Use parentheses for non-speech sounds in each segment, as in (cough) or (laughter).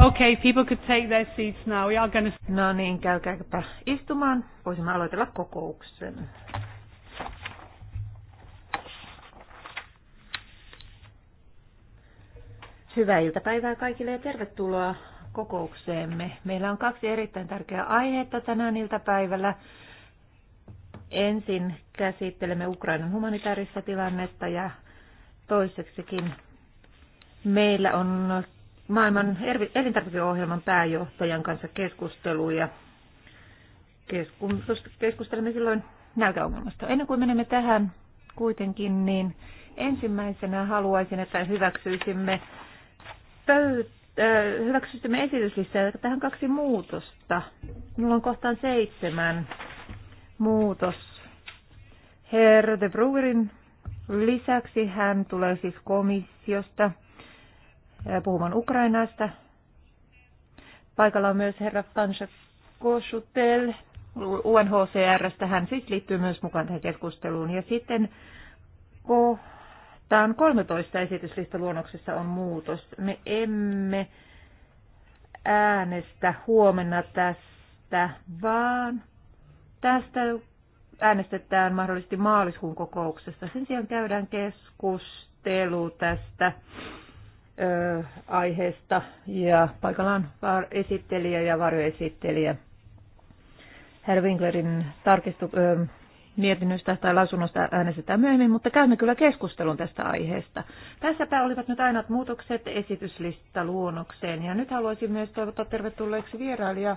Okay, people could take their seats now. We are gonna... No niin, käykääpä istumaan. Voisimme aloitella kokouksen. Hyvää iltapäivää kaikille ja tervetuloa kokoukseemme. Meillä on kaksi erittäin tärkeää aihetta tänään iltapäivällä. Ensin käsittelemme Ukrainan humanitaarista tilannetta ja toiseksikin meillä on maailman elintarvikeohjelman pääjohtajan kanssa keskusteluja. Keskustelemme silloin nälkäongelmasta. Ennen kuin menemme tähän kuitenkin, niin ensimmäisenä haluaisin, että hyväksyisimme, pöytä, äh, hyväksyisimme esityslistaa tähän kaksi muutosta. Minulla on kohtaan seitsemän muutos. Herr de Bruerin lisäksi hän tulee siis komissiosta – Eh, puhumaan Ukrainasta. Paikalla on myös herra Fansha Koshutel UNHCRstä. Hän siis liittyy myös mukaan tähän keskusteluun. Ja sitten kohtaan 13 esityslistaluonnoksessa on muutos. Me emme äänestä huomenna tästä, vaan tästä äänestetään mahdollisesti maaliskuun kokouksessa. Sen sijaan käydään keskustelu tästä aiheesta ja paikallaan esittelijä ja varjoesittelijä. Herr Winklerin tarkistu, ö, mietinnöstä tai lausunnosta äänestetään myöhemmin, mutta käymme kyllä keskustelun tästä aiheesta. Tässäpä olivat nyt ainoat muutokset esityslista luonnokseen ja nyt haluaisin myös toivottaa tervetulleeksi vierailija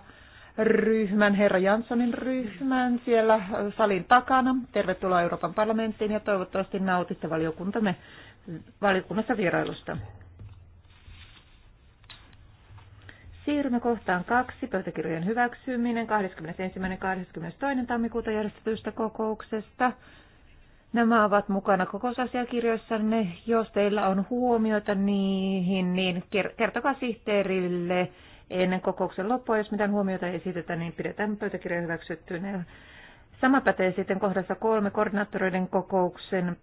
ryhmän, herra Janssonin ryhmän siellä salin takana. Tervetuloa Euroopan parlamenttiin ja toivottavasti nautitte valiokuntamme valiokunnassa vierailusta. Siirrymme kohtaan kaksi pöytäkirjojen hyväksyminen 21. ja 22. tammikuuta järjestetystä kokouksesta. Nämä ovat mukana kokousasiakirjoissanne. Jos teillä on huomioita niihin, niin kertokaa sihteerille ennen kokouksen loppua. Jos mitään huomioita ei esitetä, niin pidetään pöytäkirja hyväksyttynä. Sama pätee sitten kohdassa kolme koordinaattoreiden kokouksen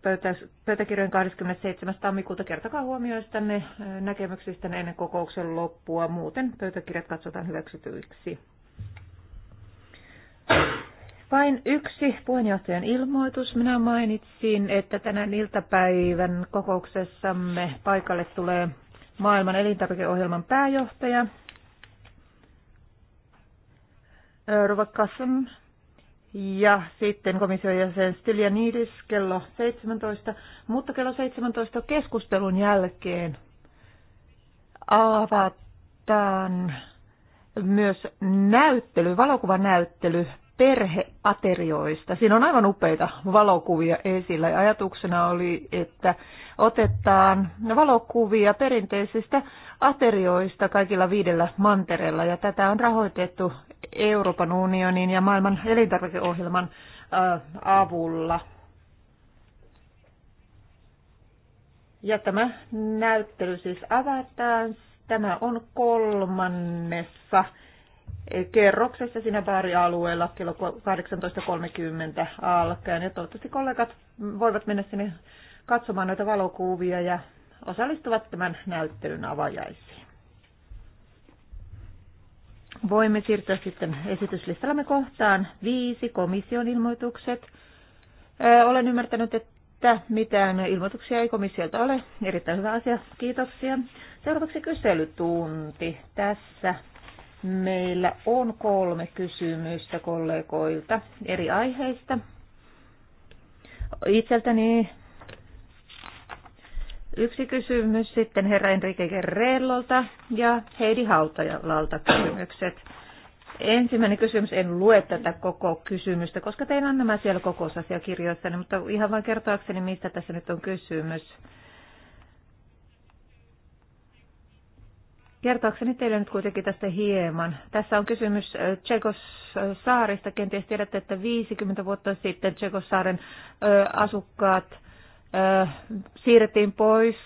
pöytäkirjojen 27. tammikuuta. Kertokaa huomioistanne äh, näkemyksistä, ennen kokouksen loppua. Muuten pöytäkirjat katsotaan hyväksytyiksi. Vain yksi puheenjohtajan ilmoitus. Minä mainitsin, että tänään iltapäivän kokouksessamme paikalle tulee maailman elintarvikeohjelman pääjohtaja Rova Kassam ja sitten komission jäsen Stylianidis kello 17, mutta kello 17 keskustelun jälkeen avataan myös näyttely, valokuvanäyttely perheaterioista. Siinä on aivan upeita valokuvia esillä ja ajatuksena oli, että otetaan valokuvia perinteisistä aterioista kaikilla viidellä mantereella ja tätä on rahoitettu Euroopan unionin ja maailman elintarvikeohjelman äh, avulla. Ja tämä näyttely siis avataan. Tämä on kolmannessa kerroksessa siinä baarialueella kello 18.30 alkaen. Ja toivottavasti kollegat voivat mennä sinne katsomaan näitä valokuvia ja osallistuvat tämän näyttelyn avajaisiin. Voimme siirtyä sitten esityslistallamme kohtaan viisi komission ilmoitukset. Olen ymmärtänyt, että mitään ilmoituksia ei komissiolta ole. Erittäin hyvä asia. Kiitoksia. Seuraavaksi kyselytunti. Tässä meillä on kolme kysymystä kollegoilta eri aiheista. Itseltäni yksi kysymys sitten herra Enrique Guerrellolta ja Heidi Hautajalalta kysymykset. Ensimmäinen kysymys, en lue tätä koko kysymystä, koska teillä on nämä siellä kokousasiakirjoissa, mutta ihan vain kertoakseni, mistä tässä nyt on kysymys. Kertoakseni teille nyt kuitenkin tästä hieman. Tässä on kysymys Tsekos saarista. Kenties tiedätte, että 50 vuotta sitten Tsekos saaren asukkaat siirrettiin pois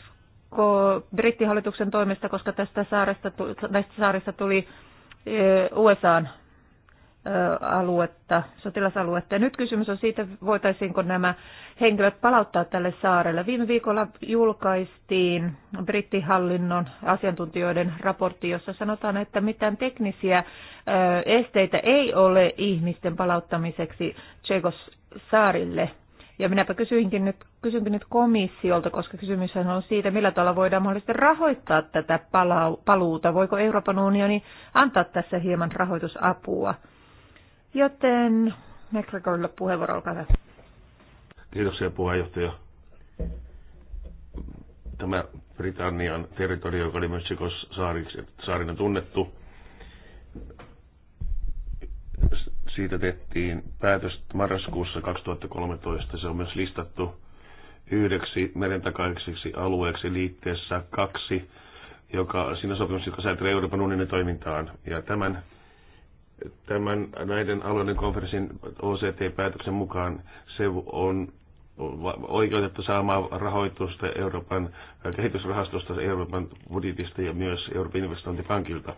brittihallituksen toimesta, koska tästä saaresta, näistä saarista tuli USAn aluetta, sotilasaluetta. Ja nyt kysymys on siitä, voitaisiinko nämä henkilöt palauttaa tälle saarelle. Viime viikolla julkaistiin brittihallinnon asiantuntijoiden raportti, jossa sanotaan, että mitään teknisiä esteitä ei ole ihmisten palauttamiseksi Tsegos saarille – ja minäpä kysyinkin nyt, kysynkin nyt komissiolta, koska kysymys on siitä, millä tavalla voidaan mahdollisesti rahoittaa tätä paluuta. Voiko Euroopan unioni antaa tässä hieman rahoitusapua? Joten McGregorilla puheenvuoro, olkaa hyvä. Kiitoksia puheenjohtaja. Tämä Britannian territorio, joka oli myös saarina tunnettu, siitä tehtiin päätös marraskuussa 2013. Se on myös listattu yhdeksi merentakaiseksi alueeksi liitteessä kaksi, joka, siinä sopimus, joka säätelee Euroopan unionin toimintaan. Ja tämän, tämän näiden alueiden konferenssin OCT-päätöksen mukaan se on oikeutettu saamaan rahoitusta Euroopan kehitysrahastosta, Euroopan budjetista ja myös Euroopan investointipankilta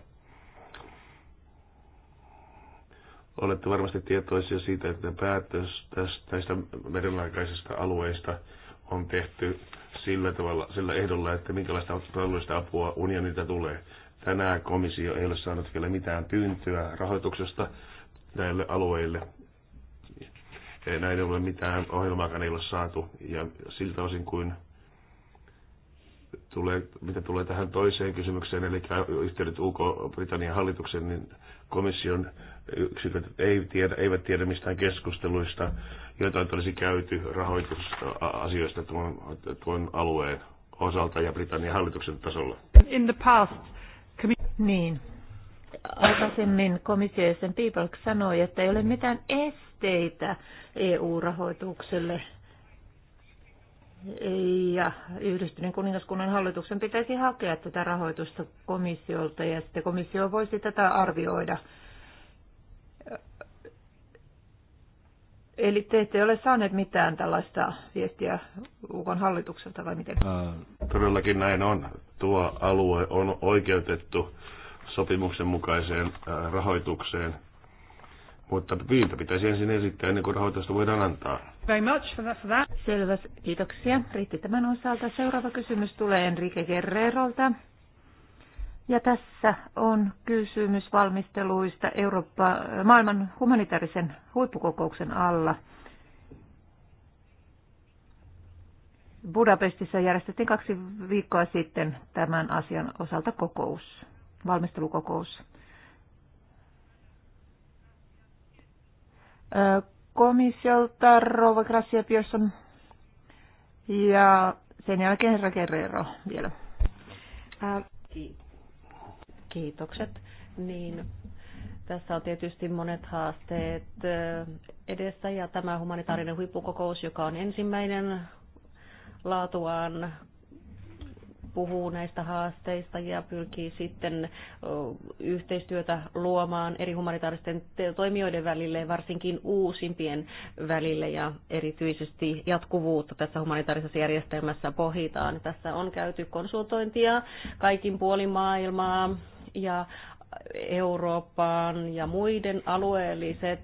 Olette varmasti tietoisia siitä, että päätös tästä, tästä merenlaikaisesta alueesta on tehty sillä, tavalla, sillä ehdolla, että minkälaista taloudellista apua unionilta tulee. Tänään komissio ei ole saanut vielä mitään pyyntöä rahoituksesta näille alueille. Näin ei ole mitään ohjelmaakaan ei ole saatu. Ja siltä osin kuin tulee, mitä tulee tähän toiseen kysymykseen, eli yhteydet UK-Britannian hallituksen, niin komission yksiköt ei tiedä, eivät tiedä mistään keskusteluista, joita olisi käyty rahoitusasioista tuon, tuon alueen osalta ja Britannian hallituksen tasolla. In the past, niin. Aikaisemmin komissio sen sanoi, että ei ole mitään esteitä EU-rahoitukselle ja yhdistyneen kuningaskunnan hallituksen pitäisi hakea tätä rahoitusta komissiolta ja sitten komissio voisi tätä arvioida. Eli te ette ole saaneet mitään tällaista viestiä UKon hallitukselta vai miten? Todellakin näin on. Tuo alue on oikeutettu sopimuksen mukaiseen rahoitukseen, mutta pyyntö pitäisi ensin esittää ennen kuin rahoitusta voidaan antaa Very much for that, for that. Selvä, kiitoksia. Riitti tämän osalta. Seuraava kysymys tulee Enrique Guerrerolta. Ja tässä on kysymys valmisteluista Eurooppa, maailman humanitaarisen huippukokouksen alla. Budapestissa järjestettiin kaksi viikkoa sitten tämän asian osalta kokous, valmistelukokous komissiolta Rova Gracia Pearson ja sen jälkeen herra Guerrero vielä. Äh, kiitokset. Niin, tässä on tietysti monet haasteet äh, edessä ja tämä humanitaarinen huippukokous, joka on ensimmäinen laatuaan puhuu näistä haasteista ja pyrkii sitten yhteistyötä luomaan eri humanitaaristen toimijoiden välille, varsinkin uusimpien välille ja erityisesti jatkuvuutta tässä humanitaarisessa järjestelmässä pohitaan. Tässä on käyty konsultointia kaikin puolin maailmaa ja Euroopan ja muiden alueelliset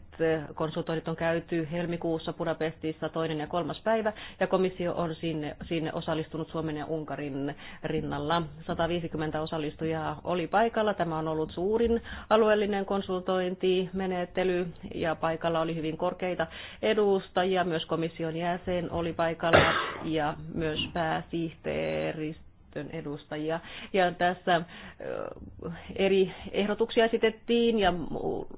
konsultoinnit on käyty helmikuussa Budapestissa toinen ja kolmas päivä, ja komissio on sinne, sinne osallistunut Suomen ja Unkarin rinnalla. 150 osallistujaa oli paikalla. Tämä on ollut suurin alueellinen konsultointimenettely, ja paikalla oli hyvin korkeita edustajia. Myös komission jäsen oli paikalla, ja myös pääsihteeristä väestön edustajia. Ja tässä eri ehdotuksia esitettiin ja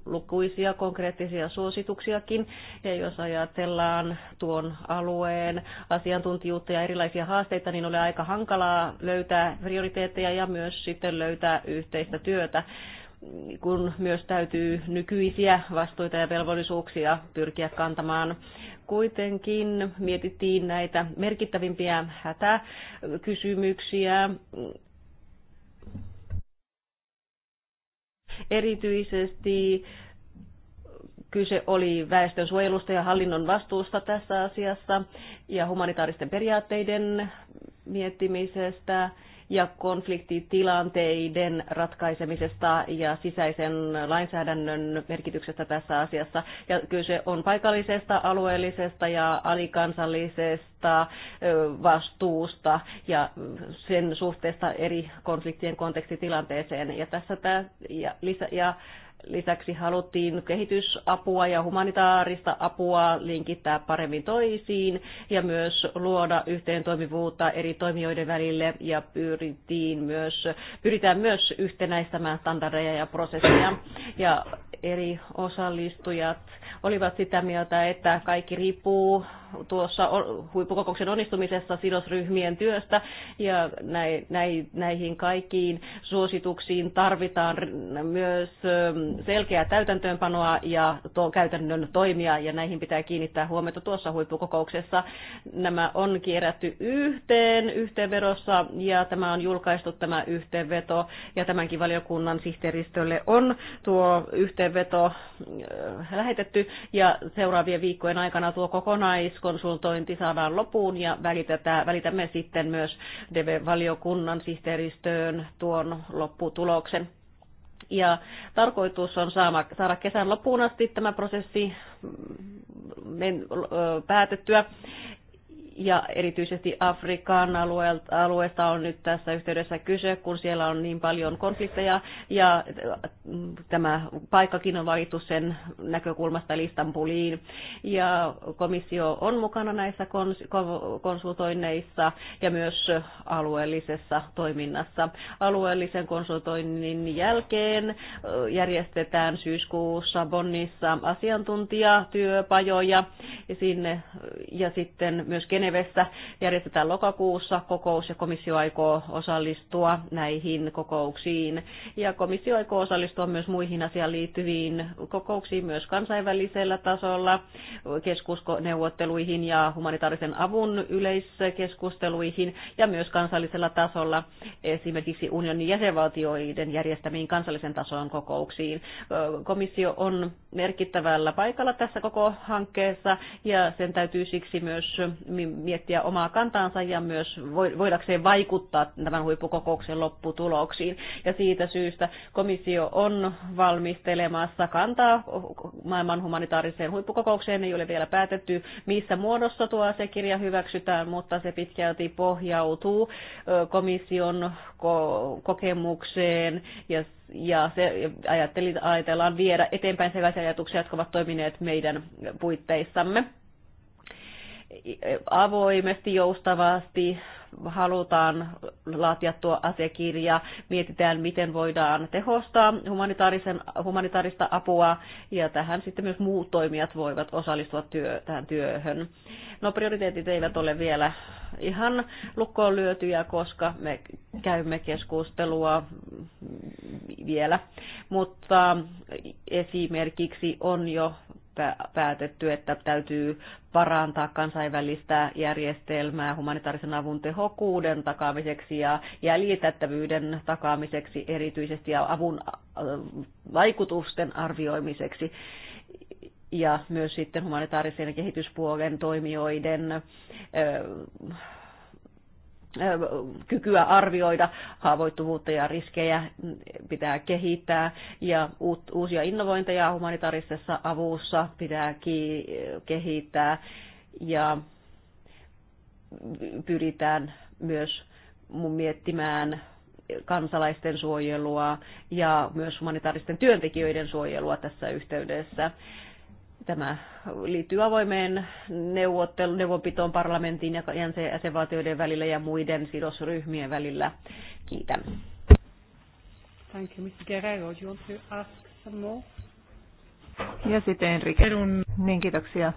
lukuisia konkreettisia suosituksiakin. Ja jos ajatellaan tuon alueen asiantuntijuutta ja erilaisia haasteita, niin oli aika hankalaa löytää prioriteetteja ja myös sitten löytää yhteistä työtä kun myös täytyy nykyisiä vastuita ja velvollisuuksia pyrkiä kantamaan. Kuitenkin mietittiin näitä merkittävimpiä hätäkysymyksiä, erityisesti kyse oli väestönsuojelusta ja hallinnon vastuusta tässä asiassa ja humanitaaristen periaatteiden miettimisestä ja konfliktitilanteiden ratkaisemisesta ja sisäisen lainsäädännön merkityksestä tässä asiassa. Ja kyse on paikallisesta, alueellisesta ja alikansallisesta vastuusta ja sen suhteesta eri konfliktien kontekstitilanteeseen. Ja tässä tämä, ja, lisä, ja Lisäksi haluttiin kehitysapua ja humanitaarista apua linkittää paremmin toisiin ja myös luoda yhteen toimivuutta eri toimijoiden välille ja pyrittiin myös, pyritään myös yhtenäistämään standardeja ja prosesseja. Ja eri osallistujat olivat sitä mieltä, että kaikki riippuu tuossa huippukokouksen onnistumisessa sidosryhmien työstä ja näihin kaikkiin suosituksiin tarvitaan myös ähm, selkeää täytäntöönpanoa ja käytännön toimia ja näihin pitää kiinnittää huomiota tuossa huippukokouksessa. Nämä on kierrätty yhteen yhteenvedossa ja tämä on julkaistu tämä yhteenveto ja tämänkin valiokunnan sihteeristölle on tuo yhteenveto äh, lähetetty ja seuraavien viikkojen aikana tuo kokonais yrityskonsultointi saadaan lopuun ja välitämme sitten myös DV-valiokunnan sihteeristöön tuon lopputuloksen. Ja tarkoitus on saada kesän loppuun asti tämä prosessi mm, päätettyä ja erityisesti Afrikan alueesta on nyt tässä yhteydessä kyse, kun siellä on niin paljon konflikteja ja mm, tämä paikkakin on valittu sen näkökulmasta Istanbuliin. Ja komissio on mukana näissä konsultoinneissa ja myös alueellisessa toiminnassa. Alueellisen konsultoinnin jälkeen järjestetään syyskuussa Bonnissa asiantuntijatyöpajoja sinne ja sitten myös Genevessä järjestetään lokakuussa kokous ja komissio aikoo osallistua näihin kokouksiin. Ja komissio aikoo osallistua myös muihin asiaan liittyviin kokouksiin myös kansainvälisellä tasolla, keskusneuvotteluihin ja humanitaarisen avun yleiskeskusteluihin ja myös kansallisella tasolla esimerkiksi unionin jäsenvaltioiden järjestämiin kansallisen tason kokouksiin. Komissio on merkittävällä paikalla tässä koko hankkeessa ja sen täytyy siksi myös miettiä omaa kantaansa ja myös voidakseen vaikuttaa tämän huippukokouksen lopputuloksiin. Ja siitä syystä komissio on valmistelemassa kantaa maailman humanitaariseen huippukokoukseen. Ei ole vielä päätetty, missä muodossa tuo asiakirja hyväksytään, mutta se pitkälti pohjautuu komission ko- kokemukseen ja ja se ajattelin, ajatellaan viedä eteenpäin sellaisia ajatuksia, jotka ovat toimineet meidän puitteissamme avoimesti, joustavasti halutaan laatia tuo asiakirja, mietitään miten voidaan tehostaa humanitaarisen, humanitaarista apua ja tähän sitten myös muut toimijat voivat osallistua työ, tähän työhön. No prioriteetit eivät ole vielä ihan lukkoon lyötyjä, koska me käymme keskustelua vielä, mutta esimerkiksi on jo päätetty, että täytyy parantaa kansainvälistä järjestelmää humanitaarisen avun tehokkuuden takaamiseksi ja jäljitettävyyden takaamiseksi erityisesti ja avun äh, vaikutusten arvioimiseksi ja myös sitten humanitaarisen kehityspuolen toimijoiden äh, kykyä arvioida haavoittuvuutta ja riskejä pitää kehittää ja uusia innovointeja humanitaarisessa avussa pitää kehittää ja pyritään myös miettimään kansalaisten suojelua ja myös humanitaaristen työntekijöiden suojelua tässä yhteydessä. Tämä liittyy avoimeen neuvottelu, neuvonpitoon parlamentin ja jäsenvaltioiden välillä ja muiden sidosryhmien välillä. Kiitän. Thank you, Mr. Guerrero. Do you want to ask some more? Ja sitten Enrique. Niin, kiitoksia.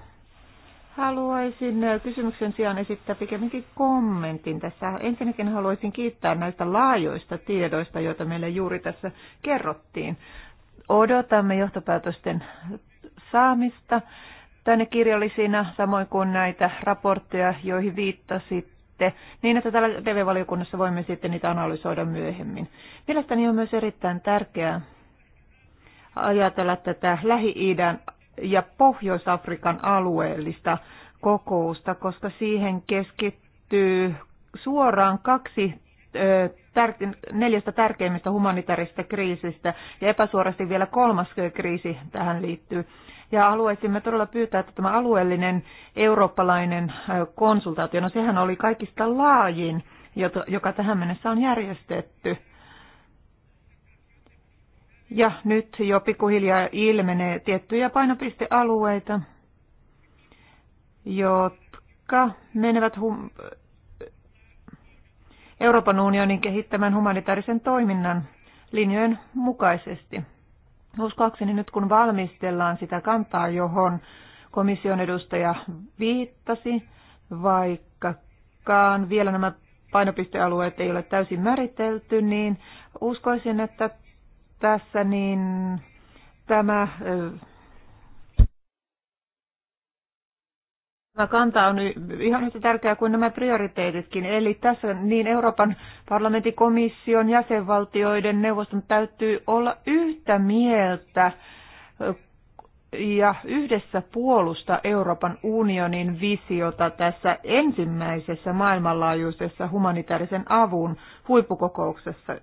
Haluaisin äh, kysymyksen sijaan esittää pikemminkin kommentin tässä. Ensinnäkin haluaisin kiittää näistä laajoista tiedoista, joita meille juuri tässä kerrottiin. Odotamme johtopäätösten saamista tänne kirjallisina, samoin kuin näitä raportteja, joihin viittasitte, niin että täällä TV-valiokunnassa voimme sitten niitä analysoida myöhemmin. Mielestäni on myös erittäin tärkeää ajatella tätä Lähi-idän ja Pohjois-Afrikan alueellista kokousta, koska siihen keskittyy suoraan kaksi tär- neljästä tärkeimmistä humanitaarista kriisistä ja epäsuorasti vielä kolmas kriisi tähän liittyy. Ja haluaisimme todella pyytää, että tämä alueellinen eurooppalainen konsultaatio, no sehän oli kaikista laajin, joka tähän mennessä on järjestetty. Ja nyt jo pikkuhiljaa ilmenee tiettyjä painopistealueita, jotka menevät hum- Euroopan unionin kehittämän humanitaarisen toiminnan linjojen mukaisesti. Uskoakseni nyt kun valmistellaan sitä kantaa, johon komission edustaja viittasi, vaikkakaan vielä nämä painopistealueet ei ole täysin määritelty, niin uskoisin, että tässä niin tämä Tämä kanta on ihan yhtä tärkeää kuin nämä prioriteetitkin. Eli tässä niin Euroopan parlamentin komission jäsenvaltioiden neuvoston täytyy olla yhtä mieltä ja yhdessä puolusta Euroopan unionin visiota tässä ensimmäisessä maailmanlaajuisessa humanitaarisen avun huippukokouksessa,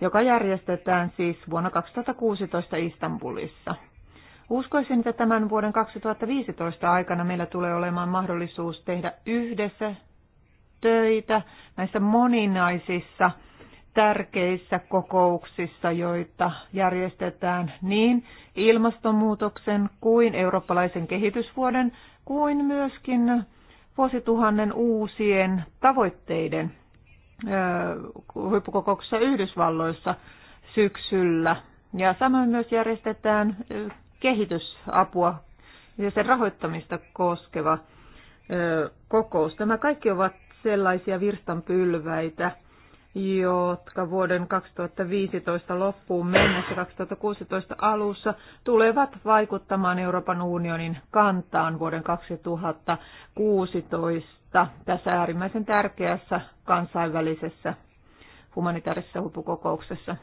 joka järjestetään siis vuonna 2016 Istanbulissa. Uskoisin, että tämän vuoden 2015 aikana meillä tulee olemaan mahdollisuus tehdä yhdessä töitä näissä moninaisissa tärkeissä kokouksissa, joita järjestetään niin ilmastonmuutoksen kuin eurooppalaisen kehitysvuoden kuin myöskin vuosituhannen uusien tavoitteiden huippukokouksessa Yhdysvalloissa syksyllä. Ja samoin myös järjestetään kehitysapua ja sen rahoittamista koskeva kokous. Tämä kaikki ovat sellaisia virstanpylväitä, jotka vuoden 2015 loppuun mennessä 2016 alussa tulevat vaikuttamaan Euroopan unionin kantaan vuoden 2016 tässä äärimmäisen tärkeässä kansainvälisessä humanitaarisessa huippukokouksessa.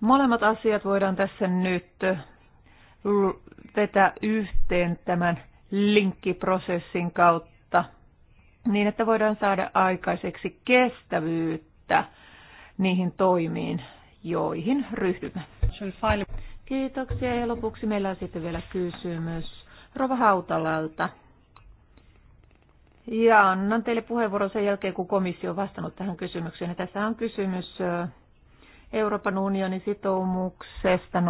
Molemmat asiat voidaan tässä nyt vetää yhteen tämän linkkiprosessin kautta niin, että voidaan saada aikaiseksi kestävyyttä niihin toimiin, joihin ryhdymme. Kiitoksia ja lopuksi meillä on sitten vielä kysymys Rova Hautalalta. Ja annan teille puheenvuoron sen jälkeen, kun komissio on vastannut tähän kysymykseen. Ja tässä on kysymys Euroopan unionin sitoumuksesta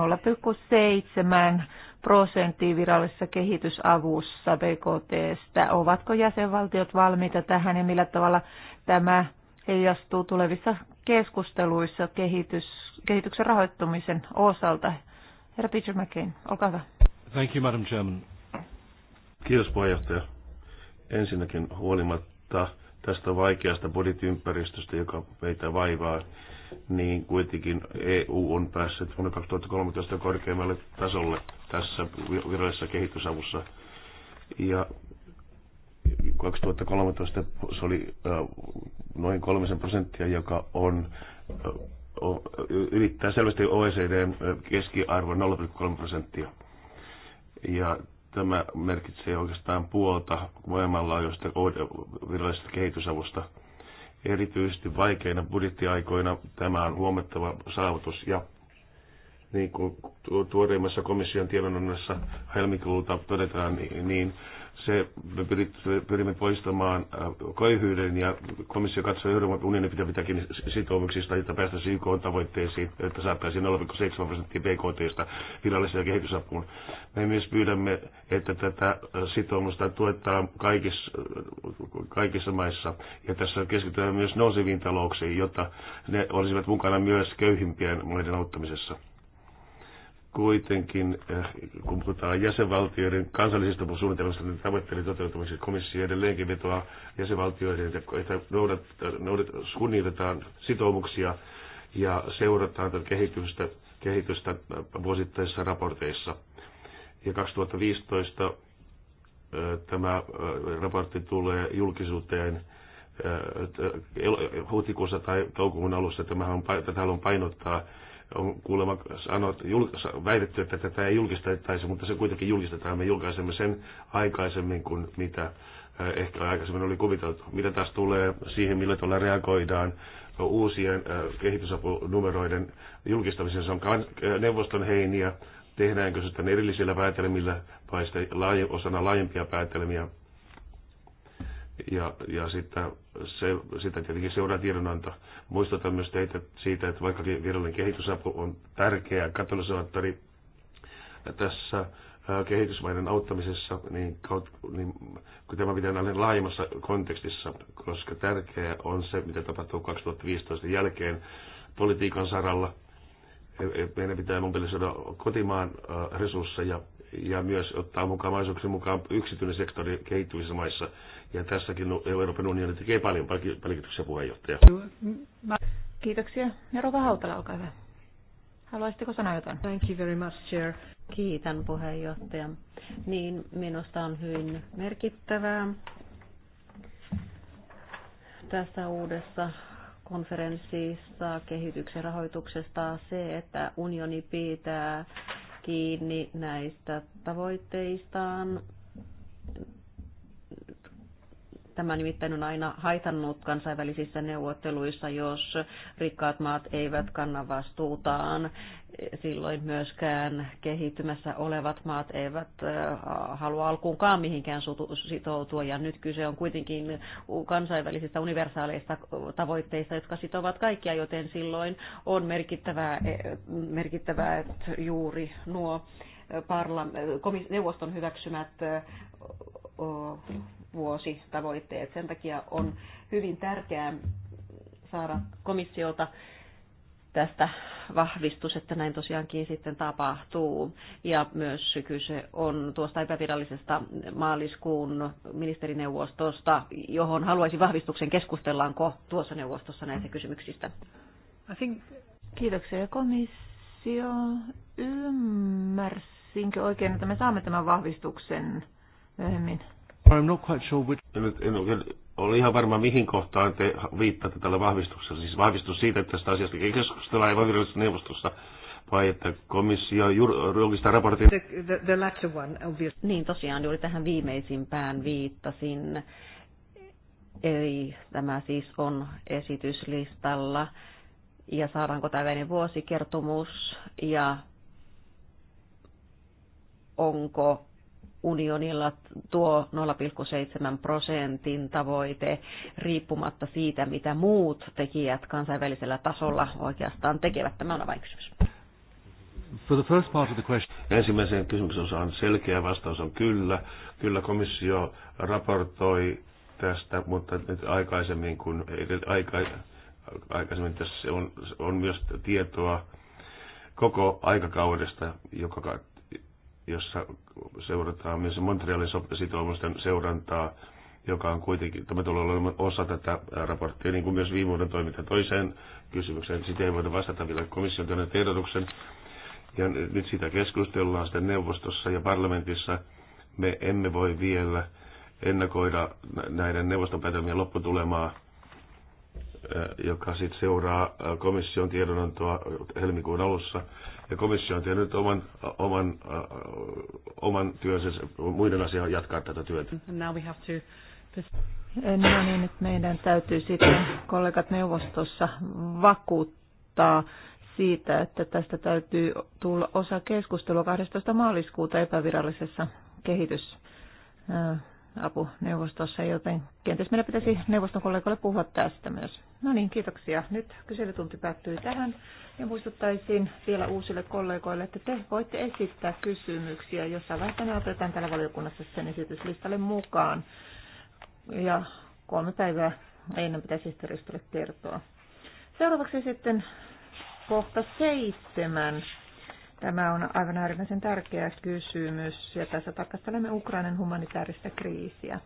0,7 prosenttia virallisessa kehitysavussa BKTstä. Ovatko jäsenvaltiot valmiita tähän ja millä tavalla tämä heijastuu tulevissa keskusteluissa kehitys, kehityksen rahoittumisen osalta? Herra Peter McCain, olkaa hyvä. Thank you, Madam Chairman. Kiitos puheenjohtaja. Ensinnäkin huolimatta tästä vaikeasta budjettiympäristöstä, joka meitä vaivaa, niin kuitenkin EU on päässyt vuonna 2013 korkeimmalle tasolle tässä virallisessa kehitysavussa. Ja 2013 se oli noin kolmisen prosenttia, joka on ylittää selvästi OECD keskiarvo 0,3 prosenttia. Ja tämä merkitsee oikeastaan puolta josta e virallisesta kehitysavusta – Erityisesti vaikeina budjettiaikoina tämä on huomattava saavutus ja niin kuin tuoreimmassa komission tiedonannossa helmikuulta todetaan, niin se me pyrimme poistamaan äh, köyhyyden ja komissio katsoi Euroopan unionin pitääkin sitoumuksista, jotta päästäisiin YK tavoitteisiin, että saattaisiin 0,7 prosenttia BKT viralliseen kehitysapuun. Me myös pyydämme, että tätä äh, sitoumusta tuetaan kaikissa, äh, kaikissa maissa ja tässä keskitytään myös nouseviin talouksiin, jotta ne olisivat mukana myös köyhimpien maiden auttamisessa kuitenkin, eh, kun puhutaan jäsenvaltioiden kansallisista suunnitelmista, niin tavoitteiden toteutumiseksi komissio edelleenkin vetoaa jäsenvaltioiden, että noudat, kunnioitetaan sitoumuksia ja seurataan tätä kehitystä, kehitystä eh, vuosittaisissa raporteissa. Ja 2015 eh, tämä raportti tulee julkisuuteen huhtikuussa tai toukokuun alussa. että on, tätä haluan painottaa on kuulemma sanot, jul, väitetty, että tätä ei julkistettaisi, mutta se kuitenkin julkistetaan. Me julkaisemme sen aikaisemmin kuin mitä eh, ehkä aikaisemmin oli kuviteltu. Mitä taas tulee siihen, millä tavalla reagoidaan uusien eh, kehitysapunumeroiden julkistamiseen, se on eh, neuvoston heiniä, tehdäänkö sitä sitten erillisillä päätelmillä vai sitten osana laajempia päätelmiä ja, ja sitä, se, sitä tietenkin seuraa tiedonanto. Muistutan myös teitä siitä, että vaikka virallinen kehitysapu on tärkeä katalysaattori tässä kehitysmaiden auttamisessa, niin, niin kun tämä pitää näin laajemmassa kontekstissa, koska tärkeää on se, mitä tapahtuu 2015 jälkeen politiikan saralla. E, e, meidän pitää mobilisoida kotimaan resursseja ja myös ottaa mukaan mahdollisuuksien mukaan yksityinen sektori kehittyvissä maissa ja tässäkin Euroopan unioni tekee paljon palkituksia puheenjohtaja. Kiitoksia. Ja Rova Hautala, olkaa hyvä. Haluaisitteko sanoa jotain? Thank you very much, Chair. Kiitän puheenjohtaja. Niin, minusta on hyvin merkittävää tässä uudessa konferenssissa kehityksen rahoituksesta se, että unioni pitää kiinni näistä tavoitteistaan Tämä nimittäin on aina haitannut kansainvälisissä neuvotteluissa, jos rikkaat maat eivät kanna vastuutaan. Silloin myöskään kehittymässä olevat maat eivät äh, halua alkuunkaan mihinkään sitoutua. Ja nyt kyse on kuitenkin kansainvälisistä universaaleista tavoitteista, jotka sitovat kaikkia, joten silloin on merkittävää, e, merkittävää että juuri nuo parla- neuvoston hyväksymät vuositavoitteet. Sen takia on hyvin tärkeää saada komissiolta tästä vahvistus, että näin tosiaankin sitten tapahtuu. Ja myös kyse on tuosta epävirallisesta maaliskuun ministerineuvostosta, johon haluaisin vahvistuksen keskustellaanko tuossa neuvostossa näistä kysymyksistä. I think... Kiitoksia komissio. Ymmärsinkö oikein, että me saamme tämän vahvistuksen myöhemmin? I'm not quite sure which... En, en ole, ihan varma, mihin kohtaan te viittaatte tällä vahvistuksella. Siis vahvistus siitä, että tästä asiasta keskustellaan evankelisessa neuvostossa vai että komissio julkista raportin? The, the, the latter one, obviously. Niin tosiaan juuri tähän viimeisimpään viittasin. Eli tämä siis on esityslistalla. Ja saadaanko tällainen vuosikertomus ja onko unionilla tuo 0,7 prosentin tavoite riippumatta siitä, mitä muut tekijät kansainvälisellä tasolla oikeastaan tekevät. Tämä on kysymys. For the first part of the question. Ensimmäiseen kysymykseen selkeä vastaus on kyllä. Kyllä komissio raportoi tästä, mutta nyt aikaisemmin, kun aika, aikaisemmin tässä on, on myös tietoa koko aikakaudesta, joka jossa seurataan myös Montrealin sitoumusten seurantaa, joka on kuitenkin, tämä tulee olemaan osa tätä raporttia, niin kuin myös viime vuoden toiminta toiseen kysymykseen. Sitä ei voida vastata vielä komission tänne tiedotuksen. Ja nyt sitä keskustellaan sitten neuvostossa ja parlamentissa. Me emme voi vielä ennakoida näiden neuvoston päätelmien lopputulemaa, Eh, joka sitten seuraa eh, komission tiedonantoa helmikuun alussa. Ja komissio on tehnyt oman, eh, oman, oman työnsä, muiden asiaa jatkaa tätä työtä. No niin, nyt meidän täytyy sitten kollegat neuvostossa vakuuttaa siitä, että tästä täytyy tulla osa keskustelua 12. maaliskuuta epävirallisessa kehitys apuneuvostossa, joten kenties meidän pitäisi neuvoston kollegoille puhua tästä myös. No niin, kiitoksia. Nyt kyselytunti päättyy tähän. Ja muistuttaisin vielä uusille kollegoille, että te voitte esittää kysymyksiä. Jossain vaiheessa ne otetaan täällä valiokunnassa sen esityslistalle mukaan. Ja kolme päivää ennen pitäisi historiastolle kertoa. Seuraavaksi sitten kohta seitsemän. Tämä on aivan äärimmäisen tärkeä kysymys ja tässä tarkastelemme Ukrainan humanitaarista kriisiä.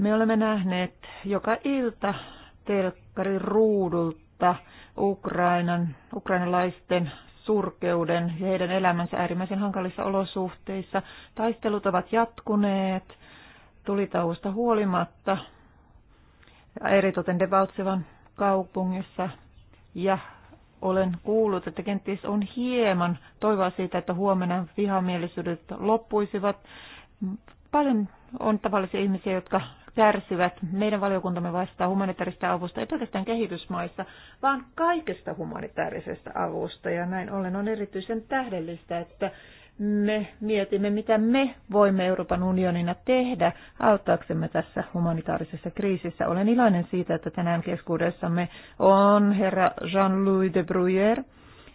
Me olemme nähneet joka ilta telkkarin ruudulta Ukrainan, ukrainalaisten surkeuden ja heidän elämänsä äärimmäisen hankalissa olosuhteissa. Taistelut ovat jatkuneet tulitauosta huolimatta, eritoten Devaltsevan kaupungissa. Ja olen kuullut, että kenties on hieman toivoa siitä, että huomenna vihamielisyydet loppuisivat. Paljon on tavallisia ihmisiä, jotka kärsivät. Meidän valiokuntamme vastaa humanitaarista avusta ei pelkästään kehitysmaissa, vaan kaikesta humanitaarisesta avusta. Ja näin ollen on erityisen tähdellistä, että me mietimme, mitä me voimme Euroopan unionina tehdä auttaaksemme tässä humanitaarisessa kriisissä. Olen iloinen siitä, että tänään keskuudessamme on herra Jean-Louis de Bruyère.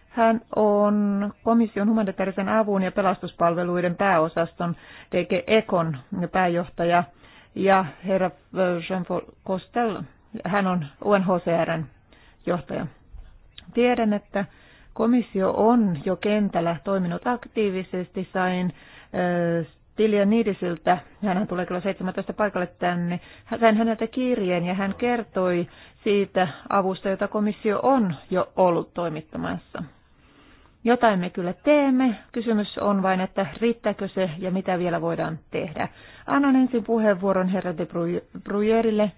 Hän on komission humanitaarisen avun ja pelastuspalveluiden pääosaston DG Ekon pääjohtaja ja herra eh, Jean-Paul Costel, hän on UNHCRn johtaja. Tiedän, että komissio on jo kentällä toiminut aktiivisesti. Sain eh, Tilja Niidisiltä, hän tulee kyllä 17 paikalle tänne, sain häneltä kirjeen ja hän kertoi siitä avusta, jota komissio on jo ollut toimittamassa. Jotain me kyllä teemme. Kysymys on vain, että riittääkö se ja mitä vielä voidaan tehdä. Annan ensin puheenvuoron herra de Brujerille.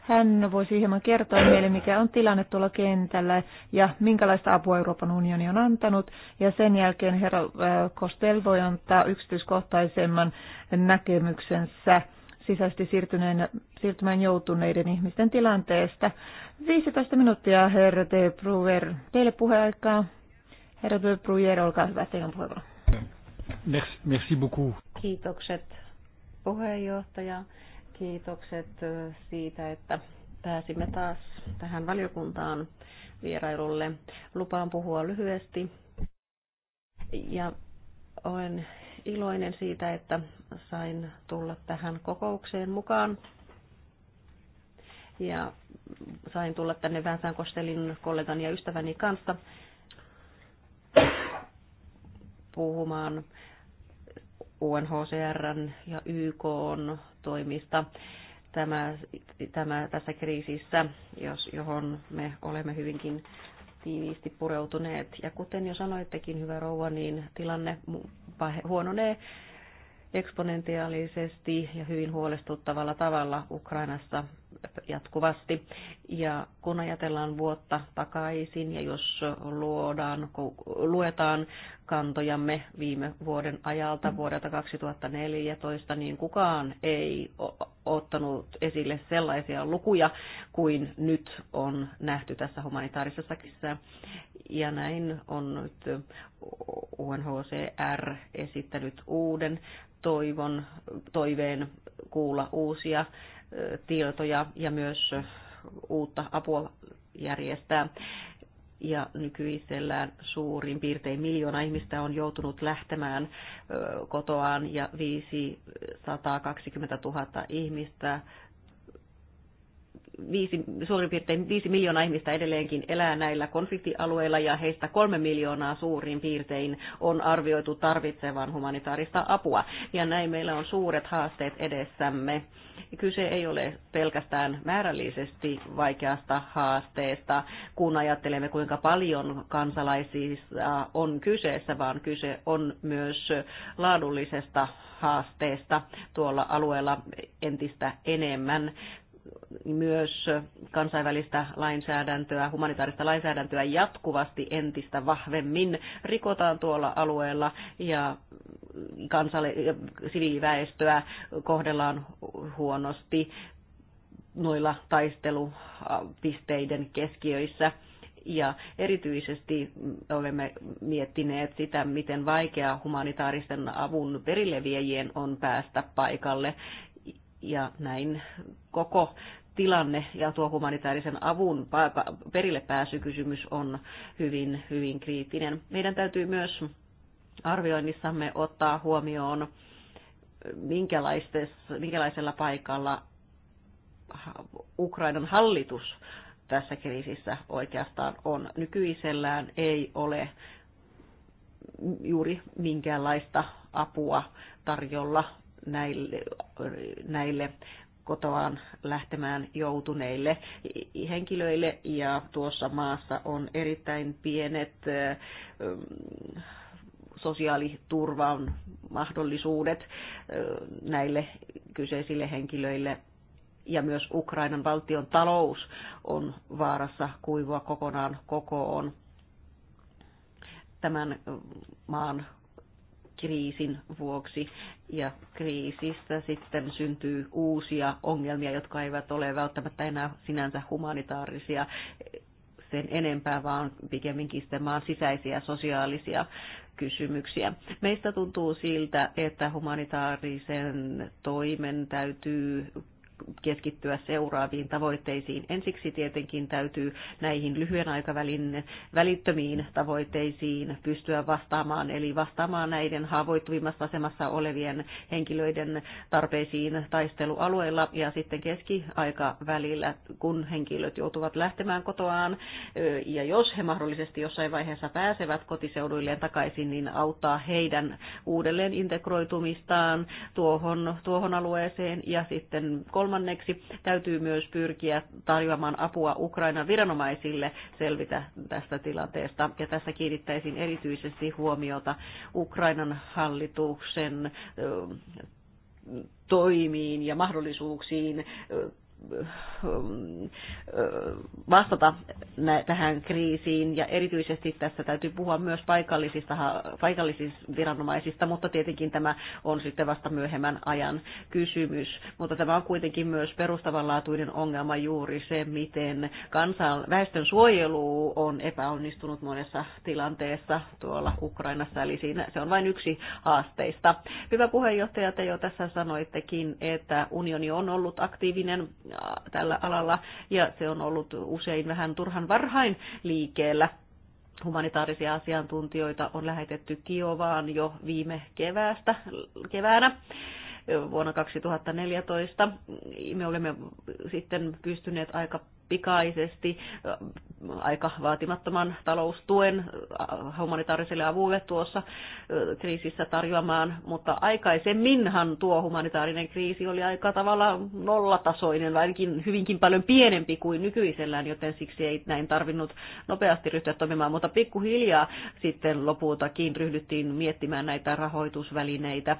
Hän voisi hieman kertoa meille, mikä on tilanne tuolla kentällä ja minkälaista apua Euroopan unioni on antanut. Ja sen jälkeen herra äh, Kostel voi antaa yksityiskohtaisemman näkemyksensä sisäisesti siirtyneen, siirtymään joutuneiden ihmisten tilanteesta. 15 minuuttia, herra de Bruyer, teille puheaikaa. Herra de olkaa hyvä, on puheenvuoro. Merci, merci beaucoup. Kiitokset puheenjohtaja. Kiitokset siitä, että pääsimme taas tähän valiokuntaan vierailulle. Lupaan puhua lyhyesti. Ja olen iloinen siitä, että sain tulla tähän kokoukseen mukaan. Ja sain tulla tänne Vänsän Kostelin kollegan ja ystäväni kanssa puhumaan UNHCRn ja YKn toimista tämä, tämä, tässä kriisissä, jos, johon me olemme hyvinkin tiiviisti pureutuneet. Ja kuten jo sanoittekin, hyvä rouva, niin tilanne huononee eksponentiaalisesti ja hyvin huolestuttavalla tavalla Ukrainassa jatkuvasti. Ja kun ajatellaan vuotta takaisin ja jos luodaan, luetaan kantojamme viime vuoden ajalta vuodelta 2014, niin kukaan ei ottanut esille sellaisia lukuja kuin nyt on nähty tässä humanitaarisessa kissa. Ja näin on nyt UNHCR esittänyt uuden toivon, toiveen kuulla uusia tietoja ja myös uutta apua järjestää. Ja nykyisellään suurin piirtein miljoona ihmistä on joutunut lähtemään kotoaan ja 520 000 ihmistä viisi, suurin piirtein 5 miljoonaa ihmistä edelleenkin elää näillä konfliktialueilla ja heistä kolme miljoonaa suurin piirtein on arvioitu tarvitsevan humanitaarista apua. Ja näin meillä on suuret haasteet edessämme. Kyse ei ole pelkästään määrällisesti vaikeasta haasteesta, kun ajattelemme kuinka paljon kansalaisista on kyseessä, vaan kyse on myös laadullisesta haasteesta tuolla alueella entistä enemmän, myös kansainvälistä lainsäädäntöä, humanitaarista lainsäädäntöä jatkuvasti entistä vahvemmin rikotaan tuolla alueella ja kansalle, siviiliväestöä kohdellaan huonosti noilla taistelupisteiden keskiöissä. Ja erityisesti olemme miettineet sitä, miten vaikeaa humanitaaristen avun perileviejien on päästä paikalle ja näin koko tilanne ja tuo humanitaarisen avun perille pääsykysymys on hyvin, hyvin kriittinen. Meidän täytyy myös arvioinnissamme ottaa huomioon, minkälaisella paikalla Ukrainan hallitus tässä kriisissä oikeastaan on. Nykyisellään ei ole juuri minkäänlaista apua tarjolla näille, näille kotoaan lähtemään joutuneille henkilöille ja tuossa maassa on erittäin pienet mm, sosiaaliturvan mahdollisuudet näille kyseisille henkilöille ja myös Ukrainan valtion talous on vaarassa kuivua kokonaan kokoon tämän maan kriisin vuoksi ja kriisistä sitten syntyy uusia ongelmia, jotka eivät ole välttämättä enää sinänsä humanitaarisia sen enempää, vaan pikemminkin sitten maan sisäisiä sosiaalisia kysymyksiä. Meistä tuntuu siltä, että humanitaarisen toimen täytyy keskittyä seuraaviin tavoitteisiin. Ensiksi tietenkin täytyy näihin lyhyen aikavälin välittömiin tavoitteisiin pystyä vastaamaan, eli vastaamaan näiden haavoittuvimmassa asemassa olevien henkilöiden tarpeisiin taistelualueilla ja sitten keskiaikavälillä, kun henkilöt joutuvat lähtemään kotoaan ja jos he mahdollisesti jossain vaiheessa pääsevät kotiseuduilleen takaisin, niin auttaa heidän uudelleen integroitumistaan tuohon, tuohon alueeseen ja sitten Kolmanneksi täytyy myös pyrkiä tarjoamaan apua Ukrainan viranomaisille selvitä tästä tilanteesta. Ja tässä kiinnittäisin erityisesti huomiota Ukrainan hallituksen toimiin ja mahdollisuuksiin Äh, vastata tähän kriisiin ja erityisesti tässä täytyy puhua myös paikallisista, paikallisista viranomaisista, mutta tietenkin tämä on sitten vasta myöhemmän ajan kysymys. Mutta tämä on kuitenkin myös perustavanlaatuinen ongelma juuri se, miten kansan, väestön suojelu on epäonnistunut monessa tilanteessa tuolla Ukrainassa, eli siinä se on vain yksi haasteista. Hyvä puheenjohtaja, te jo tässä sanoittekin, että unioni on ollut aktiivinen tällä alalla ja se on ollut usein vähän turhan varhain liikkeellä. Humanitaarisia asiantuntijoita on lähetetty Kiovaan jo viime keväästä, keväänä vuonna 2014. Me olemme sitten pystyneet aika pikaisesti äh, aika vaatimattoman taloustuen äh, humanitaariselle avulle tuossa äh, kriisissä tarjoamaan, mutta aikaisemminhan tuo humanitaarinen kriisi oli aika tavalla nollatasoinen, vaikin hyvinkin paljon pienempi kuin nykyisellään, joten siksi ei näin tarvinnut nopeasti ryhtyä toimimaan, mutta pikkuhiljaa sitten lopultakin ryhdyttiin miettimään näitä rahoitusvälineitä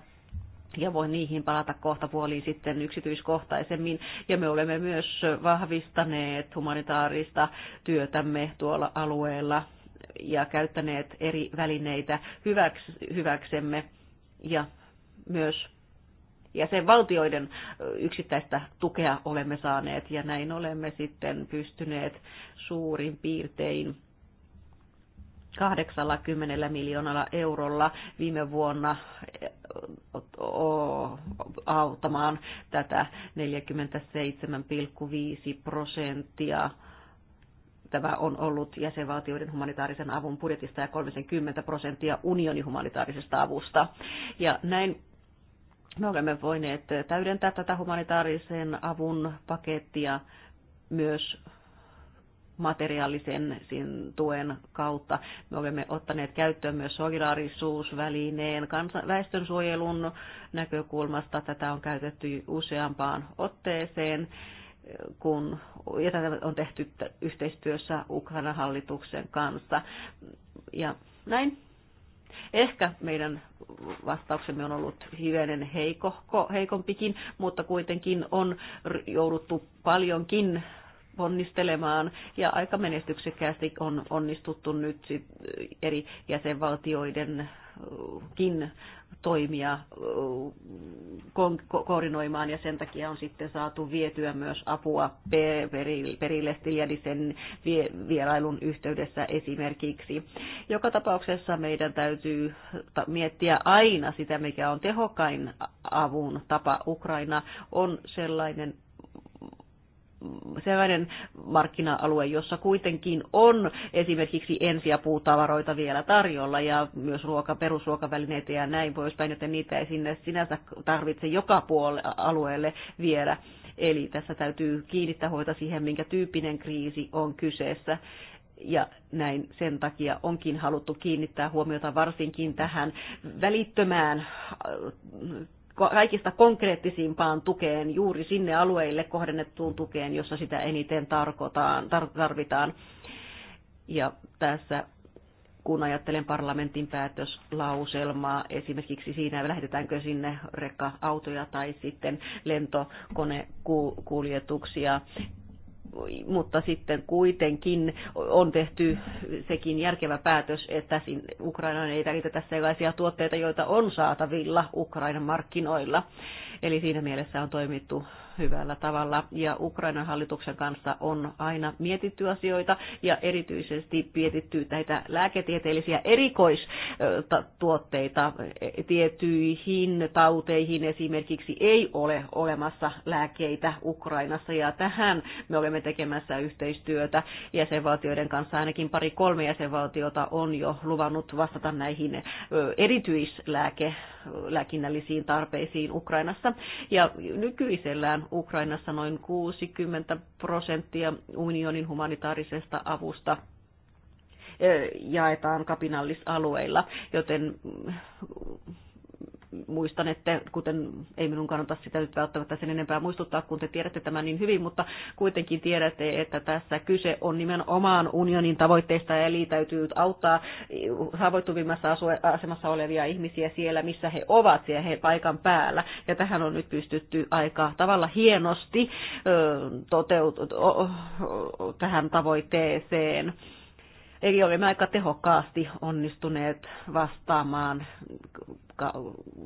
ja voin niihin palata kohta puoliin sitten yksityiskohtaisemmin. Ja me olemme myös vahvistaneet humanitaarista työtämme tuolla alueella ja käyttäneet eri välineitä hyväks, hyväksemme ja myös jäsenvaltioiden yksittäistä tukea olemme saaneet ja näin olemme sitten pystyneet suurin piirtein 80 miljoonalla eurolla viime vuonna auttamaan tätä 47,5 prosenttia tämä on ollut jäsenvaltioiden humanitaarisen avun budjetista ja 30 prosenttia unionin humanitaarisesta avusta. Ja näin me olemme voineet täydentää tätä humanitaarisen avun pakettia myös materiaalisen tuen kautta. Me olemme ottaneet käyttöön myös solidaarisuusvälineen väestönsuojelun näkökulmasta. Tätä on käytetty useampaan otteeseen kun, ja tätä on tehty yhteistyössä Ukrainan hallituksen kanssa. Ja näin. Ehkä meidän vastauksemme on ollut hivenen heikohko, heikompikin, mutta kuitenkin on jouduttu paljonkin ponnistelemaan ja aika menestyksekkäästi on onnistuttu nyt sit eh, eri jäsenvaltioidenkin eh, toimia eh, koordinoimaan ja sen takia on sitten saatu vietyä myös apua perille Stiljadisen vierailun yhteydessä esimerkiksi. Joka tapauksessa meidän täytyy miettiä aina sitä, mikä on tehokkain avun tapa. Ukraina on sellainen sellainen markkina-alue, jossa kuitenkin on esimerkiksi ensi- vielä tarjolla ja myös ruoka, perusruokavälineitä ja näin poispäin, joten niitä ei sinne sinänsä tarvitse joka puolelle alueelle viedä. Eli tässä täytyy kiinnittää huolta siihen, minkä tyyppinen kriisi on kyseessä ja näin sen takia onkin haluttu kiinnittää huomiota varsinkin tähän välittömään kaikista konkreettisimpaan tukeen, juuri sinne alueille kohdennettuun tukeen, jossa sitä eniten tarvitaan. Ja tässä kun ajattelen parlamentin päätöslauselmaa, esimerkiksi siinä lähetetäänkö sinne rekka-autoja tai sitten lentokonekuljetuksia mutta sitten kuitenkin on tehty sekin järkevä päätös, että Ukrainaan ei välitetä sellaisia tuotteita, joita on saatavilla Ukrainan markkinoilla. Eli siinä mielessä on toimittu hyvällä tavalla ja Ukrainan hallituksen kanssa on aina mietitty asioita ja erityisesti mietitty näitä lääketieteellisiä erikoistuotteita tiettyihin tauteihin esimerkiksi ei ole olemassa lääkkeitä Ukrainassa ja tähän me olemme tekemässä yhteistyötä jäsenvaltioiden kanssa ainakin pari kolme jäsenvaltiota on jo luvannut vastata näihin erityislääke lääkinnällisiin tarpeisiin Ukrainassa. Ja nykyisellään Ukrainassa noin 60 prosenttia unionin humanitaarisesta avusta eh, jaetaan kapinallisalueilla, joten muistan, että kuten ei minun kannata sitä nyt välttämättä sen enempää muistuttaa, kun te tiedätte tämän niin hyvin, mutta kuitenkin tiedätte, että tässä kyse on nimenomaan unionin tavoitteista, eli täytyy auttaa haavoittuvimmassa asemassa olevia ihmisiä siellä, missä he ovat, siellä he paikan päällä. Ja tähän on nyt pystytty aika tavalla hienosti toteut- tähän tavoitteeseen Eli olemme aika tehokkaasti onnistuneet vastaamaan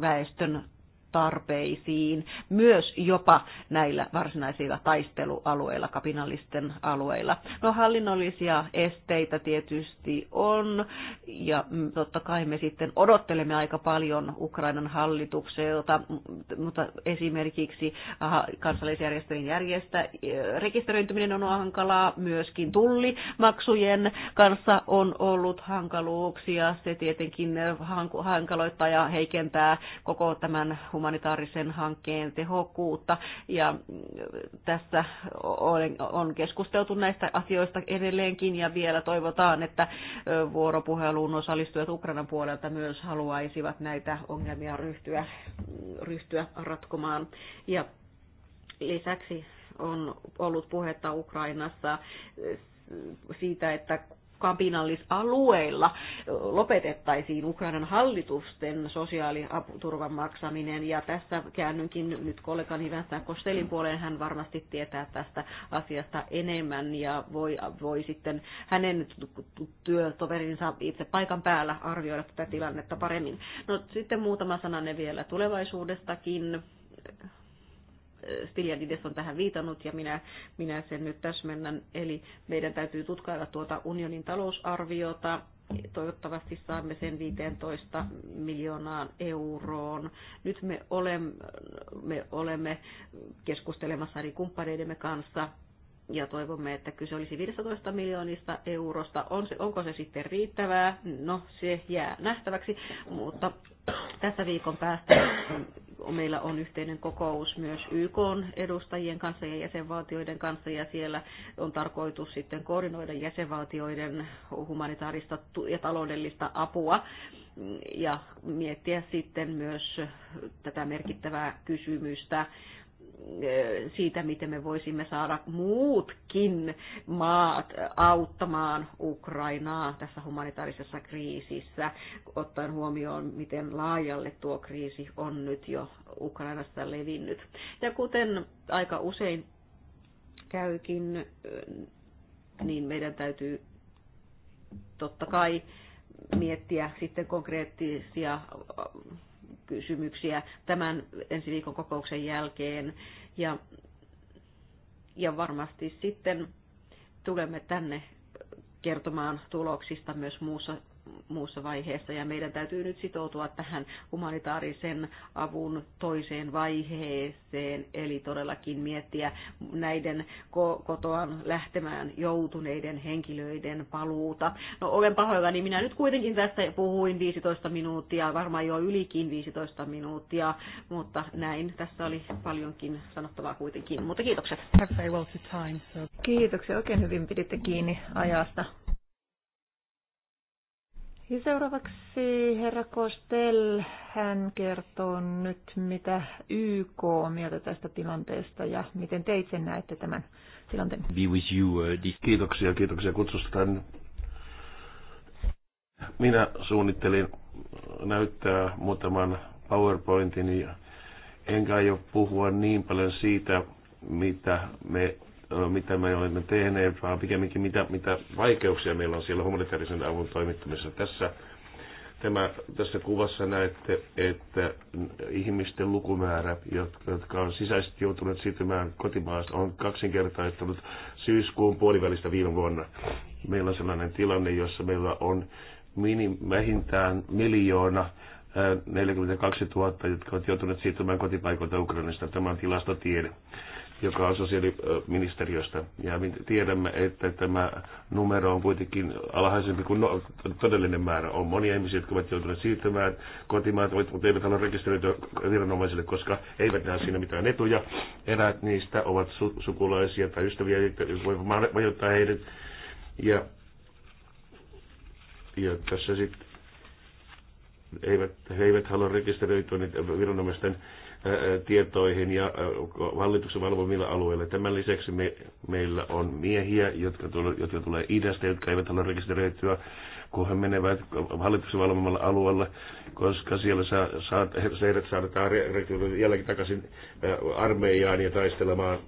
väestön tarpeisiin, myös jopa näillä varsinaisilla taistelualueilla, kapinallisten alueilla. No hallinnollisia esteitä tietysti on, ja mm, totta kai me sitten odottelemme aika paljon Ukrainan hallitukselta, mutta esimerkiksi kansallisjärjestöjen järjestä rekisteröintyminen on hankalaa, myöskin tullimaksujen kanssa on ollut hankaluuksia, se tietenkin hankaloittaa ja heikentää koko tämän humanitaarisen hankkeen tehokkuutta. Ja mm, tässä on keskusteltu näistä asioista edelleenkin ja vielä toivotaan, että vuoropuheluun osallistujat Ukrainan puolelta myös haluaisivat näitä ongelmia ryhtyä, ryhtyä ratkomaan. Ja lisäksi on ollut puhetta Ukrainassa siitä, että kapinallisalueilla lopetettaisiin Ukrainan hallitusten sosiaaliturvan maksaminen. Ja tässä käännynkin nyt kollegani Vänsän Kostelin puoleen. Hän varmasti tietää tästä asiasta enemmän ja voi, voi sitten hänen työtoverinsa itse paikan päällä arvioida tätä tilannetta paremmin. No sitten muutama sananne vielä tulevaisuudestakin Stiljadides on tähän viitannut ja minä, minä sen nyt täsmennän. Eli meidän täytyy tutkailla tuota unionin talousarviota. Toivottavasti saamme sen 15 miljoonaan euroon. Nyt me olemme, me olemme keskustelemassa eri kumppaneidemme kanssa ja toivomme, että kyse olisi 15 miljoonista eurosta. On se, onko se sitten riittävää? No, se jää nähtäväksi, mutta tässä viikon päästä meillä on yhteinen kokous myös YK edustajien kanssa ja jäsenvaltioiden kanssa ja siellä on tarkoitus sitten koordinoida jäsenvaltioiden humanitaarista ja taloudellista apua ja miettiä sitten myös tätä merkittävää kysymystä Eh, siitä, miten me voisimme saada muutkin maat auttamaan Ukrainaa tässä humanitaarisessa kriisissä, ottaen huomioon, miten laajalle tuo kriisi on nyt jo Ukrainassa levinnyt. Ja kuten aika usein käykin, eh, niin meidän täytyy totta kai miettiä sitten konkreettisia kysymyksiä tämän ensi viikon kokouksen jälkeen. Ja, ja varmasti sitten tulemme tänne kertomaan tuloksista myös muussa muussa vaiheessa ja meidän täytyy nyt sitoutua tähän humanitaarisen avun toiseen vaiheeseen, eli todellakin miettiä näiden kotoaan lähtemään joutuneiden henkilöiden paluuta. No olen pahoillani, minä nyt kuitenkin tästä puhuin 15 minuuttia, varmaan jo ylikin 15 minuuttia, mutta näin, tässä oli paljonkin sanottavaa kuitenkin, mutta kiitokset. Kiitoksia, oikein hyvin piditte kiinni ajasta. Ja seuraavaksi herra Kostel, hän kertoo nyt, mitä YK on mieltä tästä tilanteesta ja miten te itse näette tämän tilanteen. Be with you, uh, kiitoksia, kiitoksia kutsusta tänne. Minä suunnittelin näyttää muutaman PowerPointin ja enkä aio puhua niin paljon siitä, mitä me mitä me olemme tehneet, vaan pikemminkin mitä, mitä vaikeuksia meillä on siellä humanitaarisen avun toimittamisessa. Tässä, tämä, tässä kuvassa näette, että ihmisten lukumäärä, jotka, jotka on sisäisesti joutuneet siirtymään kotimaasta, on kaksinkertaistunut syyskuun puolivälistä viime vuonna. Meillä on sellainen tilanne, jossa meillä on minim, vähintään miljoona 42 000, jotka ovat joutuneet siirtymään kotipaikoilta Ukrainasta. Tämä on tilastotiede joka on sosiaaliministeriöstä. Ja me tiedämme, että tämä numero on kuitenkin alhaisempi kuin no, todellinen määrä. On monia ihmisiä, jotka ovat joutuneet siirtymään kotimaat, mutta eivät halua rekisteröityä viranomaisille, koska eivät näe siinä mitään etuja. Eräät niistä ovat su- sukulaisia tai ystäviä, jotka voi majoittaa heidät. Ja, ja tässä sitten he eivät halua rekisteröityä niitä viranomaisten tietoihin ja hallituksen valvomilla alueilla. Tämän lisäksi me, meillä on miehiä, jotka, tule, jotka tulee idästä, jotka eivät ole rekisteröityä, kun he menevät hallituksen valvomalla alueella, koska siellä saa, saa, heidät saadaan jälleen takaisin armeijaan ja taistelemaan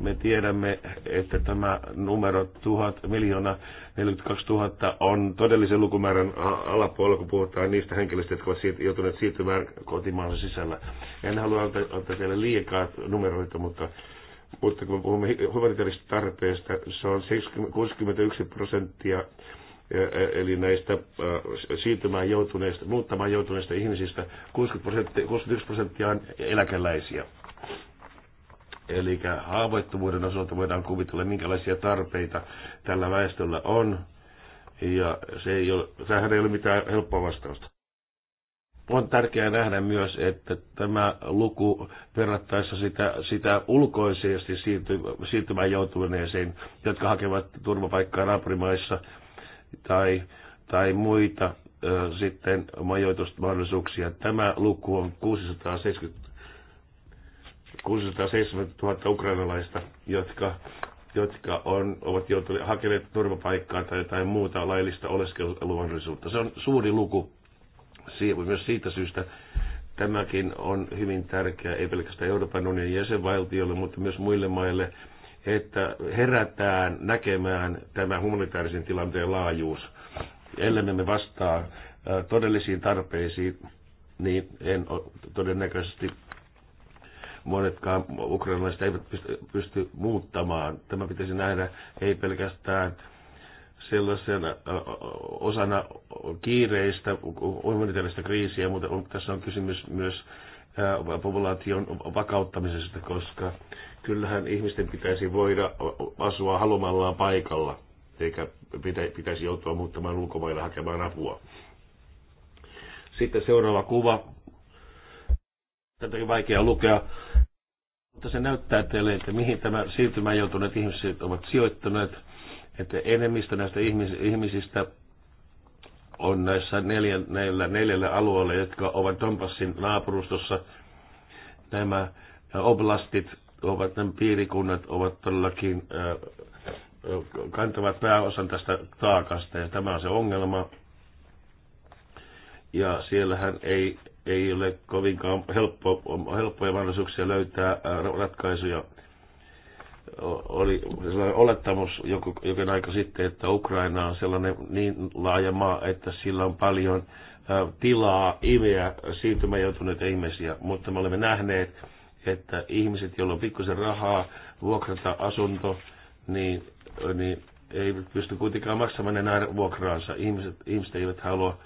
me tiedämme, että tämä numero 1000, miljoona 42 000 on todellisen lukumäärän alapuolella, kun puhutaan niistä henkilöistä, jotka ovat siirty, joutuneet siirtymään kotimaansa sisällä. En halua antaa, antaa teille liikaa numeroita, mutta mutta kun me puhumme humanitaarista tarpeesta, se on 70, 61 prosenttia e- e- eli näistä siirtymään joutuneista, muuttamaan joutuneista ihmisistä, 60 prosenttia, 61 prosenttia on eläkeläisiä. Eli haavoittuvuuden osalta voidaan kuvitella, minkälaisia tarpeita tällä väestöllä on. Ja se ei ole, tähän ei ole mitään helppoa vastausta. On tärkeää nähdä myös, että tämä luku verrattaessa sitä, sitä ulkoisesti siirtymään joutuneeseen, jotka hakevat turvapaikkaa naapurimaissa tai, tai muita sitten majoitusmahdollisuuksia. Tämä luku on 670 670 000 ukrainalaista, jotka, jotka on, ovat joutuneet hakeneet turvapaikkaa tai jotain muuta laillista oleskelumahdollisuutta. Se on suuri luku myös siitä syystä, tämäkin on hyvin tärkeää, ei pelkästään Euroopan unionin jäsenvaltiolle, mutta myös muille maille, että herätään näkemään tämä humanitaarisen tilanteen laajuus. Ellei me vastaa todellisiin tarpeisiin, niin en todennäköisesti monetkaan ukrainalaiset eivät pysty, pysty muuttamaan. Tämä pitäisi nähdä ei pelkästään sellaisena osana kiireistä humanitaarista kriisiä, mutta on, tässä on kysymys myös populaation vakauttamisesta, koska kyllähän ihmisten pitäisi voida asua halumallaan paikalla, eikä pitäisi joutua muuttamaan ulkomailla hakemaan apua. Sitten seuraava kuva Tätä on vaikea lukea, mutta se näyttää teille, että mihin tämä siirtymä joutuneet ihmiset ovat sijoittuneet, että enemmistö näistä ihmisistä on näissä neljä, näillä neljällä alueella, jotka ovat Donbassin naapurustossa. Nämä äh, oblastit ovat, nämä piirikunnat ovat todellakin äh, kantavat pääosan tästä taakasta ja tämä on se ongelma. Ja siellähän ei ei ole kovinkaan helppo, helppoja mahdollisuuksia löytää ratkaisuja. Oli sellainen olettamus jokin aika sitten, että Ukraina on sellainen niin laaja maa, että sillä on paljon tilaa imeä siirtymään joutuneita ihmisiä, mutta me olemme nähneet, että ihmiset, joilla on pikkusen rahaa vuokrata asunto, niin, niin ei pysty kuitenkaan maksamaan enää vuokraansa. Ihmiset, ihmiset eivät halua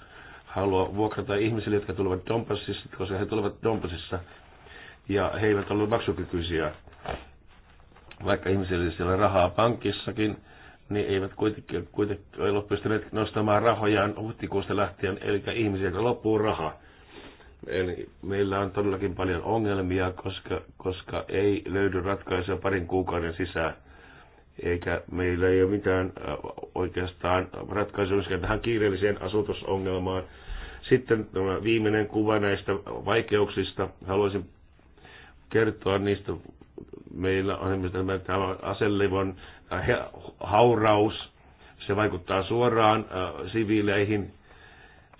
halua vuokrata ihmisille, jotka tulevat Donbassissa, koska he tulevat Donbassissa ja he eivät ole maksukykyisiä. Vaikka ihmisillä siellä rahaa pankissakin, niin eivät kuitenkin, kuitenkin ole pystyneet nostamaan rahojaan huhtikuusta lähtien, eli jotka loppuu raha. Eli meillä on todellakin paljon ongelmia, koska, koska ei löydy ratkaisua parin kuukauden sisään. Eikä meillä ei ole mitään oikeastaan ratkaisua tähän kiireelliseen asutusongelmaan, sitten viimeinen kuva näistä vaikeuksista. Haluaisin kertoa niistä. Meillä on tämä aselevon äh, hauraus. Se vaikuttaa suoraan äh, siviileihin.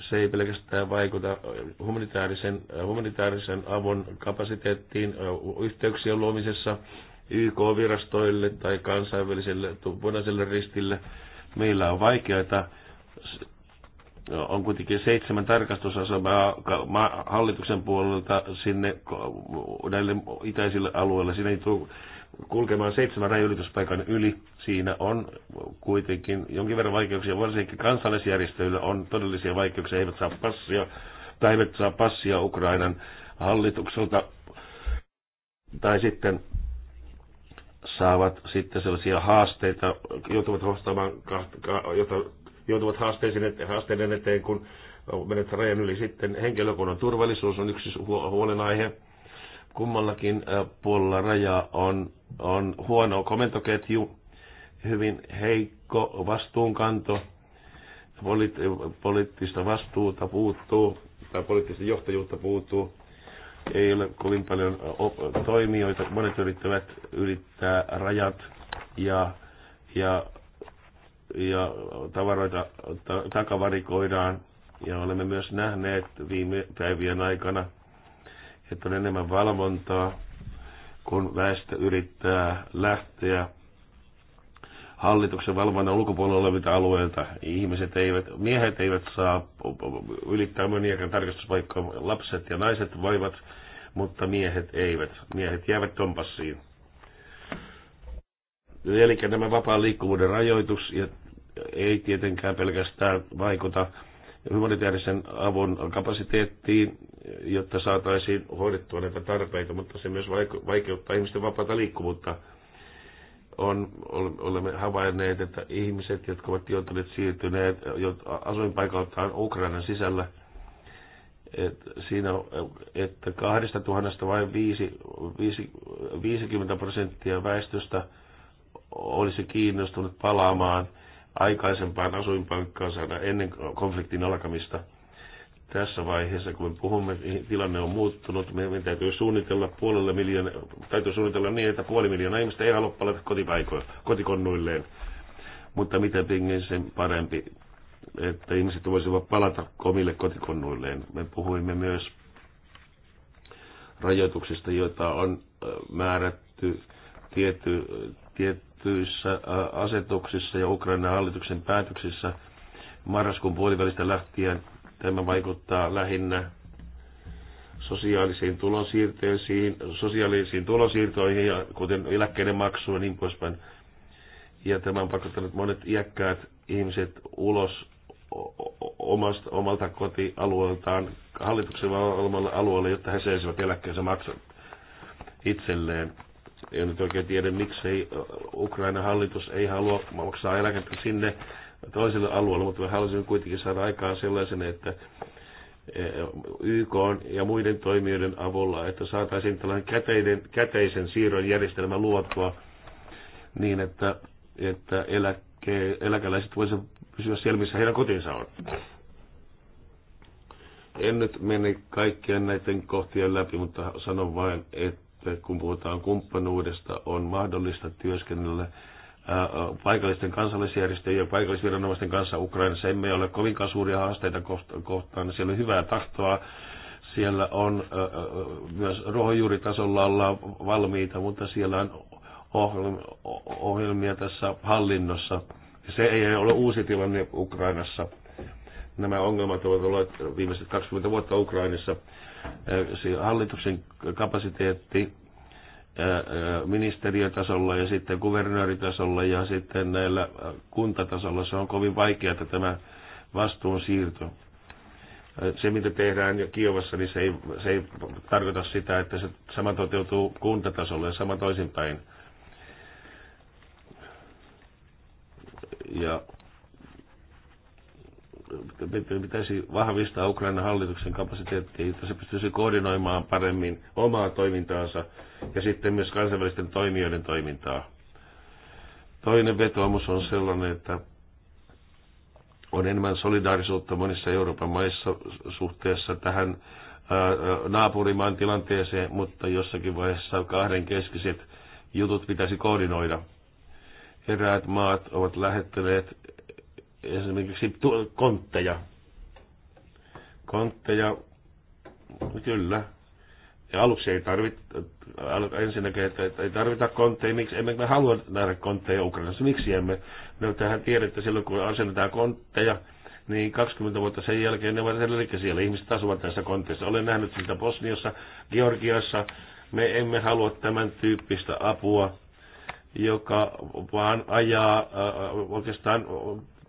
Se ei pelkästään vaikuta äh, humanitaarisen, humanitaarisen avun kapasiteettiin yhteyksien luomisessa YK-virastoille tai kansainväliselle punaiselle ristille. Meillä on vaikeita on kuitenkin seitsemän tarkastusasemaa hallituksen puolelta sinne näille itäisille alueille. Siinä ei tule kulkemaan seitsemän rajoituspaikan yli. Siinä on kuitenkin jonkin verran vaikeuksia, varsinkin kansallisjärjestöillä on todellisia vaikeuksia, he eivät saa passia, tai eivät saa passia Ukrainan hallitukselta, tai sitten saavat sitten sellaisia haasteita, joutuvat hostamaan, jota joutuvat haasteisiin, haasteiden eteen, kun menet rajan yli sitten. Henkilökunnan turvallisuus on yksi huolenaihe. Kummallakin puolella raja on, on huono komentoketju, hyvin heikko vastuunkanto, poli, poliittista vastuuta puuttuu tai poliittista johtajuutta puuttuu. Ei ole kovin paljon toimijoita. Monet yrittävät ylittää rajat ja, ja ja tavaroita takavarikoidaan. Ja olemme myös nähneet viime päivien aikana, että on enemmän valvontaa, kun väestö yrittää lähteä hallituksen valvonnan ulkopuolella olevilta alueilta. Ihmiset eivät, miehet eivät saa ylittää moniakaan tarkastuspaikkaa. Lapset ja naiset voivat, mutta miehet eivät. Miehet jäävät tompassiin. Eli nämä vapaan liikkuvuuden rajoitus ja ei tietenkään pelkästään vaikuta humanitaarisen avun kapasiteettiin, jotta saataisiin hoidettua näitä tarpeita, mutta se myös vaikeuttaa ihmisten vapaata liikkuvuutta. On, olemme havainneet, että ihmiset, jotka ovat joutuneet siirtyneet asuinpaikaltaan Ukrainan sisällä, että siinä, että kahdesta tuhannesta vain 50 prosenttia väestöstä – olisi kiinnostunut palaamaan aikaisempaan asuinpaikkaansa ennen konfliktin alkamista. Tässä vaiheessa, kun me puhumme, tilanne on muuttunut. Meidän täytyy suunnitella, puolelle miljoona, täytyy suunnitella niin, että puoli miljoonaa ihmistä ei halua palata kotipaikoille, kotikonnuilleen. Mutta mitä pingin sen parempi, että ihmiset voisivat palata komille kotikonnuilleen. Me puhuimme myös rajoituksista, joita on määrätty tietty, tiettyissä asetuksissa ja Ukrainan hallituksen päätöksissä marraskuun puolivälistä lähtien. Tämä vaikuttaa lähinnä sosiaalisiin tulonsiirtoihin, sosiaalisiin tulonsiirtoihin ja kuten eläkkeiden maksuun ja niin poispäin. Ja tämä on pakottanut monet iäkkäät ihmiset ulos omasta, omalta kotialueeltaan hallituksen omalla alueella, jotta he seisivät eläkkeensä maksun itselleen. En nyt oikein tiedä, miksei Ukrainan hallitus ei halua maksaa eläkettä sinne toiselle alueelle, mutta halusin kuitenkin saada aikaan sellaisen, että e, YK ja muiden toimijoiden avulla, että saataisiin tällainen käteiden, käteisen siirron järjestelmä luotua niin, että, että eläke, eläkeläiset voisivat pysyä siellä, missä heidän kotinsa on. En nyt mene kaikkien näiden kohtien läpi, mutta sanon vain, että kun puhutaan kumppanuudesta, on mahdollista työskennellä paikallisten kansallisjärjestöjen ja paikallisviranomaisten kanssa Ukrainassa. Emme ole kovinkaan suuria haasteita kohtaan. Siellä on hyvää tahtoa. Siellä on myös ruohonjuuritasolla ollaan valmiita, mutta siellä on ohjelmia tässä hallinnossa. Se ei ole uusi tilanne Ukrainassa. Nämä ongelmat ovat olleet viimeiset 20 vuotta Ukrainassa hallituksen kapasiteetti ministeriötasolla ja sitten kuvernööritasolla ja sitten näillä kuntatasolla. Se on kovin vaikeaa tämä vastuun siirto. Se, mitä tehdään jo Kiovassa, niin se ei, se ei tarkoita sitä, että se sama toteutuu kuntatasolla ja sama toisinpäin. Ja pitäisi vahvistaa Ukrainan hallituksen kapasiteettia, että se pystyisi koordinoimaan paremmin omaa toimintaansa ja sitten myös kansainvälisten toimijoiden toimintaa. Toinen vetoomus on sellainen, että on enemmän solidaarisuutta monissa Euroopan maissa suhteessa tähän naapurimaan tilanteeseen, mutta jossakin vaiheessa keskiset jutut pitäisi koordinoida. Eräät maat ovat lähettäneet esimerkiksi kontteja. Kontteja, kyllä. Ja aluksi ei tarvita, ensinnäkin, että ei tarvita kontteja, miksi emme me halua nähdä kontteja Ukrainassa, miksi emme. No tähän että silloin, kun asennetaan kontteja, niin 20 vuotta sen jälkeen ne ovat edelleenkin siellä. Ihmiset asuvat näissä konteissa. Olen nähnyt sitä Bosniassa, Georgiassa. Me emme halua tämän tyyppistä apua, joka vaan ajaa äh, oikeastaan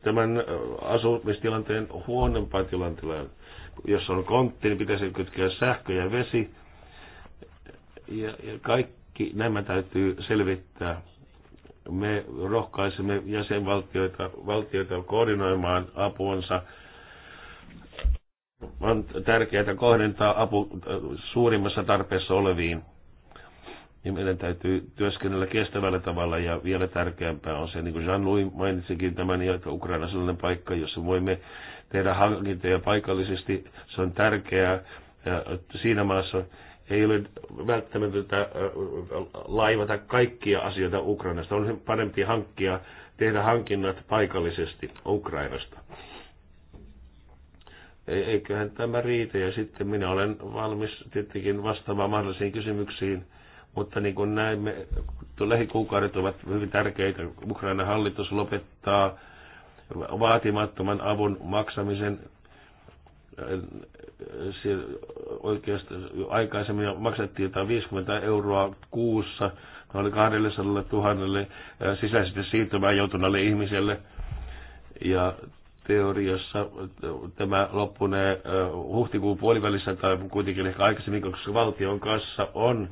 tämän asumistilanteen huonompaan tilanteen, Jos on kontti, niin pitäisi kytkeä sähkö ja vesi. Ja, ja kaikki nämä täytyy selvittää. Me rohkaisemme jäsenvaltioita valtioita koordinoimaan apuansa on tärkeää kohdentaa apu suurimmassa tarpeessa oleviin niin meidän täytyy työskennellä kestävällä tavalla ja vielä tärkeämpää on se, niin kuin Jean-Louis mainitsikin tämän, niin, että Ukraina on sellainen paikka, jossa voimme tehdä hankintoja paikallisesti. Se on tärkeää. Ja siinä maassa ei ole välttämättä äh, laivata kaikkia asioita Ukrainasta. On parempi hankkia, tehdä hankinnat paikallisesti Ukrainasta. E-, eiköhän tämä riitä ja sitten minä olen valmis tietenkin vastaamaan mahdollisiin kysymyksiin mutta niin kuin näemme, lähikuukaudet ovat hyvin tärkeitä. Ukraina hallitus lopettaa vaatimattoman avun maksamisen äh, oikeasti aikaisemmin maksettiin jotain 50 euroa kuussa noin 200 000 sisäisesti siirtymään joutuneelle ihmiselle. Ja teoriassa äh, tämä loppunee äh, huhtikuun puolivälissä tai kuitenkin ehkä aikaisemmin, koska valtion kanssa on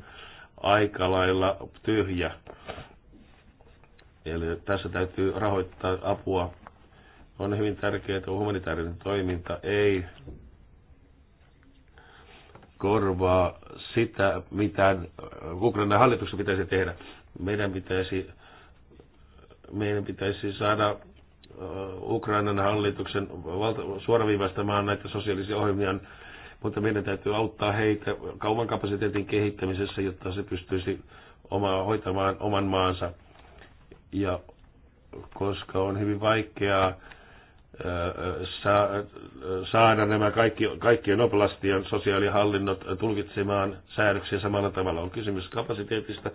aika lailla tyhjä. Eli tässä täytyy rahoittaa apua. On hyvin tärkeää, että humanitaarinen toiminta ei korvaa sitä, mitä Ukrainan hallituksen pitäisi tehdä. Meidän pitäisi, meidän pitäisi saada Ukrainan hallituksen valta, suoraviivaistamaan näitä sosiaalisia ohjelmia mutta meidän täytyy auttaa heitä kaupan kapasiteetin kehittämisessä, jotta se pystyisi omaa, hoitamaan oman maansa. Ja koska on hyvin vaikeaa äh, äh, saada nämä kaikki, kaikkien oblastien sosiaalihallinnot tulkitsemaan säädöksiä samalla tavalla. On kysymys kapasiteetista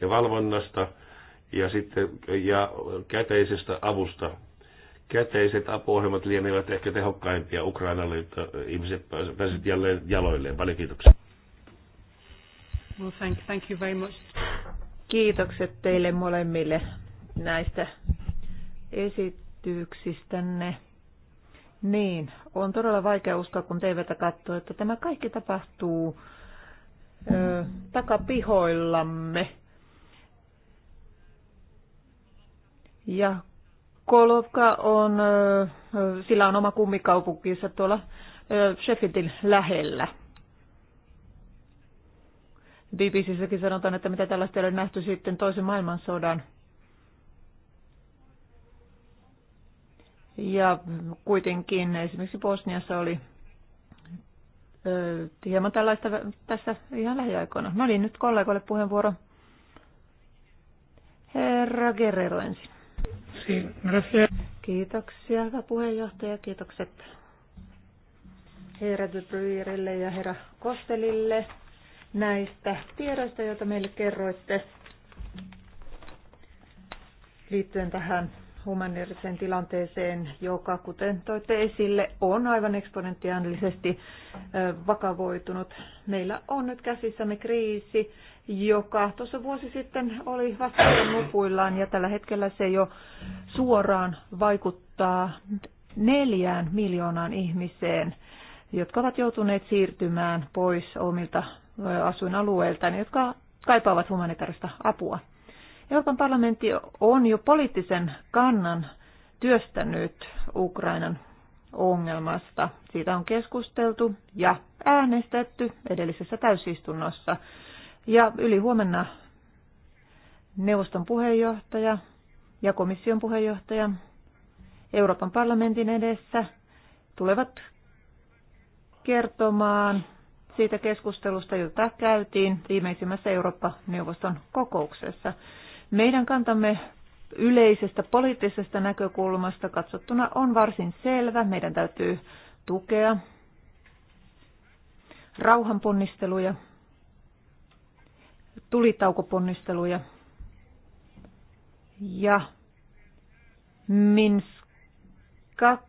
ja valvonnasta ja, sitten, ja käteisestä avusta käteiset apuohjelmat lienevät ehkä tehokkaimpia Ukrainalle, jotta ihmiset pääsevät jälleen jaloilleen. Paljon kiitoksia. Well, thank, thank you very much. Kiitokset teille molemmille näistä esityksistänne. Niin, on todella vaikea uskoa, kun TVtä katsoo, että tämä kaikki tapahtuu ö, takapihoillamme. Ja Kolovka on, sillä on oma kummikaupunkinsa tuolla Sheffieldin lähellä. BBCissäkin sanotaan, että mitä tällaista ei ole nähty sitten toisen maailmansodan. Ja kuitenkin esimerkiksi Bosniassa oli ö, hieman tällaista tässä ihan lähiaikoina. No niin, nyt kollegoille puheenvuoro. Herra Guerrero ensin. Sí, Kiitoksia, hyvä puheenjohtaja. Kiitokset herra Dubrierille ja herra Kostelille näistä tiedoista, joita meille kerroitte liittyen tähän humanitaariseen tilanteeseen, joka, kuten toitte esille, on aivan eksponentiaalisesti vakavoitunut. Meillä on nyt käsissämme kriisi, joka tuossa vuosi sitten oli vastaan lupuillaan ja tällä hetkellä se jo suoraan vaikuttaa neljään miljoonaan ihmiseen, jotka ovat joutuneet siirtymään pois omilta asuinalueiltaan, jotka kaipaavat humanitaarista apua. Euroopan parlamentti on jo poliittisen kannan työstänyt Ukrainan ongelmasta. Siitä on keskusteltu ja äänestetty edellisessä täysistunnossa. Ja yli huomenna neuvoston puheenjohtaja ja komission puheenjohtaja Euroopan parlamentin edessä tulevat kertomaan siitä keskustelusta, jota käytiin viimeisimmässä Eurooppa-neuvoston kokouksessa. Meidän kantamme yleisestä poliittisesta näkökulmasta katsottuna on varsin selvä. Meidän täytyy tukea rauhanponnisteluja, tulitaukoponnisteluja ja Minsk 2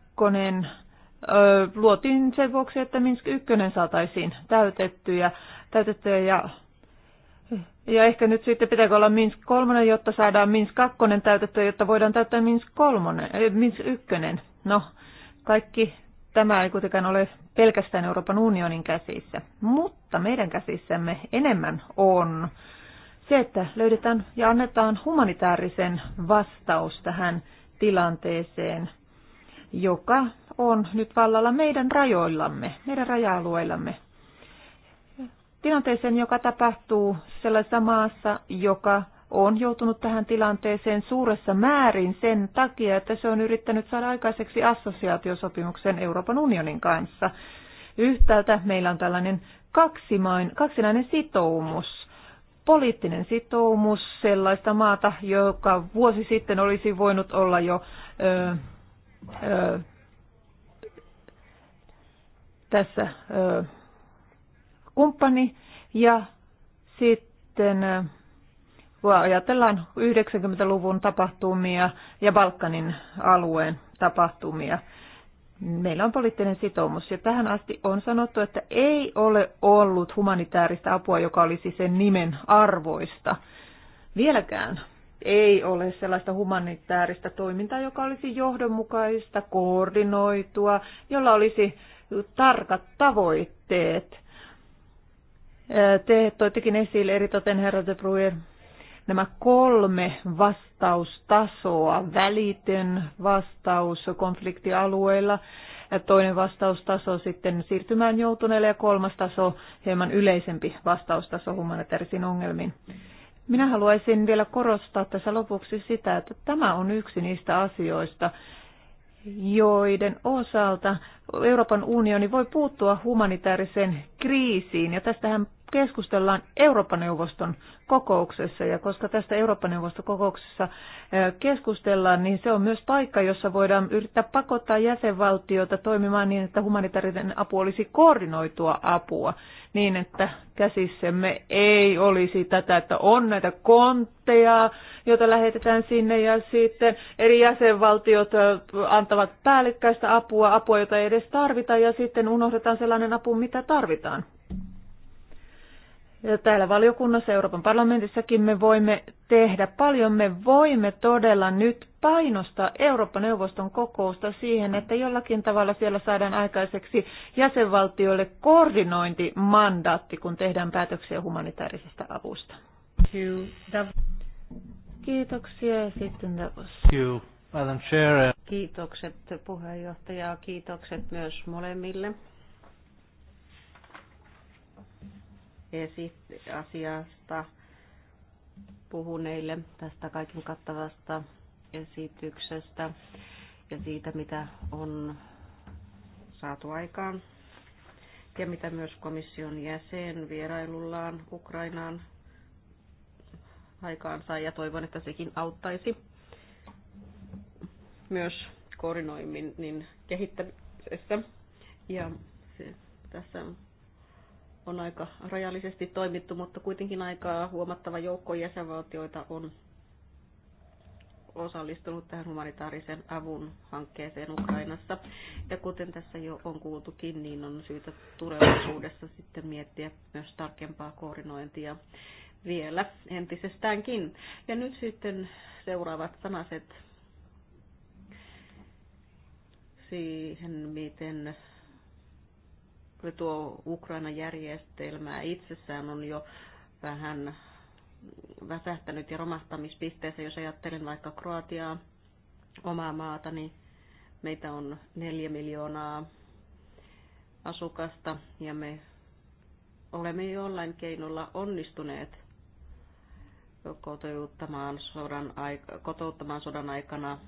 luotiin sen vuoksi, että Minsk 1 saataisiin täytettyä, täytettyä ja ja ehkä nyt sitten pitääkö olla Minsk 3, jotta saadaan Minsk 2 täytettyä, jotta voidaan täyttää Minsk 3, äh, eh, Minsk 1. No, kaikki tämä ei kuitenkaan ole pelkästään Euroopan unionin käsissä, mutta meidän käsissämme enemmän on se, että löydetään ja annetaan humanitaarisen vastaus tähän tilanteeseen, joka on nyt vallalla meidän rajoillamme, meidän raja-alueillamme tilanteeseen, joka tapahtuu sellaisessa maassa, joka on joutunut tähän tilanteeseen suuressa määrin sen takia, että se on yrittänyt saada aikaiseksi assosiaatiosopimuksen Euroopan unionin kanssa. Yhtäältä meillä on tällainen kaksimain, kaksinainen sitoumus, poliittinen sitoumus sellaista maata, joka vuosi sitten olisi voinut olla jo ö, ö, tässä ö, kumppani ja sitten äh, ajatellaan 90-luvun tapahtumia ja Balkanin alueen tapahtumia. Meillä on poliittinen sitoumus ja tähän asti on sanottu, että ei ole ollut humanitaarista apua, joka olisi sen nimen arvoista. Vieläkään ei ole sellaista humanitaarista toimintaa, joka olisi johdonmukaista, koordinoitua, jolla olisi tarkat tavoitteet te toittekin esille toten, herra de Bruer, nämä kolme vastaustasoa, välitön vastaus konfliktialueilla, toinen vastaustaso sitten siirtymään joutuneelle ja kolmas taso hieman yleisempi vastaustaso humanitaarisiin ongelmiin. Minä haluaisin vielä korostaa tässä lopuksi sitä, että tämä on yksi niistä asioista, joiden osalta Euroopan unioni voi puuttua humanitaariseen kriisiin, ja tästähän keskustellaan Euroopan neuvoston kokouksessa, ja koska tästä Euroopan neuvoston kokouksessa keskustellaan, niin se on myös paikka, jossa voidaan yrittää pakottaa jäsenvaltiota toimimaan niin, että humanitaarinen apu olisi koordinoitua apua, niin että käsissämme ei olisi tätä, että on näitä kontteja, joita lähetetään sinne, ja sitten eri jäsenvaltiot antavat päällekkäistä apua, apua, jota ei edes edes tarvita ja sitten unohdetaan sellainen apu, mitä tarvitaan. Ja täällä valiokunnassa Euroopan parlamentissakin me voimme tehdä paljon. Me voimme todella nyt painostaa Euroopan neuvoston kokousta siihen, että jollakin tavalla siellä saadaan aikaiseksi jäsenvaltioille koordinointimandaatti, kun tehdään päätöksiä humanitaarisesta avusta. Kiitoksia ja sitten Davos. Madam Chair. Uh, kiitokset puheenjohtaja, kiitokset myös molemmille asiasta puhuneille tästä kaiken kattavasta esityksestä ja siitä, mitä on saatu aikaan ja mitä myös komission jäsen vierailullaan Ukrainaan aikaan ja toivon, että sekin auttaisi myös niin kehittämisessä. Ja se, tässä on aika rajallisesti toimittu, mutta kuitenkin aika huomattava joukko jäsenvaltioita on osallistunut tähän humanitaarisen avun hankkeeseen Ukrainassa. Ja kuten tässä jo on kuultukin, niin on syytä tulevaisuudessa sitten miettiä myös tarkempaa koordinointia vielä entisestäänkin. Ja nyt sitten seuraavat sanaset siihen, miten tuo ukraina järjestelmä itsessään on jo vähän väsähtänyt ja romahtamispisteessä, jos ajattelen vaikka Kroatiaa, omaa maata, niin meitä on neljä miljoonaa asukasta ja me olemme jollain keinolla onnistuneet kotouttamaan sodan, aik- kotouttamaan sodan aikana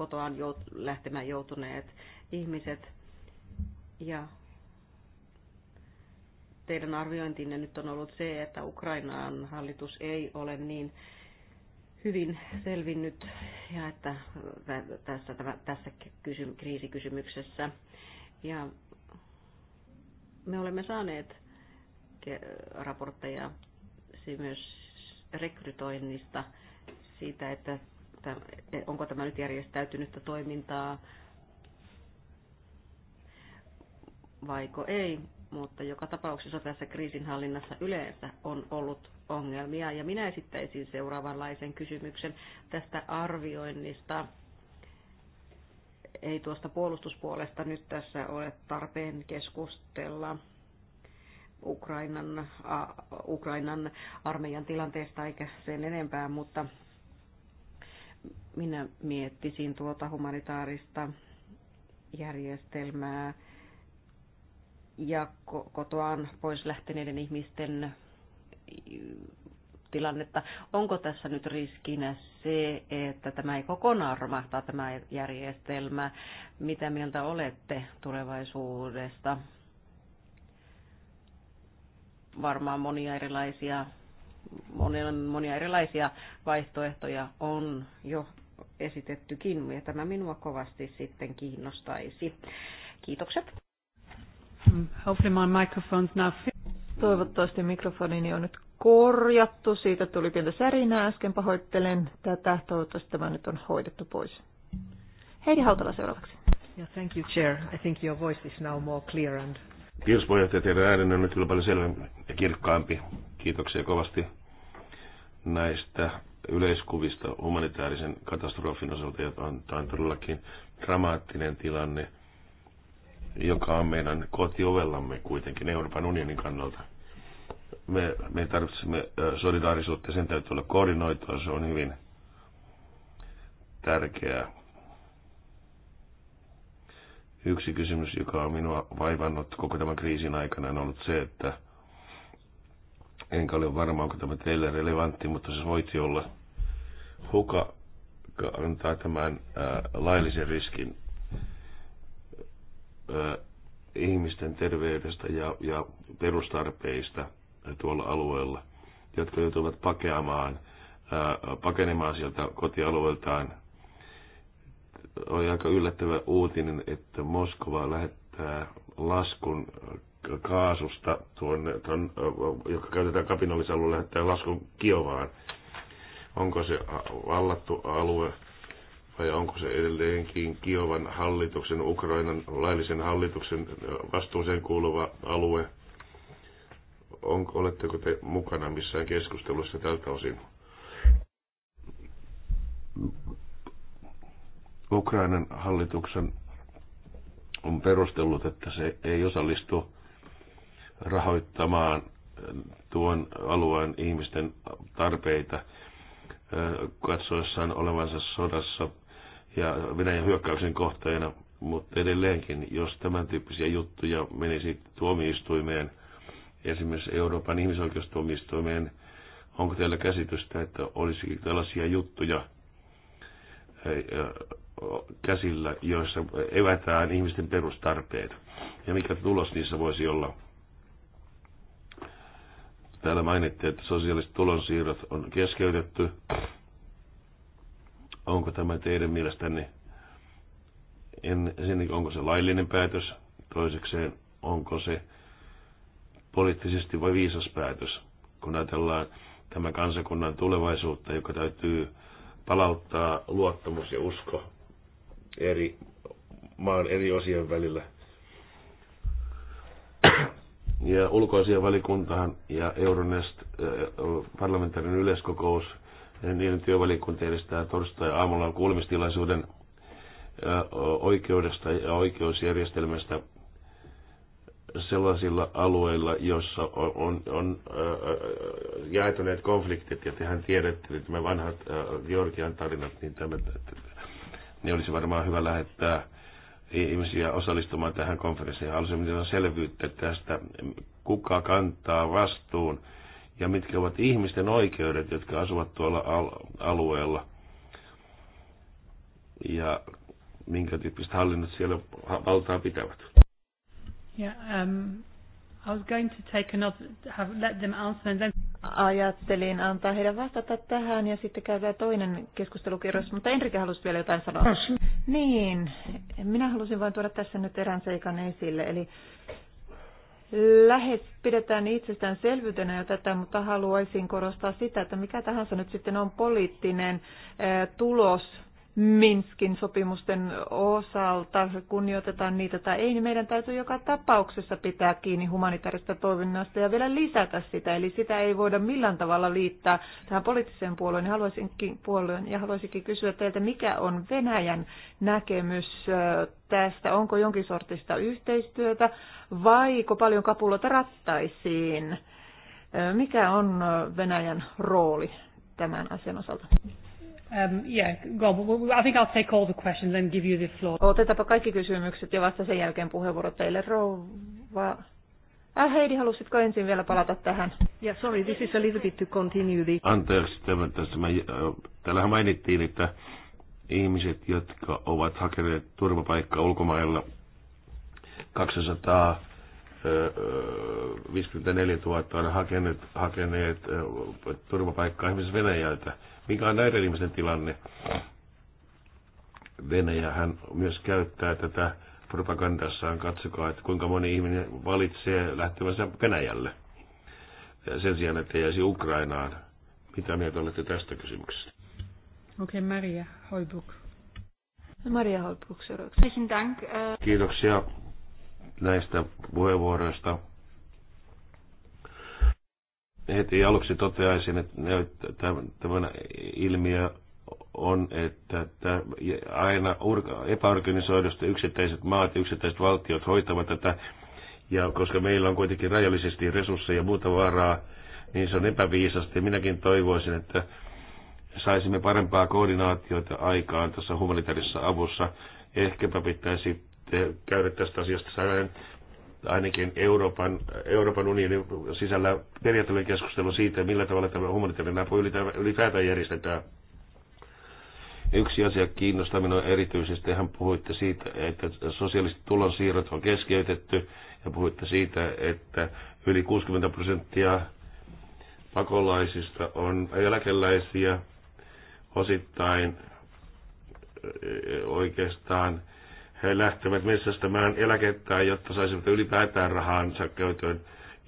kotoaan jout- lähtemään joutuneet ihmiset. Ja teidän arviointinne nyt on ollut se, että Ukrainaan hallitus ei ole niin hyvin selvinnyt ja että tässä, tässä kriisikysymyksessä. Ja me olemme saaneet raportteja myös rekrytoinnista siitä, että onko tämä nyt järjestäytynyttä toimintaa vaiko ei, mutta joka tapauksessa tässä kriisinhallinnassa yleensä on ollut ongelmia. Ja minä esittäisin seuraavanlaisen kysymyksen tästä arvioinnista. Ei tuosta puolustuspuolesta nyt tässä ole tarpeen keskustella. Ukrainan, uh, Ukrainan armeijan tilanteesta eikä sen enempää, mutta minä miettisin tuota humanitaarista järjestelmää ja kotoaan pois lähteneiden ihmisten äh, tilannetta. Onko tässä nyt riskinä se, että tämä ei kokonaan romahtaa tämä järjestelmä? Mitä mieltä olette tulevaisuudesta? Varmaan monia erilaisia monia erilaisia vaihtoehtoja on jo esitettykin, ja tämä minua kovasti sitten kiinnostaisi. Kiitokset. Hopefully my microphone's now Toivottavasti mikrofonini on nyt korjattu. Siitä tuli pientä särinää äsken, pahoittelen tätä. Toivottavasti tämä nyt on hoidettu pois. Heidi Hautala seuraavaksi. Yeah, thank you, Chair. I think your voice is now more clear and... Kiitos puheenjohtaja, teidän äänenne on nyt kyllä paljon selvempi ja kirkkaampi. Kiitoksia kovasti näistä yleiskuvista humanitaarisen katastrofin osalta, on, tämä on todellakin dramaattinen tilanne, joka on meidän kotiovellamme kuitenkin Euroopan unionin kannalta. Me, me tarvitsemme solidaarisuutta, sen täytyy olla koordinoitua, se on hyvin tärkeää. Yksi kysymys, joka on minua vaivannut koko tämän kriisin aikana, on ollut se, että Enkä ole varma, onko tämä teille relevantti, mutta se voisi olla. Huka antaa tämän ää, laillisen riskin ää, ihmisten terveydestä ja, ja perustarpeista tuolla alueella, jotka joutuvat pakeamaan, ää, pakenemaan sieltä kotialueeltaan. On aika yllättävä uutinen, että Moskova lähettää laskun kaasusta, tuonne, ton, joka käytetään kapinallisalueelle, lähettää laskun Kiovaan. Onko se vallattu alue vai onko se edelleenkin Kiovan hallituksen, Ukrainan laillisen hallituksen vastuuseen kuuluva alue? On, oletteko te mukana missään keskustelussa tältä osin? Ukrainan hallituksen on perustellut, että se ei osallistu rahoittamaan eh, tuon alueen ihmisten tarpeita eh, katsoessaan olevansa sodassa ja Venäjän hyökkäyksen kohteena, mutta edelleenkin, jos tämän tyyppisiä juttuja menisi tuomioistuimeen, esimerkiksi Euroopan ihmisoikeustuomioistuimeen, onko teillä käsitystä, että olisikin tällaisia juttuja eh, käsillä, joissa evätään ihmisten perustarpeet, ja mikä tulos niissä voisi olla? Täällä mainittiin, että sosiaaliset tulonsiirrot on keskeytetty. Onko tämä teidän mielestänne, en, sen, onko se laillinen päätös? Toisekseen, onko se poliittisesti vai viisas päätös? Kun ajatellaan tämän kansakunnan tulevaisuutta, joka täytyy palauttaa luottamus ja usko eri maan eri osien välillä – ja ulkoasianvalikuntahan ja Euronest äh, parlamentaarinen yleiskokous, niiden työvalikunta edistää torstai-aamulla kuulemistilaisuuden äh, oikeudesta ja oikeusjärjestelmästä sellaisilla alueilla, joissa on, on, on äh, jaetuneet konfliktit, ja tehän tiedätte, että nämä vanhat Georgian tarinat, niin, tämä, ne olisi varmaan hyvä lähettää ihmisiä osallistumaan tähän konferenssiin. Haluaisin mitään selvyyttä tästä, kuka kantaa vastuun ja mitkä ovat ihmisten oikeudet, jotka asuvat tuolla alueella. Ja minkä tyyppiset hallinnot siellä valtaa pitävät. Yeah, um, I was going to take another, have, let them answer and then ajattelin antaa heidän vastata tähän ja sitten käydään toinen keskustelukierros, mutta Enrika halusi vielä jotain sanoa. Ah, niin, minä halusin vain tuoda tässä nyt erään seikan esille, eli lähes pidetään itsestään selvyytenä jo tätä, mutta haluaisin korostaa sitä, että mikä tahansa nyt sitten on poliittinen eh, tulos Minskin sopimusten osalta, kunnioitetaan niitä tai ei, niin meidän täytyy joka tapauksessa pitää kiinni humanitaarista toiminnasta ja vielä lisätä sitä. Eli sitä ei voida millään tavalla liittää tähän poliittiseen puolueen. Ja haluaisinkin, puolueen, ja haluaisinkin kysyä teiltä, mikä on Venäjän näkemys tästä? Onko jonkin sortista yhteistyötä vaiko paljon kapulota rattaisiin? Mikä on Venäjän rooli tämän asian osalta? Um, I think I'll take all the questions and give you the floor. Otetaanpa kaikki kysymykset ja vasta sen jälkeen puheenvuoro teille. Rouva Ah, Heidi, halusitko ensin vielä palata tähän? Yeah, sorry, this is a little bit to continue the... Anteeksi, tässä mä, täällähän mainittiin, että ihmiset, jotka ovat hakeneet turvapaikkaa ulkomailla 254 000 on hakeneet, hakeneet turvapaikkaa ihmisiä Venäjältä. Mikä on näiden ihmisten tilanne? Venäjähän myös käyttää tätä propagandassaan. Katsokaa, että kuinka moni ihminen valitsee lähtevänsä Venäjälle sen sijaan, että jäisi Ukrainaan. Mitä mieltä olette tästä kysymyksestä? Okei, okay, Maria Holbuk. Maria Holbuk, seuraavaksi. Kiitoksia näistä puheenvuoroista heti aluksi toteaisin, että tämä ilmiö on, että aina epäorganisoidusta yksittäiset maat ja yksittäiset valtiot hoitavat tätä, ja koska meillä on kuitenkin rajallisesti resursseja ja muuta varaa, niin se on epäviisasti. Minäkin toivoisin, että saisimme parempaa koordinaatiota aikaan tässä humanitaarisessa avussa. Ehkäpä pitäisi käydä tästä asiasta ainakin Euroopan, Euroopan unionin sisällä periaatteellinen keskustelu siitä, millä tavalla tämä humanitaarinen apu ylipäätään järjestetään. Yksi asia kiinnostaa minua erityisesti, hän puhuitte siitä, että sosiaaliset tulonsiirrot on keskeytetty ja puhuitte siitä, että yli 60 prosenttia pakolaisista on eläkeläisiä osittain oikeastaan he lähtevät metsästämään eläkettään, jotta saisivat ylipäätään rahansa käyttöön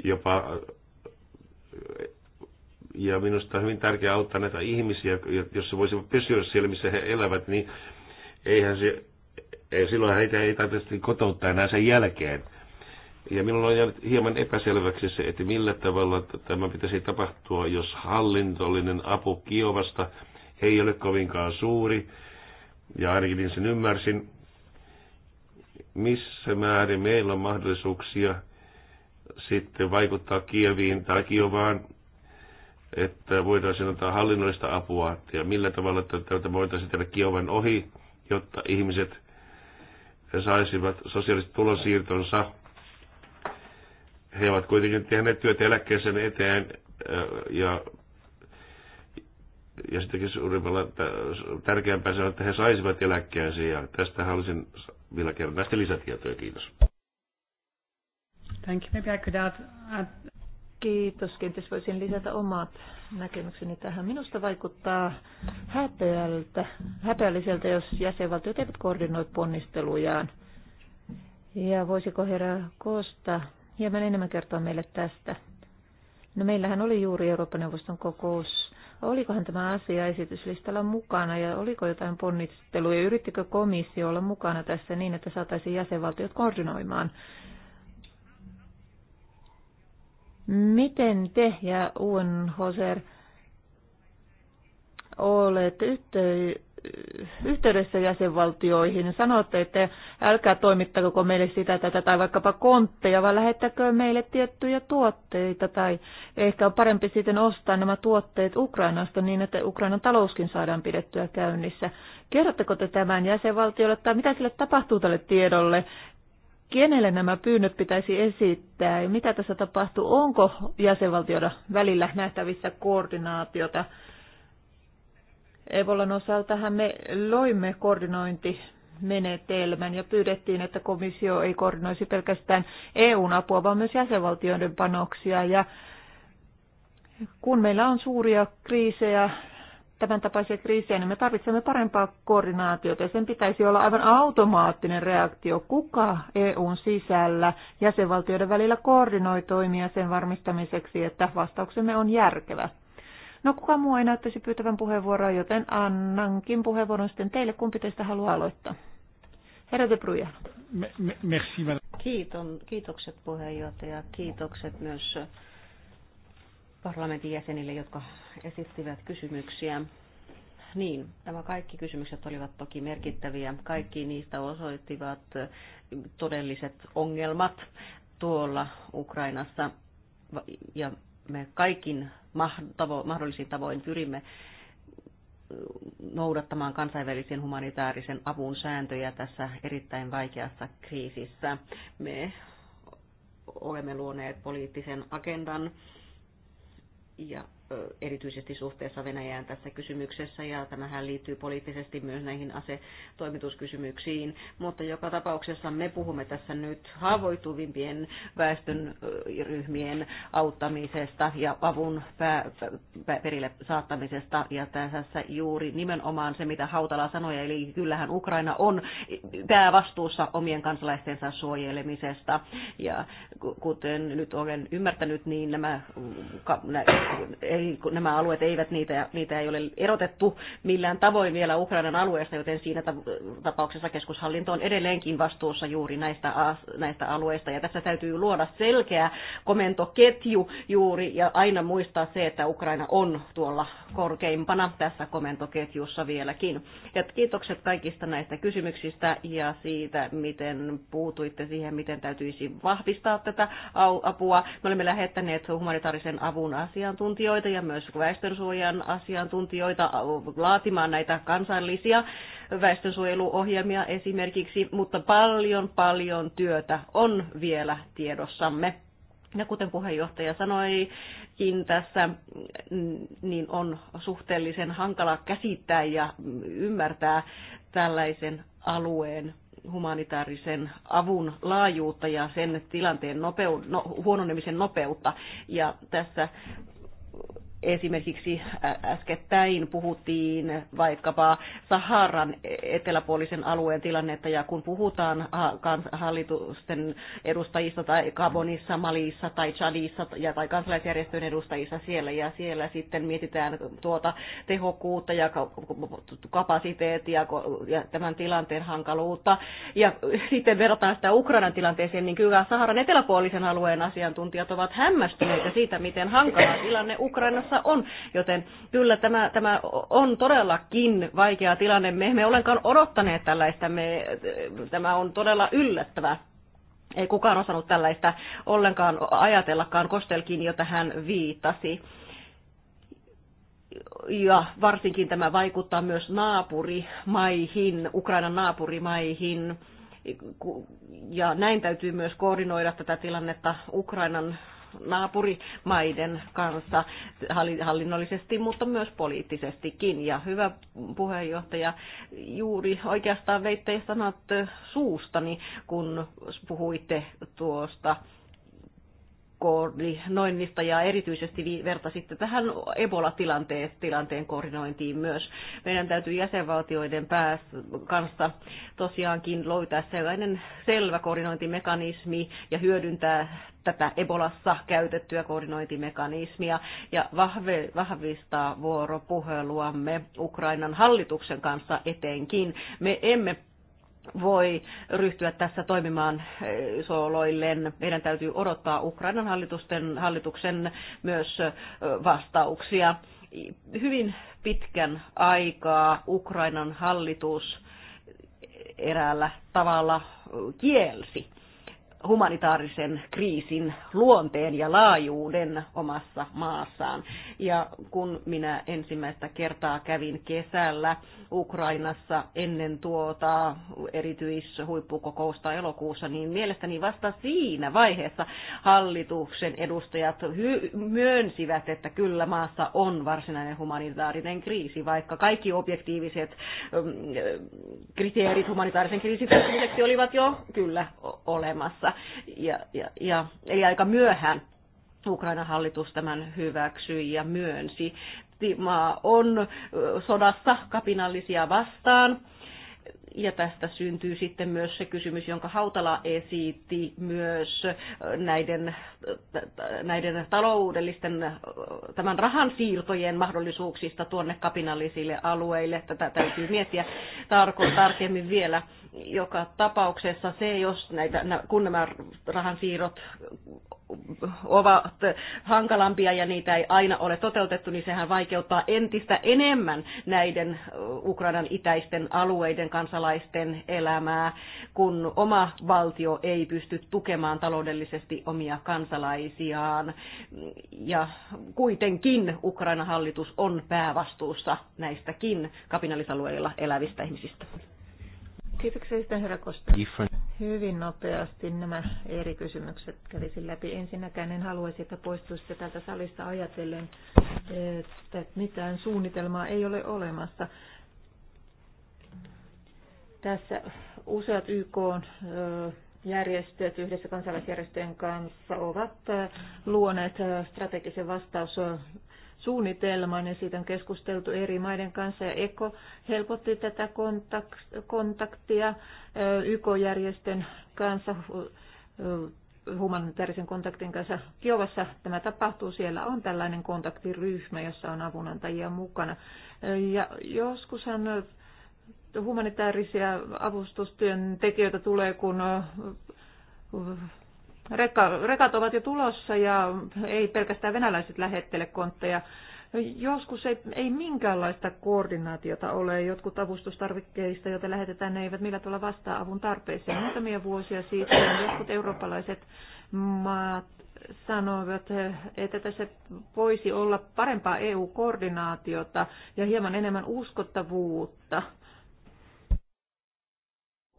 jopa ja minusta on hyvin tärkeää auttaa näitä ihmisiä, jos he voisivat pysyä siellä, missä he elävät, niin eihän se, ei, silloin heitä ei tarvitse kotouttaa enää sen jälkeen. Ja minulla on jäänyt hieman epäselväksi se, että millä tavalla tämä pitäisi tapahtua, jos hallintollinen apu Kiovasta ei ole kovinkaan suuri. Ja ainakin niin sen ymmärsin, missä määrin meillä on mahdollisuuksia sitten vaikuttaa Kieviin tai Kiovaan, että voitaisiin antaa hallinnollista apua ja millä tavalla tätä voitaisiin tehdä Kiovan ohi, jotta ihmiset saisivat sosiaaliset tulonsiirtonsa. He ovat kuitenkin tehneet työtä eläkkeeseen eteen äh, ja ja sittenkin suurimmalla tärkeämpää se on, että he saisivat eläkkeensä ja tästä halusin vielä kerran näistä lisätietoja. Kiitos. Thank you. Maybe I could add, add... Kiitos. Kenties voisin lisätä omat näkemykseni tähän. Minusta vaikuttaa häpeältä, häpeälliseltä, jos jäsenvaltiot eivät koordinoi ponnistelujaan. Ja voisiko herra Kosta hieman enemmän kertoa meille tästä? No meillähän oli juuri Euroopan neuvoston kokous Olikohan tämä asia esityslistalla mukana ja oliko jotain ponnisteluja? Yrittikö komissio olla mukana tässä niin, että saataisiin jäsenvaltiot koordinoimaan? Miten te ja UNHCR olette yhteydessä? yhteydessä jäsenvaltioihin. Sanotte, että älkää toimittako meille sitä tätä tai vaikkapa kontteja, vaan lähettäkö meille tiettyjä tuotteita tai ehkä on parempi sitten ostaa nämä tuotteet Ukrainasta niin, että Ukrainan talouskin saadaan pidettyä käynnissä. Kerrotteko te tämän jäsenvaltiolle tai mitä sille tapahtuu tälle tiedolle? Kenelle nämä pyynnöt pitäisi esittää ja mitä tässä tapahtuu? Onko jäsenvaltioiden välillä nähtävissä koordinaatiota? Ebolan osaltahan me loimme koordinointi menetelmän ja pyydettiin, että komissio ei koordinoisi pelkästään EUn apua, vaan myös jäsenvaltioiden panoksia. Ja kun meillä on suuria kriisejä, tämän tapaisia kriisejä, niin me tarvitsemme parempaa koordinaatiota ja sen pitäisi olla aivan automaattinen reaktio, kuka EUn sisällä jäsenvaltioiden välillä koordinoi toimia sen varmistamiseksi, että vastauksemme on järkevä. No kuka muu ei näyttäisi pyytävän puheenvuoroa, joten annankin puheenvuoron sitten teille. Kumpi teistä haluaa aloittaa? Herra de Bruja. Merci, Kiiton, kiitokset puheenjohtaja. Kiitokset myös parlamentin jäsenille, jotka esittivät kysymyksiä. Niin, nämä kaikki kysymykset olivat toki merkittäviä. Kaikki niistä osoittivat todelliset ongelmat tuolla Ukrainassa ja me kaikin mahdollisin tavoin pyrimme noudattamaan kansainvälisen humanitaarisen avun sääntöjä tässä erittäin vaikeassa kriisissä. Me olemme luoneet poliittisen agendan ja erityisesti suhteessa Venäjään tässä kysymyksessä, ja tämähän liittyy poliittisesti myös näihin asetoimituskysymyksiin. Mutta joka tapauksessa me puhumme tässä nyt haavoituvimpien väestön ryhmien auttamisesta ja avun pää, pää, perille saattamisesta, ja tässä juuri nimenomaan se, mitä Hautala sanoi, eli kyllähän Ukraina on päävastuussa omien kansalaistensa suojelemisesta, ja kuten nyt olen ymmärtänyt, niin nämä, nämä nämä alueet eivät, niitä, niitä ei ole erotettu millään tavoin vielä Ukrainan alueesta, joten siinä tapauksessa keskushallinto on edelleenkin vastuussa juuri näistä, näistä alueista. Ja tässä täytyy luoda selkeä komentoketju juuri ja aina muistaa se, että Ukraina on tuolla korkeimpana tässä komentoketjussa vieläkin. Ja kiitokset kaikista näistä kysymyksistä ja siitä, miten puutuitte siihen, miten täytyisi vahvistaa tätä apua. Me olemme lähettäneet humanitaarisen avun asiantuntijoita, ja myös väestönsuojan asiantuntijoita laatimaan näitä kansallisia väestönsuojeluohjelmia esimerkiksi, mutta paljon paljon työtä on vielä tiedossamme. Ja kuten puheenjohtaja sanoikin tässä, niin on suhteellisen hankala käsittää ja ymmärtää tällaisen alueen humanitaarisen avun laajuutta ja sen tilanteen nopeu- no, huononemisen nopeutta. Ja tässä Esimerkiksi äskettäin puhuttiin vaikkapa Saharan eteläpuolisen alueen tilannetta, ja kun puhutaan hallitusten edustajista tai Gabonissa, Malissa tai Chadissa ja tai kansalaisjärjestöjen edustajissa siellä, ja siellä sitten mietitään tuota tehokkuutta ja kapasiteettia ja tämän tilanteen hankaluutta. Ja sitten verrataan sitä Ukrainan tilanteeseen, niin kyllä Saharan eteläpuolisen alueen asiantuntijat ovat hämmästyneitä siitä, miten hankala tilanne Ukrainassa tässä on. Joten kyllä tämä, tämä on todellakin vaikea tilanne. Me emme olekaan odottaneet tällaista. Me, tämä on todella yllättävä. Ei kukaan osannut tällaista ollenkaan ajatellakaan. Kostelkin jo tähän viitasi ja varsinkin tämä vaikuttaa myös naapurimaihin, Ukrainan naapurimaihin. Ja näin täytyy myös koordinoida tätä tilannetta Ukrainan naapurimaiden kanssa hallinnollisesti, mutta myös poliittisestikin. Ja hyvä puheenjohtaja, juuri oikeastaan veitte sanat suustani, kun puhuitte tuosta koordinoinnista ja erityisesti vertasitte tähän Ebola-tilanteen koordinointiin myös. Meidän täytyy jäsenvaltioiden päästä kanssa tosiaankin löytää sellainen selvä koordinointimekanismi ja hyödyntää tätä Ebolassa käytettyä koordinointimekanismia ja vahvistaa vuoropuheluamme Ukrainan hallituksen kanssa etenkin. Me emme voi ryhtyä tässä toimimaan eh, sooloilleen. Meidän täytyy odottaa Ukrainan hallitusten, hallituksen myös eh, vastauksia. Hyvin pitkän aikaa Ukrainan hallitus eräällä tavalla kielsi humanitaarisen kriisin luonteen ja laajuuden omassa maassaan. Ja kun minä ensimmäistä kertaa kävin kesällä Ukrainassa ennen tuota erityishuippukokousta elokuussa, niin mielestäni vasta siinä vaiheessa hallituksen edustajat myönsivät, että kyllä maassa on varsinainen humanitaarinen kriisi, vaikka kaikki objektiiviset mm, kriteerit humanitaarisen kriisin olivat jo kyllä olemassa ja, ja, ja, eli aika myöhään Ukrainan hallitus tämän hyväksyi ja myönsi. Maa on sodassa kapinallisia vastaan. Ja tästä syntyy sitten myös se kysymys, jonka Hautala esitti myös näiden, näiden taloudellisten, tämän rahan siirtojen mahdollisuuksista tuonne kapinallisille alueille. Tätä täytyy miettiä tarko, tarkemmin vielä joka tapauksessa se, jos näitä, kun nämä rahansiirrot ovat hankalampia ja niitä ei aina ole toteutettu, niin sehän vaikeuttaa entistä enemmän näiden Ukrainan itäisten alueiden kansalaisten elämää, kun oma valtio ei pysty tukemaan taloudellisesti omia kansalaisiaan. Ja kuitenkin Ukrainan hallitus on päävastuussa näistäkin kapinallisalueilla elävistä ihmisistä. Kiitoksia sitä, herra Kosta. Hyvin nopeasti nämä eri kysymykset kävisin läpi. Ensinnäkään en haluaisi, että poistuisitte täältä salista ajatellen, että mitään suunnitelmaa ei ole olemassa. Tässä useat YK järjestöt yhdessä kansalaisjärjestöjen kanssa ovat luoneet strategisen vastaus suunnitelman ja siitä on keskusteltu eri maiden kanssa ja ECO helpotti tätä kontaktia YK-järjestön kanssa humanitaarisen kontaktin kanssa Kiovassa tämä tapahtuu. Siellä on tällainen kontaktiryhmä, jossa on avunantajia mukana. Ja joskushan humanitaarisia avustustyöntekijöitä tulee, kun Rekka, rekat ovat jo tulossa ja ei pelkästään venäläiset lähettele kontteja. Joskus ei, ei minkäänlaista koordinaatiota ole. Jotkut avustustarvikkeista, joita lähetetään, ne eivät millä tavalla vastaa avun tarpeeseen. Muutamia vuosia sitten jotkut eurooppalaiset maat sanoivat, että tässä voisi olla parempaa EU-koordinaatiota ja hieman enemmän uskottavuutta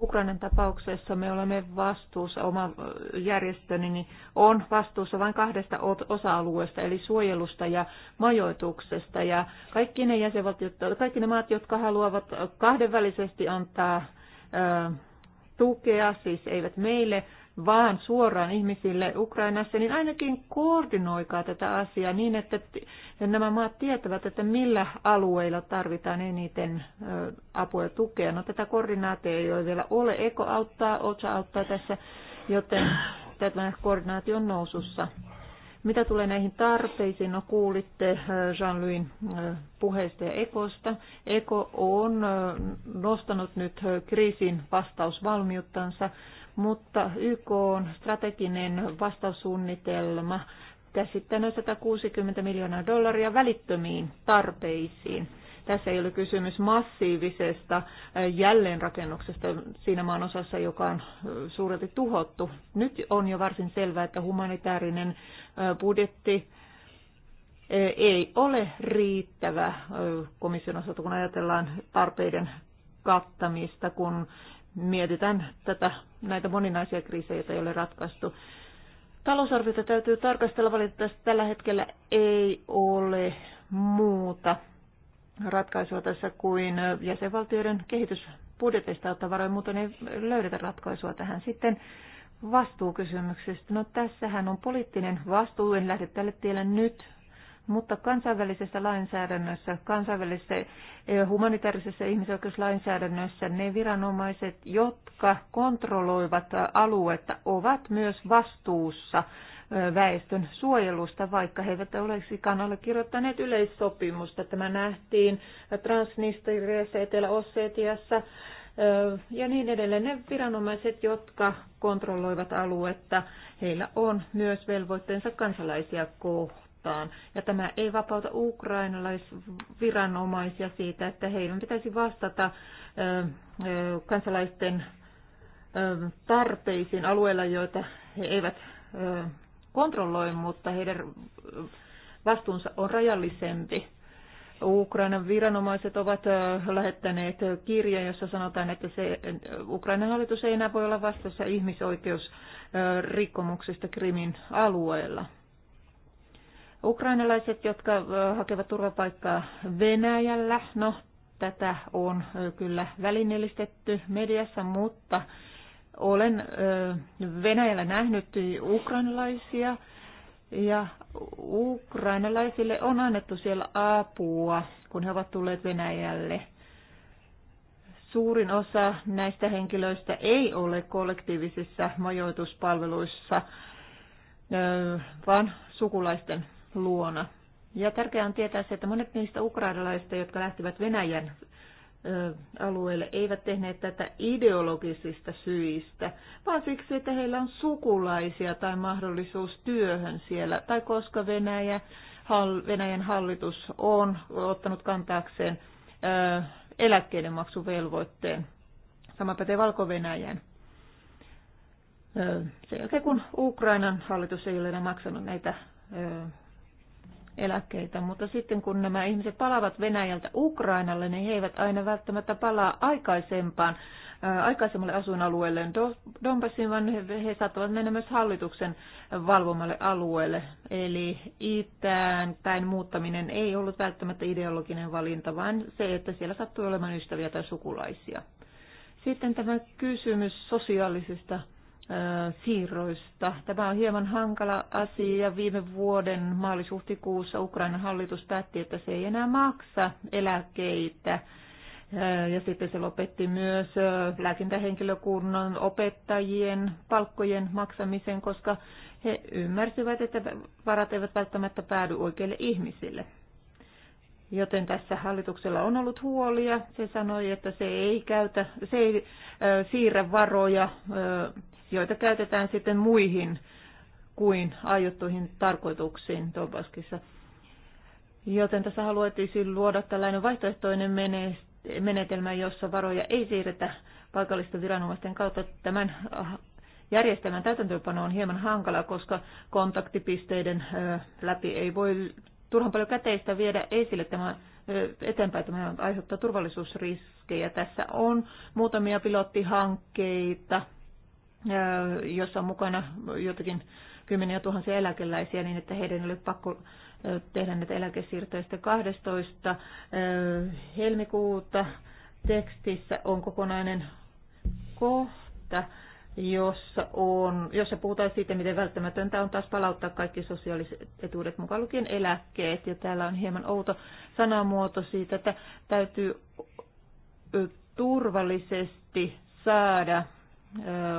Ukrainan tapauksessa me olemme vastuussa, oma järjestöni niin on vastuussa vain kahdesta osa-alueesta, eli suojelusta ja majoituksesta. Ja kaikki ne, jäsenvaltiot, kaikki ne maat, jotka haluavat kahdenvälisesti antaa tukea, siis eivät meille vaan suoraan ihmisille Ukrainassa, niin ainakin koordinoikaa tätä asiaa niin, että nämä maat tietävät, että millä alueilla tarvitaan eniten apua ja tukea. No tätä koordinaatiota ei ole vielä ole. Eko auttaa, OCHA auttaa tässä, joten tämä koordinaatio on nousussa. Mitä tulee näihin tarpeisiin, no kuulitte Jean-Louis puheesta ja Ekosta. Eko on nostanut nyt kriisin vastausvalmiuttansa mutta YK on strateginen vastaussuunnitelma käsittää noin 160 miljoonaa dollaria välittömiin tarpeisiin. Tässä ei ole kysymys massiivisesta jälleenrakennuksesta siinä maan osassa, joka on suurelti tuhottu. Nyt on jo varsin selvää, että humanitaarinen budjetti ei ole riittävä komission osalta, kun ajatellaan tarpeiden kattamista, kun mietitään tätä, näitä moninaisia kriisejä, joita ei ole ratkaistu. Talousarviota täytyy tarkastella valitettavasti tällä hetkellä ei ole muuta ratkaisua tässä kuin jäsenvaltioiden kehitysbudjeteista ottaa varoja, muuten ei löydetä ratkaisua tähän. Sitten vastuukysymyksestä. No tässähän on poliittinen vastuu, en lähde tälle tielle nyt, mutta kansainvälisessä lainsäädännössä, kansainvälisessä eh, humanitaarisessa ihmisoikeuslainsäädännössä ne viranomaiset, jotka kontrolloivat aluetta, ovat myös vastuussa eh, väestön suojelusta, vaikka he eivät ole kirjoittaneet yleissopimusta. Tämä nähtiin Transnistriassa, Etelä-Ossetiassa eh, ja niin edelleen. Ne viranomaiset, jotka kontrolloivat aluetta, heillä on myös velvoitteensa kansalaisia kohtaan vastaan. Ja tämä ei vapauta ukrainalaisviranomaisia siitä, että heidän pitäisi vastata kansalaisten tarpeisiin alueilla, joita he eivät kontrolloi, mutta heidän vastuunsa on rajallisempi. Ukrainan viranomaiset ovat lähettäneet kirjan, jossa sanotaan, että se, Ukrainan hallitus ei enää voi olla vastassa ihmisoikeusrikkomuksista Krimin alueella. Ukrainalaiset, jotka hakevat turvapaikkaa Venäjällä, no tätä on kyllä välineellistetty mediassa, mutta olen Venäjällä nähnyt ukrainalaisia ja ukrainalaisille on annettu siellä apua, kun he ovat tulleet Venäjälle. Suurin osa näistä henkilöistä ei ole kollektiivisissa majoituspalveluissa, vaan sukulaisten luona. Ja tärkeää on tietää se, että monet niistä ukrainalaisista, jotka lähtivät Venäjän alueelle, eivät tehneet tätä ideologisista syistä, vaan siksi, että heillä on sukulaisia tai mahdollisuus työhön siellä, tai koska Venäjä, Venäjän hallitus on ottanut kantaakseen eläkkeiden maksuvelvoitteen. Sama pätee Valko-Venäjän. Sen jälkeen kun Ukrainan hallitus ei ole enää maksanut näitä eläkkeitä, mutta sitten kun nämä ihmiset palavat Venäjältä Ukrainalle, niin he eivät aina välttämättä palaa aikaisempaan, ää, äh, aikaisemmalle asuinalueelleen Donbassin, vaan he, he saattavat mennä myös hallituksen valvomalle alueelle. Eli itään päin muuttaminen ei ollut välttämättä ideologinen valinta, vaan se, että siellä sattui olemaan ystäviä tai sukulaisia. Sitten tämä kysymys sosiaalisista siirroista. Tämä on hieman hankala asia ja viime vuoden maalis-huhtikuussa Ukrainan hallitus päätti, että se ei enää maksa eläkeitä. Ja sitten se lopetti myös lääkintähenkilökunnan opettajien palkkojen maksamisen, koska he ymmärsivät, että varat eivät välttämättä päädy oikeille ihmisille. Joten tässä hallituksella on ollut huolia. Se sanoi, että se ei, käytä, se ei siirrä varoja joita käytetään sitten muihin kuin aiottuihin tarkoituksiin Donbaskissa. Joten tässä haluaisin luoda tällainen vaihtoehtoinen menetelmä, jossa varoja ei siirretä paikallisten viranomaisten kautta. Tämän äh, järjestelmän täytäntöönpano on hieman hankala, koska kontaktipisteiden äh, läpi ei voi turhan paljon käteistä viedä esille tämä äh, eteenpäin. Tämä aiheuttaa turvallisuusriskejä. Tässä on muutamia pilottihankkeita jossa on mukana jotakin kymmeniä tuhansia eläkeläisiä niin, että heidän oli pakko tehdä näitä eläkesiirtoja. Sitten 12. helmikuuta tekstissä on kokonainen kohta, jossa, on, jossa puhutaan siitä, miten välttämätöntä on taas palauttaa kaikki sosiaaliset etuudet, mukaan lukien eläkkeet. Ja täällä on hieman outo sanamuoto siitä, että täytyy turvallisesti saada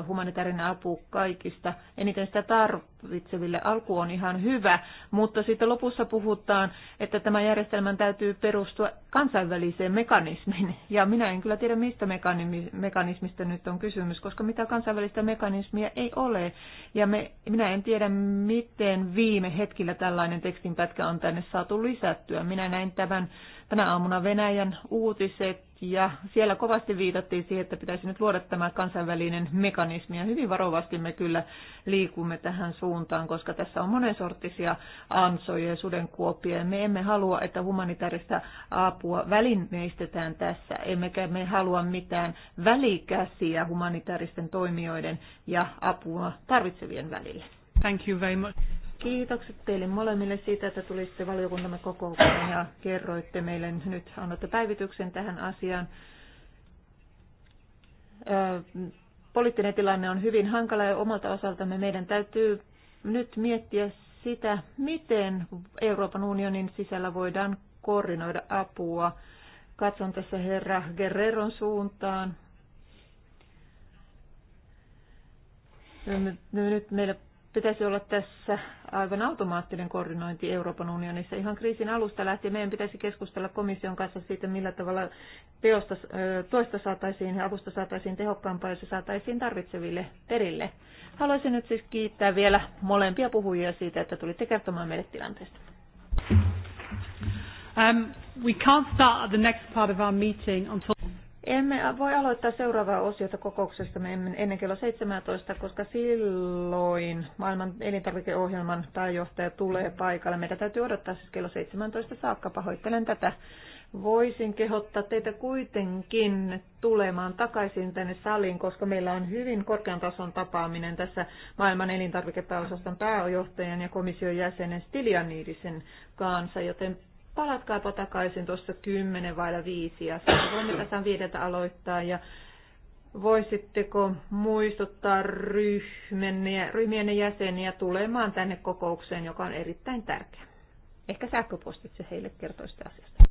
humanitaarinen apu kaikista eniten sitä tarvitseville. Alku on ihan hyvä, mutta sitten lopussa puhutaan, että tämä järjestelmän täytyy perustua kansainväliseen mekanismiin. Ja minä en kyllä tiedä, mistä mekanismista nyt on kysymys, koska mitä kansainvälistä mekanismia ei ole. Ja me, minä en tiedä, miten viime hetkillä tällainen tekstinpätkä on tänne saatu lisättyä. Minä näin tämän tänä aamuna Venäjän uutiset ja siellä kovasti viitattiin siihen, että pitäisi nyt luoda tämä kansainvälinen mekanismi. Ja hyvin varovasti me kyllä liikumme tähän suuntaan, koska tässä on monensorttisia ansoja ja sudenkuopia. Me emme halua, että humanitaarista apua välineistetään tässä, emmekä me halua mitään välikäsiä humanitaaristen toimijoiden ja apua tarvitsevien välille. Thank you very much. Kiitokset teille molemmille siitä, että tulitte valiokuntamme kokoukseen ja kerroitte meille nyt, annatte päivityksen tähän asiaan. Poliittinen tilanne on hyvin hankala ja omalta osaltamme meidän täytyy nyt miettiä sitä, miten Euroopan unionin sisällä voidaan koordinoida apua. Katson tässä herra Guerreron suuntaan. Nyt meillä pitäisi olla tässä aivan automaattinen koordinointi Euroopan unionissa. Ihan kriisin alusta lähtien meidän pitäisi keskustella komission kanssa siitä, millä tavalla teosta, toista saataisiin ja avusta saataisiin tehokkaampaa ja se saataisiin tarvitseville perille. Haluaisin nyt siis kiittää vielä molempia puhujia siitä, että tulitte kertomaan meille tilanteesta. Um, we can't start the next part of our meeting until... Emme voi aloittaa seuraavaa osiota kokouksesta ennen kello 17, koska silloin maailman elintarvikeohjelman pääjohtaja tulee paikalle. Meidän täytyy odottaa siis kello 17 saakka. Pahoittelen tätä. Voisin kehottaa teitä kuitenkin tulemaan takaisin tänne saliin, koska meillä on hyvin korkean tason tapaaminen tässä maailman elintarvikepääosaston pääjohtajan ja komission jäsenen Stilianiidisen kanssa, joten palatkaapa takaisin tuossa 10 vailla 5 ja sitten voimme (clears throat) tässä viideltä aloittaa ja voisitteko muistuttaa ryhmänne ryhmien jäseniä tulemaan tänne kokoukseen, joka on erittäin tärkeä. Ehkä sähköpostitse heille kertoisitte asiasta.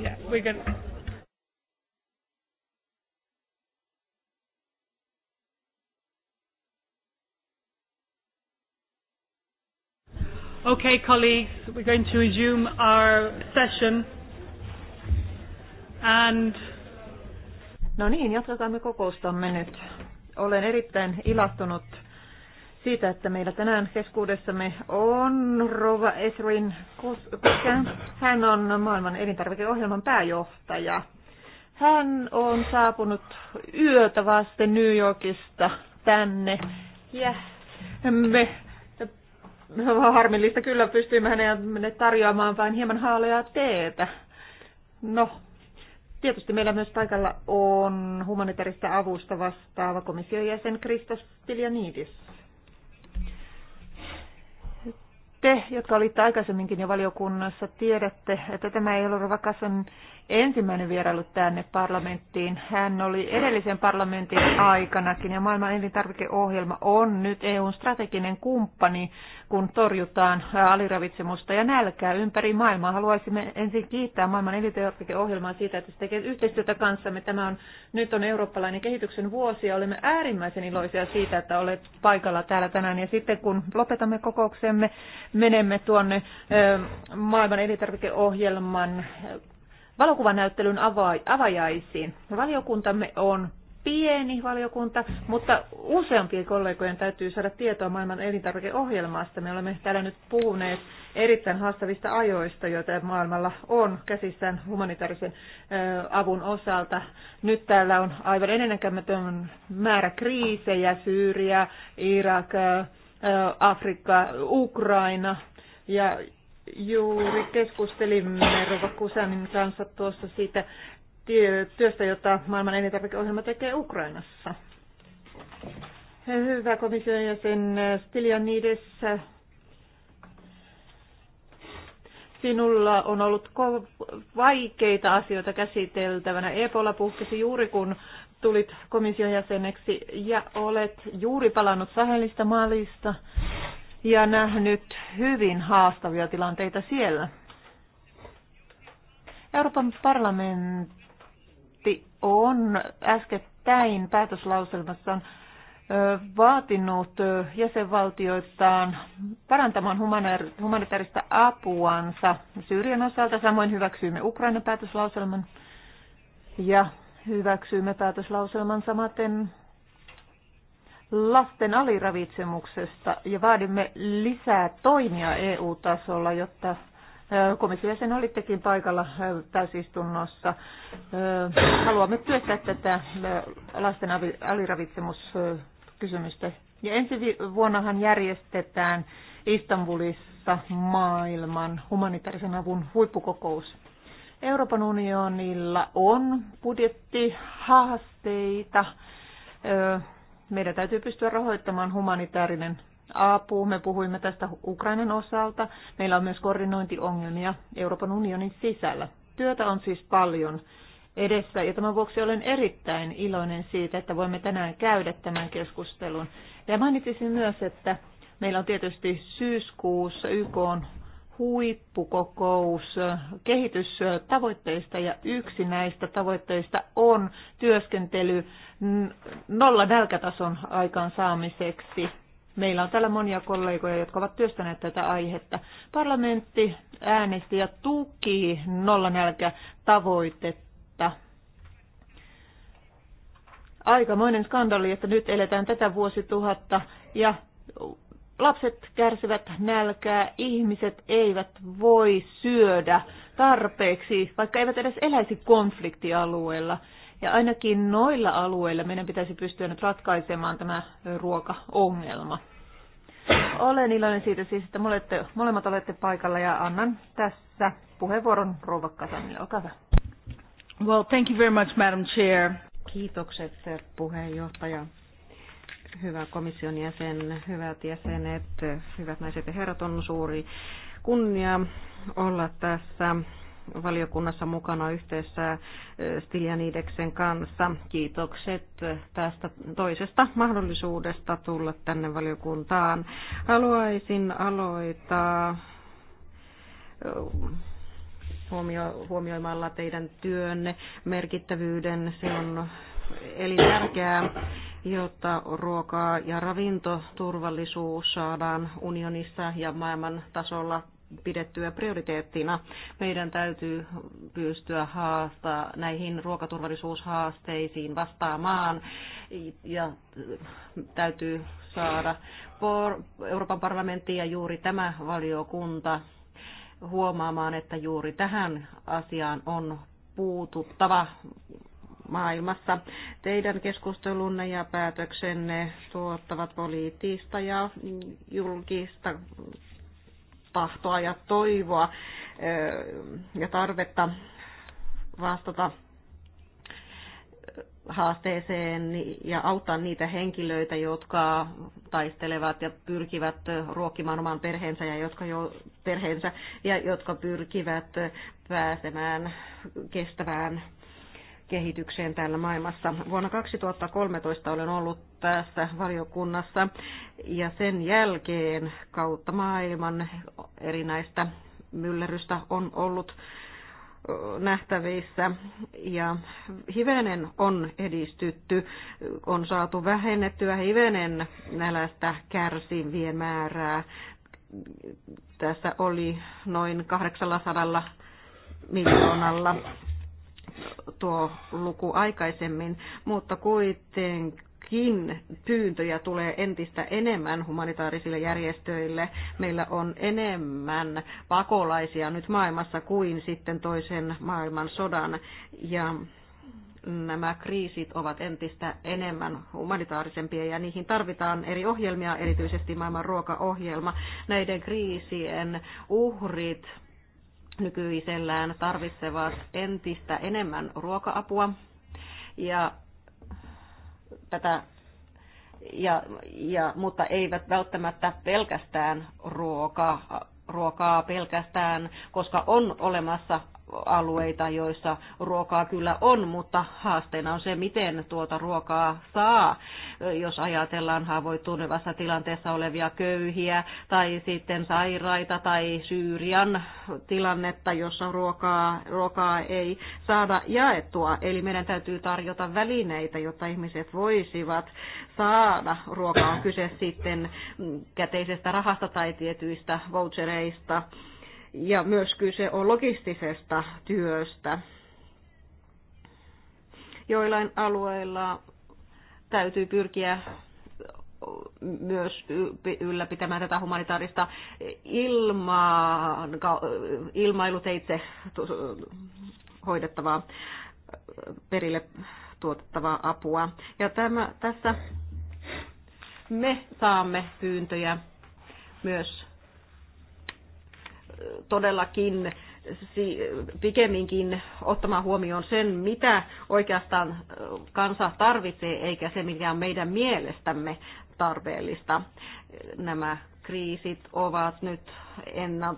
Yeah, we're going Okay, colleagues, we're going to resume our session. And... No niin, me kokoustamme nyt. Olen erittäin ilahtunut siitä, että meillä tänään keskuudessamme on Rova Esrin Koska. Hän on maailman elintarvikeohjelman pääjohtaja. Hän on saapunut yötä vasten New Yorkista tänne. Ja me harmillista kyllä pystyimme hänelle tarjoamaan vain hieman haaleaa teetä. No, tietysti meillä myös paikalla on humanitaarista avusta vastaava komission jäsen Kristos Tiljanidis. te, jotka olitte aikaisemminkin jo valiokunnassa, tiedätte, että tämä ei ole Rovakasen ensimmäinen vierailu tänne parlamenttiin. Hän oli edellisen parlamentin aikanakin ja maailman elintarvikeohjelma on nyt EUn strateginen kumppani, kun torjutaan aliravitsemusta ja nälkää ympäri maailmaa. Haluaisimme ensin kiittää maailman elintarvikeohjelmaa siitä, että se tekee yhteistyötä kanssamme. Tämä on, nyt on eurooppalainen kehityksen vuosi ja olemme äärimmäisen iloisia siitä, että olet paikalla täällä tänään. Ja sitten kun lopetamme kokouksemme, menemme tuonne maailman elintarvikeohjelman valokuvanäyttelyn avajaisiin. Valiokuntamme on pieni valiokunta, mutta useampien kollegojen täytyy saada tietoa maailman elintarvikeohjelmasta. Me olemme täällä nyt puhuneet erittäin haastavista ajoista, joita maailmalla on käsissään humanitaarisen avun osalta. Nyt täällä on aivan ennennäkemätön määrä kriisejä, Syyria, Irak, Afrikka, Ukraina ja juuri keskustelimme Rova Kusanin kanssa tuossa siitä työstä, jota maailman elintarvikeohjelma tekee Ukrainassa. Hyvä komission jäsen Stylianides, sinulla on ollut vaikeita asioita käsiteltävänä. Ebola puhkesi juuri kun tulit komission jäseneksi ja olet juuri palannut Sahelista maalista ja nähnyt hyvin haastavia tilanteita siellä. Euroopan parlamentti on äskettäin päätöslauselmassaan vaatinut jäsenvaltioitaan parantamaan humanitaarista apuansa Syyrian osalta. Samoin hyväksyimme Ukrainan päätöslauselman ja hyväksyimme päätöslauselman samaten lasten aliravitsemuksesta ja vaadimme lisää toimia EU-tasolla, jotta komissiojäsen olittekin paikalla täysistunnossa. Haluamme työstää tätä lasten aliravitsemuskysymystä. Ja ensi vuonnahan järjestetään Istanbulissa maailman humanitaarisen avun huippukokous. Euroopan unionilla on budjettihaasteita meidän täytyy pystyä rahoittamaan humanitaarinen apu. Me puhuimme tästä Ukrainan osalta. Meillä on myös koordinointiongelmia Euroopan unionin sisällä. Työtä on siis paljon edessä ja tämän vuoksi olen erittäin iloinen siitä, että voimme tänään käydä tämän keskustelun. Ja mainitsisin myös, että meillä on tietysti syyskuussa YK on huippukokous kehitystavoitteista ja yksi näistä tavoitteista on työskentely nolla nälkätason aikaansaamiseksi. Meillä on täällä monia kollegoja, jotka ovat työstäneet tätä aihetta. Parlamentti äänesti ja tuki nolla nollanälkätavoitetta. Aikamoinen skandaali, että nyt eletään tätä vuosituhatta ja lapset kärsivät nälkää, ihmiset eivät voi syödä tarpeeksi, vaikka eivät edes eläisi konfliktialueella. Ja ainakin noilla alueilla meidän pitäisi pystyä nyt ratkaisemaan tämä ruokaongelma. Olen iloinen siitä siis, että molette, molemmat olette paikalla ja annan tässä puheenvuoron rouva Kasanille. Olkaa hyvä. Well, thank you very much, Madam Chair. Kiitokset puheenjohtaja. Hyvä komission jäsen, hyvät jäsenet, hyvät naiset ja herrat, on suuri kunnia olla tässä valiokunnassa mukana yhteensä eh, Stiljanideksen kanssa. Kiitokset tästä toisesta mahdollisuudesta tulla tänne valiokuntaan. Haluaisin aloittaa eh, huomio, huomioimalla teidän työnne merkittävyyden. Se on tärkeää jotta ruokaa ja ravintoturvallisuus saadaan unionissa ja maailman tasolla pidettyä prioriteettina. Meidän täytyy pystyä haastaa näihin ruokaturvallisuushaasteisiin vastaamaan ja täytyy saada Euroopan parlamentti ja juuri tämä valiokunta huomaamaan, että juuri tähän asiaan on puututtava maailmassa. Teidän keskustelunne ja päätöksenne tuottavat poliittista ja julkista tahtoa ja toivoa ja tarvetta vastata haasteeseen ja auttaa niitä henkilöitä, jotka taistelevat ja pyrkivät ruokkimaan oman perheensä ja jotka, jo, perheensä ja jotka pyrkivät pääsemään kestävään kehitykseen täällä maailmassa. Vuonna 2013 olen ollut tässä valiokunnassa ja sen jälkeen kautta maailman erinäistä myllerrystä on ollut nähtävissä ja hivenen on edistytty, on saatu vähennettyä hivenen nälästä kärsivien määrää. Tässä oli noin 800 miljoonalla tuo luku aikaisemmin, mutta kuitenkin pyyntöjä tulee entistä enemmän humanitaarisille järjestöille. Meillä on enemmän pakolaisia nyt maailmassa kuin sitten toisen maailmansodan. Ja nämä kriisit ovat entistä enemmän humanitaarisempia ja niihin tarvitaan eri ohjelmia, erityisesti maailman ruokaohjelma. Näiden kriisien uhrit nykyisellään tarvitsevat entistä enemmän ruoka-apua ja tätä ja, ja, mutta eivät välttämättä pelkästään ruokaa, ruokaa pelkästään, koska on olemassa alueita, joissa ruokaa kyllä on, mutta haasteena on se, miten tuota ruokaa saa, jos ajatellaan haavoittunevassa tilanteessa olevia köyhiä tai sitten sairaita tai Syyrian tilannetta, jossa ruokaa, ruokaa ei saada jaettua. Eli meidän täytyy tarjota välineitä, jotta ihmiset voisivat saada ruokaa. On kyse sitten käteisestä rahasta tai tietyistä vouchereista ja myös kyse on logistisesta työstä. Joillain alueilla täytyy pyrkiä myös ylläpitämään tätä humanitaarista ilmaa, ilmailuteitse hoidettavaa perille tuotettavaa apua. Ja tämä, tässä me saamme pyyntöjä myös todellakin pikemminkin ottamaan huomioon sen, mitä oikeastaan kansa tarvitsee, eikä se, mikä on meidän mielestämme tarpeellista. Nämä kriisit ovat nyt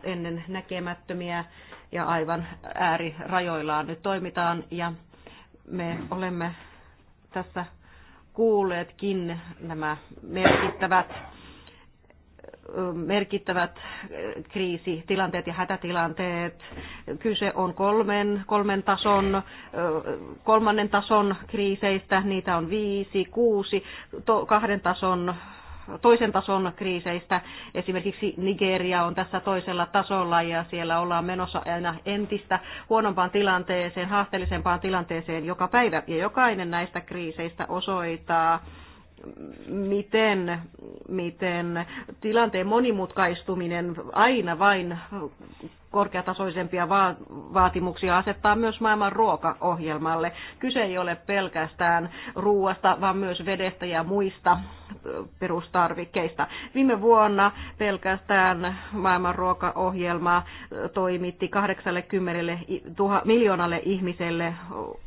ennen näkemättömiä ja aivan äärirajoillaan nyt toimitaan ja me olemme tässä kuulleetkin nämä merkittävät merkittävät kriisitilanteet ja hätätilanteet. Kyse on kolmen, kolmen tason, kolmannen tason kriiseistä, niitä on viisi, kuusi, to, kahden tason toisen tason kriiseistä. Esimerkiksi Nigeria on tässä toisella tasolla ja siellä ollaan menossa aina entistä huonompaan tilanteeseen, haasteellisempaan tilanteeseen joka päivä. Ja jokainen näistä kriiseistä osoittaa miten, miten tilanteen monimutkaistuminen aina vain korkeatasoisempia vaatimuksia asettaa myös maailman ruokaohjelmalle. Kyse ei ole pelkästään ruoasta, vaan myös vedestä ja muista perustarvikkeista. Viime vuonna pelkästään maailman ruokaohjelma toimitti 80 miljoonalle ihmiselle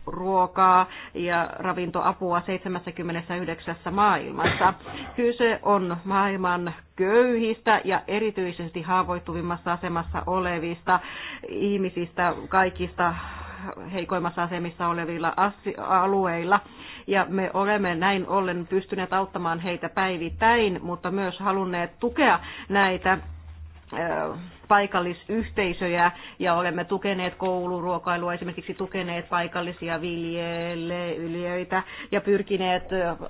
ruokaa ja ravintoapua 79 maailmassa. Kyse on maailman köyhistä ja erityisesti haavoittuvimmassa asemassa olevista ihmisistä kaikista heikoimmassa asemissa olevilla alueilla. Ja me olemme näin ollen pystyneet auttamaan heitä päivittäin, mutta myös halunneet tukea näitä paikallisyhteisöjä ja olemme tukeneet kouluruokailua, esimerkiksi tukeneet paikallisia viljelijöitä ja pyrkineet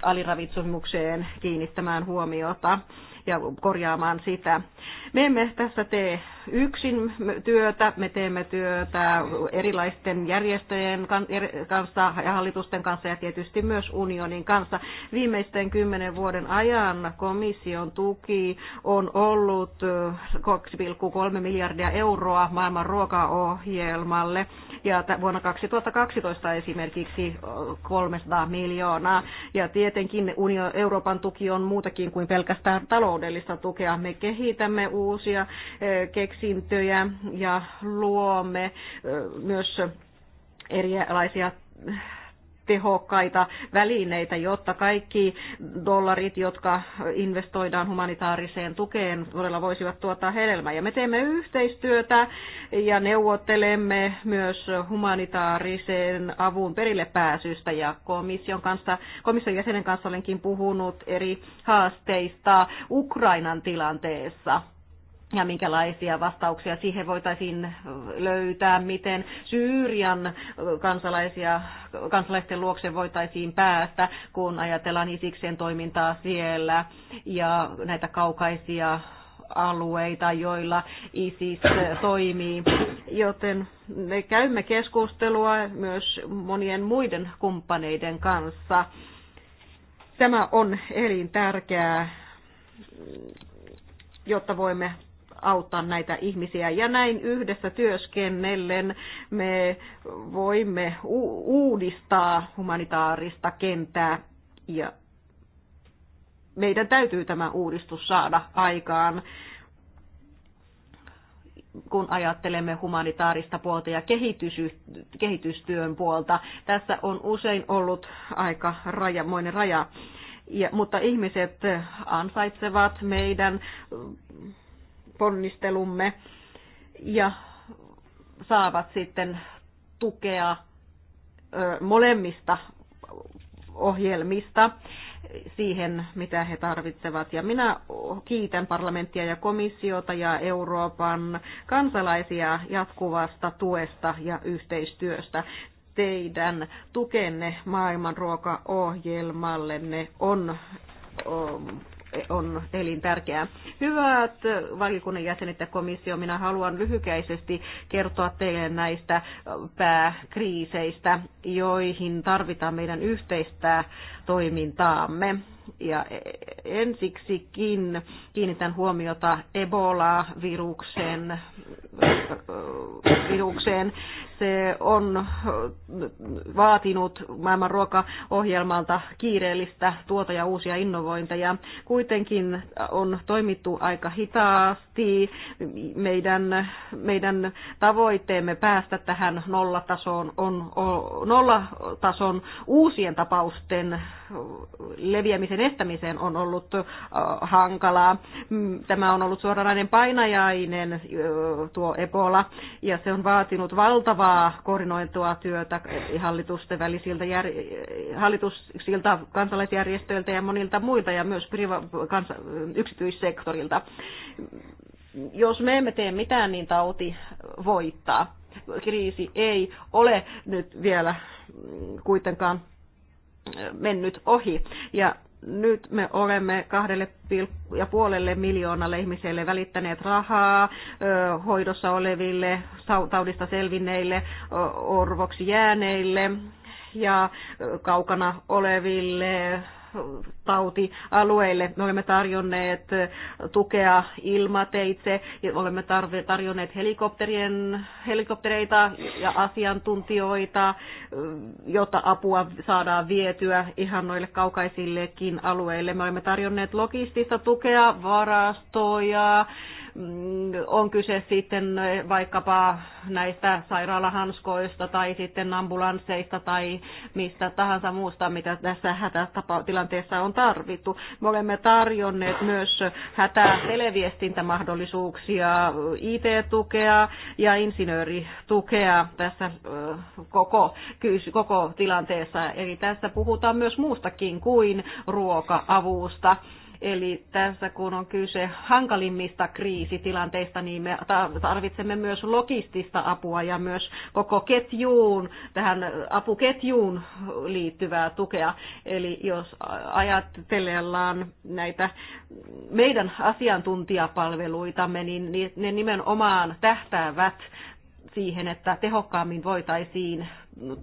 aliravitsemukseen kiinnittämään huomiota ja korjaamaan sitä. Me emme tässä tee yksin työtä, me teemme työtä erilaisten järjestöjen kanssa ja hallitusten kanssa ja tietysti myös unionin kanssa. Viimeisten kymmenen vuoden ajan komission tuki on ollut 2,3 äh, miljardia euroa maailman ruokaohjelmalle ja vuonna 2012 esimerkiksi 300 äh, miljoonaa. Ja tietenkin Euroopan tuki on muutakin kuin pelkästään taloudellista tukea. Me kehitämme uusia äh, keksiä keksintöjä ja luomme myös erilaisia tehokkaita välineitä, jotta kaikki dollarit, jotka investoidaan humanitaariseen tukeen, todella voisivat tuottaa hedelmää. Ja me teemme yhteistyötä ja neuvottelemme myös humanitaarisen avun perille pääsystä ja komission, kanssa, komission jäsenen kanssa olenkin puhunut eri haasteista Ukrainan tilanteessa ja minkälaisia vastauksia siihen voitaisiin löytää, miten Syyrian kansalaisia, kansalaisten luokse voitaisiin päästä, kun ajatellaan Isiksen toimintaa siellä ja näitä kaukaisia alueita, joilla ISIS toimii. Joten me käymme keskustelua myös monien muiden kumppaneiden kanssa. Tämä on elintärkeää jotta voimme auttaa näitä ihmisiä. Ja näin yhdessä työskennellen me voimme uudistaa humanitaarista kentää ja meidän täytyy tämä uudistus saada aikaan kun ajattelemme humanitaarista puolta ja kehitystyön puolta. Tässä on usein ollut aika rajamoinen raja, ja, mutta ihmiset ansaitsevat meidän ponnistelumme ja saavat sitten tukea molemmista ohjelmista siihen, mitä he tarvitsevat. Ja minä kiitän parlamenttia ja komissiota ja Euroopan kansalaisia jatkuvasta tuesta ja yhteistyöstä. Teidän tukenne maailman ruokaohjelmallenne on on elintärkeää. Hyvät valiokunnan jäsenet ja komissio, minä haluan lyhykäisesti kertoa teille näistä pääkriiseistä, joihin tarvitaan meidän yhteistä toimintaamme. Ja ensiksikin kiinnitän huomiota Ebola-virukseen. Virukseen. Se on vaatinut maailman ruokaohjelmalta kiireellistä tuota ja uusia innovointeja. Kuitenkin on toimittu aika hitaasti. Meidän, meidän tavoitteemme päästä tähän nollatasoon on nollatason uusien tapausten leviämisen estämiseen on ollut hankalaa. Mm, tämä on ollut suoranainen painajainen tuo Ebola ja se on vaatinut valtavaa koordinoitua työtä e, hallitusten välisiltä jär, e, hallitusilta, kansalaisjärjestöiltä ja monilta muilta ja myös priva- kans, yksityissektorilta. Jos me emme tee mitään, niin tauti voittaa kriisi ei ole nyt vielä mm, kuitenkaan mennyt ohi. Ja nyt me olemme kahdelle ja puolelle miljoonalle ihmiselle välittäneet rahaa hoidossa oleville, taudista selvinneille, orvoksi jääneille ja kaukana oleville tautialueille. Me olemme tarjonneet eh, tukea ilmateitse, olemme tarjonneet helikopterien, helikoptereita ja asiantuntijoita, eh, jotta apua saadaan vietyä ihan noille kaukaisillekin alueille. Me olemme tarjonneet logistista tukea, varastoja, on kyse sitten vaikkapa näistä sairaalahanskoista tai sitten ambulansseista tai mistä tahansa muusta, mitä tässä hätätilanteessa on tarvittu. Me olemme tarjonneet myös hätäteleviestintämahdollisuuksia, IT-tukea ja insinööritukea tässä koko, koko tilanteessa. Eli tässä puhutaan myös muustakin kuin ruoka-avusta Eli tässä kun on kyse hankalimmista kriisitilanteista, niin me tarvitsemme myös logistista apua ja myös koko ketjuun, tähän apuketjuun liittyvää tukea. Eli jos ajatellaan näitä meidän asiantuntijapalveluitamme, niin ne nimenomaan tähtäävät siihen, että tehokkaammin voitaisiin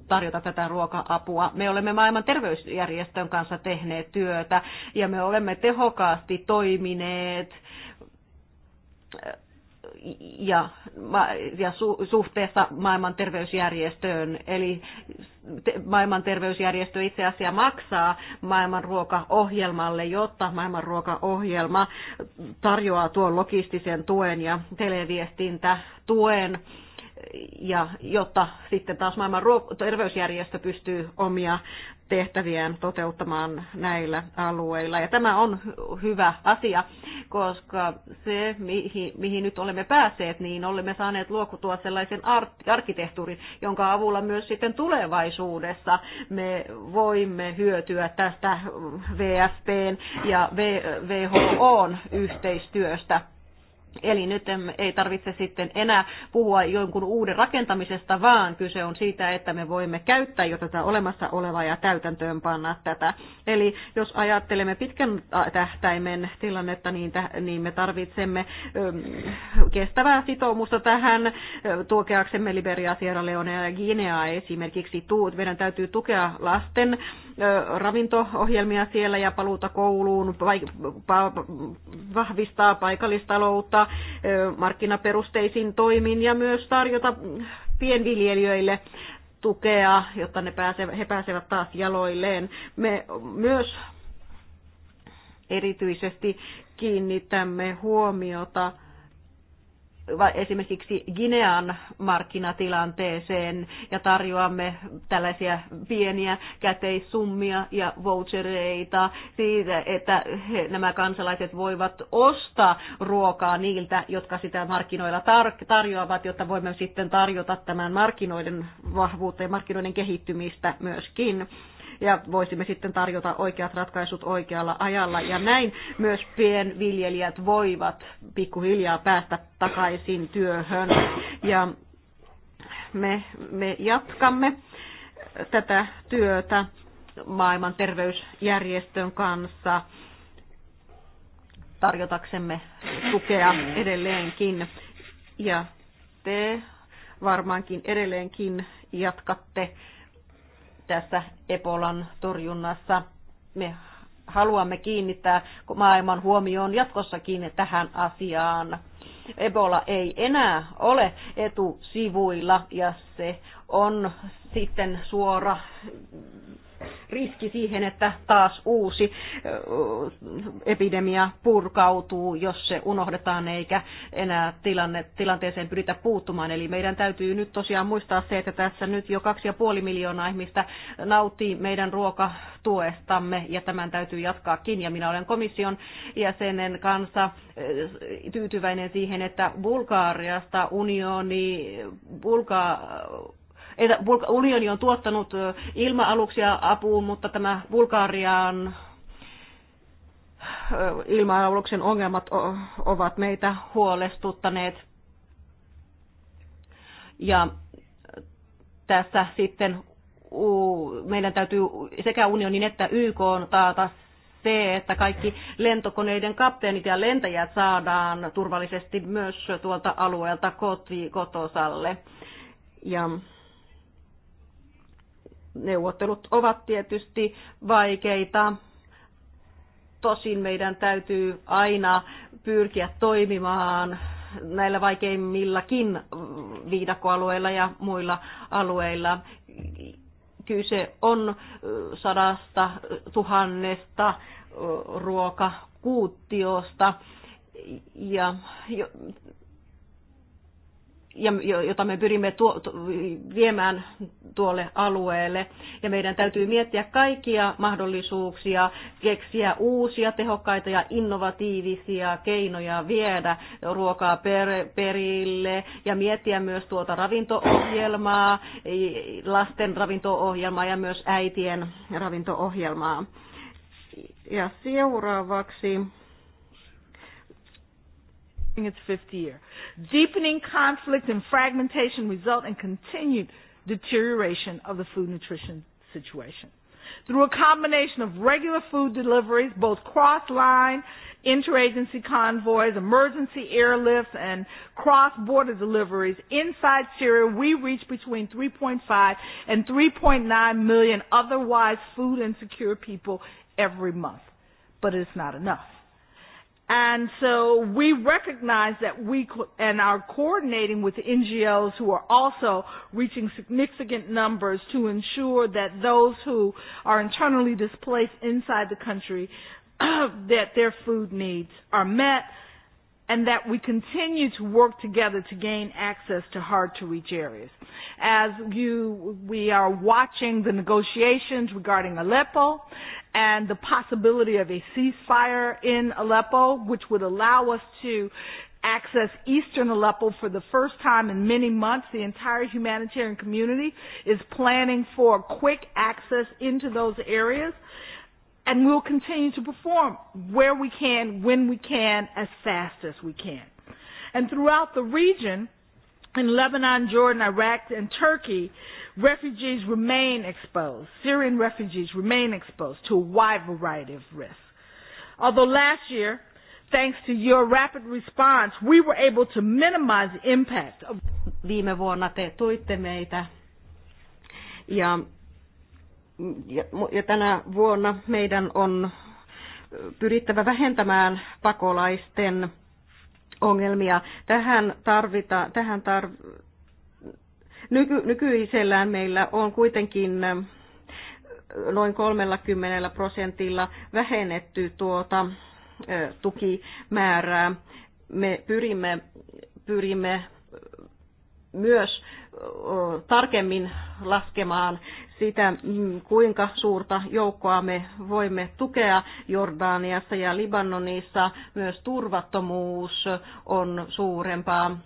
tarjota tätä ruoka-apua. Me olemme maailman terveysjärjestön kanssa tehneet työtä ja me olemme tehokkaasti toimineet äh, ja, ja su, suhteessa maailman terveysjärjestöön. Eli te, maailman terveysjärjestö itse asiassa maksaa maailman ruokaohjelmalle, jotta maailman ruokaohjelma tarjoaa tuon logistisen tuen ja televiestintä tuen ja jotta sitten taas maailman terveysjärjestö pystyy omia tehtäviään toteuttamaan näillä alueilla. Ja tämä on hyvä asia, koska se, mihin, mihin nyt olemme päässeet, niin olemme saaneet luokutua sellaisen arkkitehtuurin, jonka avulla myös sitten tulevaisuudessa me voimme hyötyä tästä VFPn ja WHOn yhteistyöstä Eli nyt ei tarvitse sitten enää puhua jonkun uuden rakentamisesta, vaan kyse on siitä, että me voimme käyttää jo tätä olemassa olevaa ja täytäntöön panna tätä. Eli jos ajattelemme pitkän tähtäimen tilannetta, niin, niin me tarvitsemme kestävää sitoumusta tähän tuokeaksemme Liberia, Sierra Leonea ja Guinea esimerkiksi. Meidän täytyy tukea lasten ravinto-ohjelmia siellä ja paluuta kouluun, vahvistaa paikallistaloutta, markkinaperusteisiin markkinaperusteisin toimin ja myös tarjota pienviljelijöille tukea, jotta ne pääsevät, he pääsevät taas jaloilleen. Me myös erityisesti kiinnitämme huomiota esimerkiksi Ginean markkinatilanteeseen ja tarjoamme tällaisia pieniä käteissummia ja vouchereita siitä, että he, nämä kansalaiset voivat ostaa ruokaa niiltä, jotka sitä markkinoilla tar- tarjoavat, jotta voimme sitten tarjota tämän markkinoiden vahvuutta ja markkinoiden kehittymistä myöskin ja voisimme sitten tarjota oikeat ratkaisut oikealla ajalla. Ja näin myös pienviljelijät voivat pikkuhiljaa päästä takaisin työhön. Ja me, me jatkamme tätä työtä maailman terveysjärjestön kanssa tarjotaksemme tukea edelleenkin. Ja te varmaankin edelleenkin jatkatte tässä Ebolan torjunnassa. Me haluamme kiinnittää maailman huomioon jatkossakin tähän asiaan. Ebola ei enää ole etusivuilla ja se on sitten suora riski siihen, että taas uusi epidemia purkautuu, jos se unohdetaan eikä enää tilanne, tilanteeseen pyritä puuttumaan. Eli meidän täytyy nyt tosiaan muistaa se, että tässä nyt jo 2,5 miljoonaa ihmistä nauttii meidän ruokatuestamme ja tämän täytyy jatkaakin. Ja minä olen komission jäsenen kanssa tyytyväinen siihen, että Bulgaariasta unioni, Bulga, unioni on tuottanut ilma-aluksia apuun, mutta tämä Bulgarian ilma-aluksen ongelmat ovat meitä huolestuttaneet. Ja tässä sitten meidän täytyy sekä unionin että YK taata se, että kaikki lentokoneiden kapteenit ja lentäjät saadaan turvallisesti myös tuolta alueelta koti, kotosalle. Ja Neuvottelut ovat tietysti vaikeita. Tosin meidän täytyy aina pyrkiä toimimaan näillä vaikeimmillakin viidakoalueilla ja muilla alueilla. Kyse on sadasta tuhannesta ruokakuuttiosta ja ja, jota me pyrimme tuo, tu, viemään tuolle alueelle. Ja meidän täytyy miettiä kaikkia mahdollisuuksia, keksiä uusia, tehokkaita ja innovatiivisia keinoja viedä ruokaa per, perille ja miettiä myös tuota ravinto-ohjelmaa, lasten ravinto-ohjelmaa ja myös äitien ravinto-ohjelmaa. Ja seuraavaksi its fifth year. Deepening conflict and fragmentation result in continued deterioration of the food nutrition situation. Through a combination of regular food deliveries, both cross-line, interagency convoys, emergency airlifts, and cross-border deliveries, inside Syria we reach between 3.5 and 3.9 million otherwise food insecure people every month. But it's not enough And so we recognize that we and are coordinating with NGOs who are also reaching significant numbers to ensure that those who are internally displaced inside the country (clears throat) that their food needs are met and that we continue to work together to gain access to hard to reach areas. As you, we are watching the negotiations regarding Aleppo and the possibility of a ceasefire in Aleppo, which would allow us to access eastern Aleppo for the first time in many months. The entire humanitarian community is planning for quick access into those areas and we'll continue to perform where we can, when we can, as fast as we can. And throughout the region, in Lebanon, Jordan, Iraq, and Turkey, refugees remain exposed. Syrian refugees remain exposed to a wide variety of risks. Although last year, thanks to your rapid response, we were able to minimize the impact of Viime vuonna te tuitte meitä ja ja tänä vuonna meidän on pyrittävä vähentämään pakolaisten ongelmia. Tähän tarvita, tähän tarv... Nyky, nykyisellään meillä on kuitenkin äh, noin 30 prosentilla vähennetty tuota äh, tukimäärää. Me pyrimme, pyrimme myös tarkemmin laskemaan sitä, mm, kuinka suurta joukkoa me voimme tukea Jordaniassa ja Libanonissa. Myös turvattomuus on suurempaa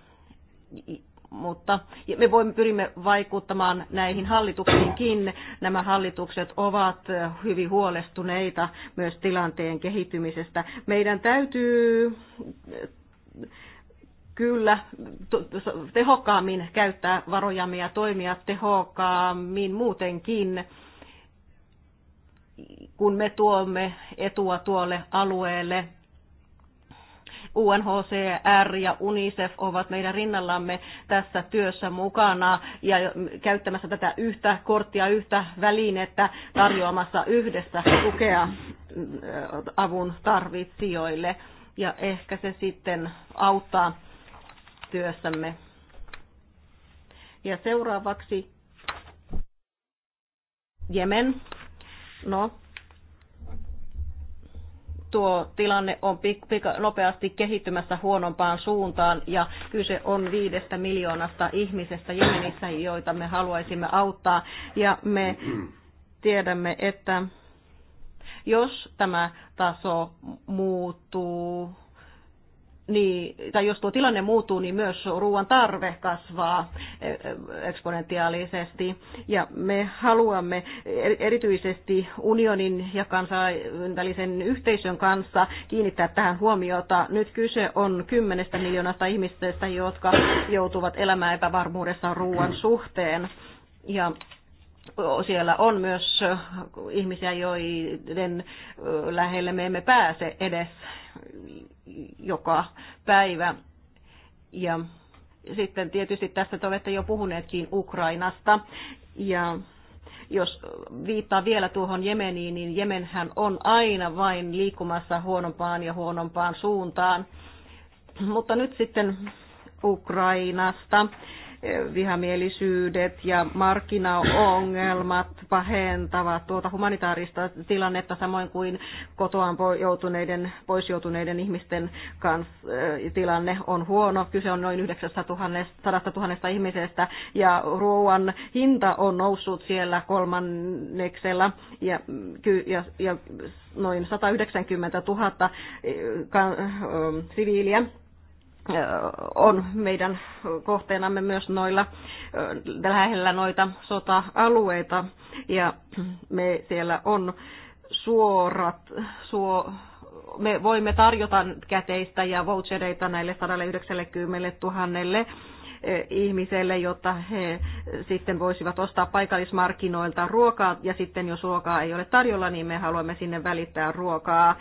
mutta me voimme pyrimme vaikuttamaan näihin hallituksiinkin. Nämä hallitukset ovat hyvin huolestuneita myös tilanteen kehittymisestä. Meidän täytyy kyllä tehokkaammin käyttää varojamme ja toimia tehokkaammin muutenkin, kun me tuomme etua tuolle alueelle. UNHCR ja UNICEF ovat meidän rinnallamme tässä työssä mukana ja käyttämässä tätä yhtä korttia, yhtä välinettä tarjoamassa yhdessä tukea mm, avun tarvitsijoille. Ja ehkä se sitten auttaa työssämme. Ja seuraavaksi Jemen. No, tuo tilanne on nopeasti kehittymässä huonompaan suuntaan ja kyse on viidestä miljoonasta ihmisestä Jemenissä, joita me haluaisimme auttaa. Ja me tiedämme, että jos tämä taso muuttuu niin, tai jos tuo tilanne muuttuu, niin myös ruoan tarve kasvaa eh, eh, eksponentiaalisesti. Ja me haluamme erityisesti unionin ja kansainvälisen yhteisön kanssa kiinnittää tähän huomiota. Nyt kyse on kymmenestä miljoonasta ihmisestä, jotka joutuvat elämään epävarmuudessa ruoan suhteen. Ja siellä on myös ihmisiä, joiden lähelle me emme pääse edes joka päivä. Ja sitten tietysti tässä te olette jo puhuneetkin Ukrainasta. Ja jos viittaa vielä tuohon Jemeniin, niin Jemenhän on aina vain liikkumassa huonompaan ja huonompaan suuntaan. Mutta nyt sitten Ukrainasta vihamielisyydet ja markkinaongelmat pahentavat tuota humanitaarista tilannetta samoin kuin kotoaan joutuneiden, pois joutuneiden ihmisten kanssa äh, tilanne on huono. Kyse on noin 900 000 ihmisestä ja ruoan hinta on noussut siellä kolmanneksella ja, ja, ja noin 190 000 äh, ka, äh, siviiliä on meidän kohteenamme myös noilla lähellä noita sota-alueita ja me siellä on suorat, suo, me voimme tarjota käteistä ja vouchereita näille 190 000 ihmiselle, jotta he sitten voisivat ostaa paikallismarkkinoilta ruokaa ja sitten jos ruokaa ei ole tarjolla, niin me haluamme sinne välittää ruokaa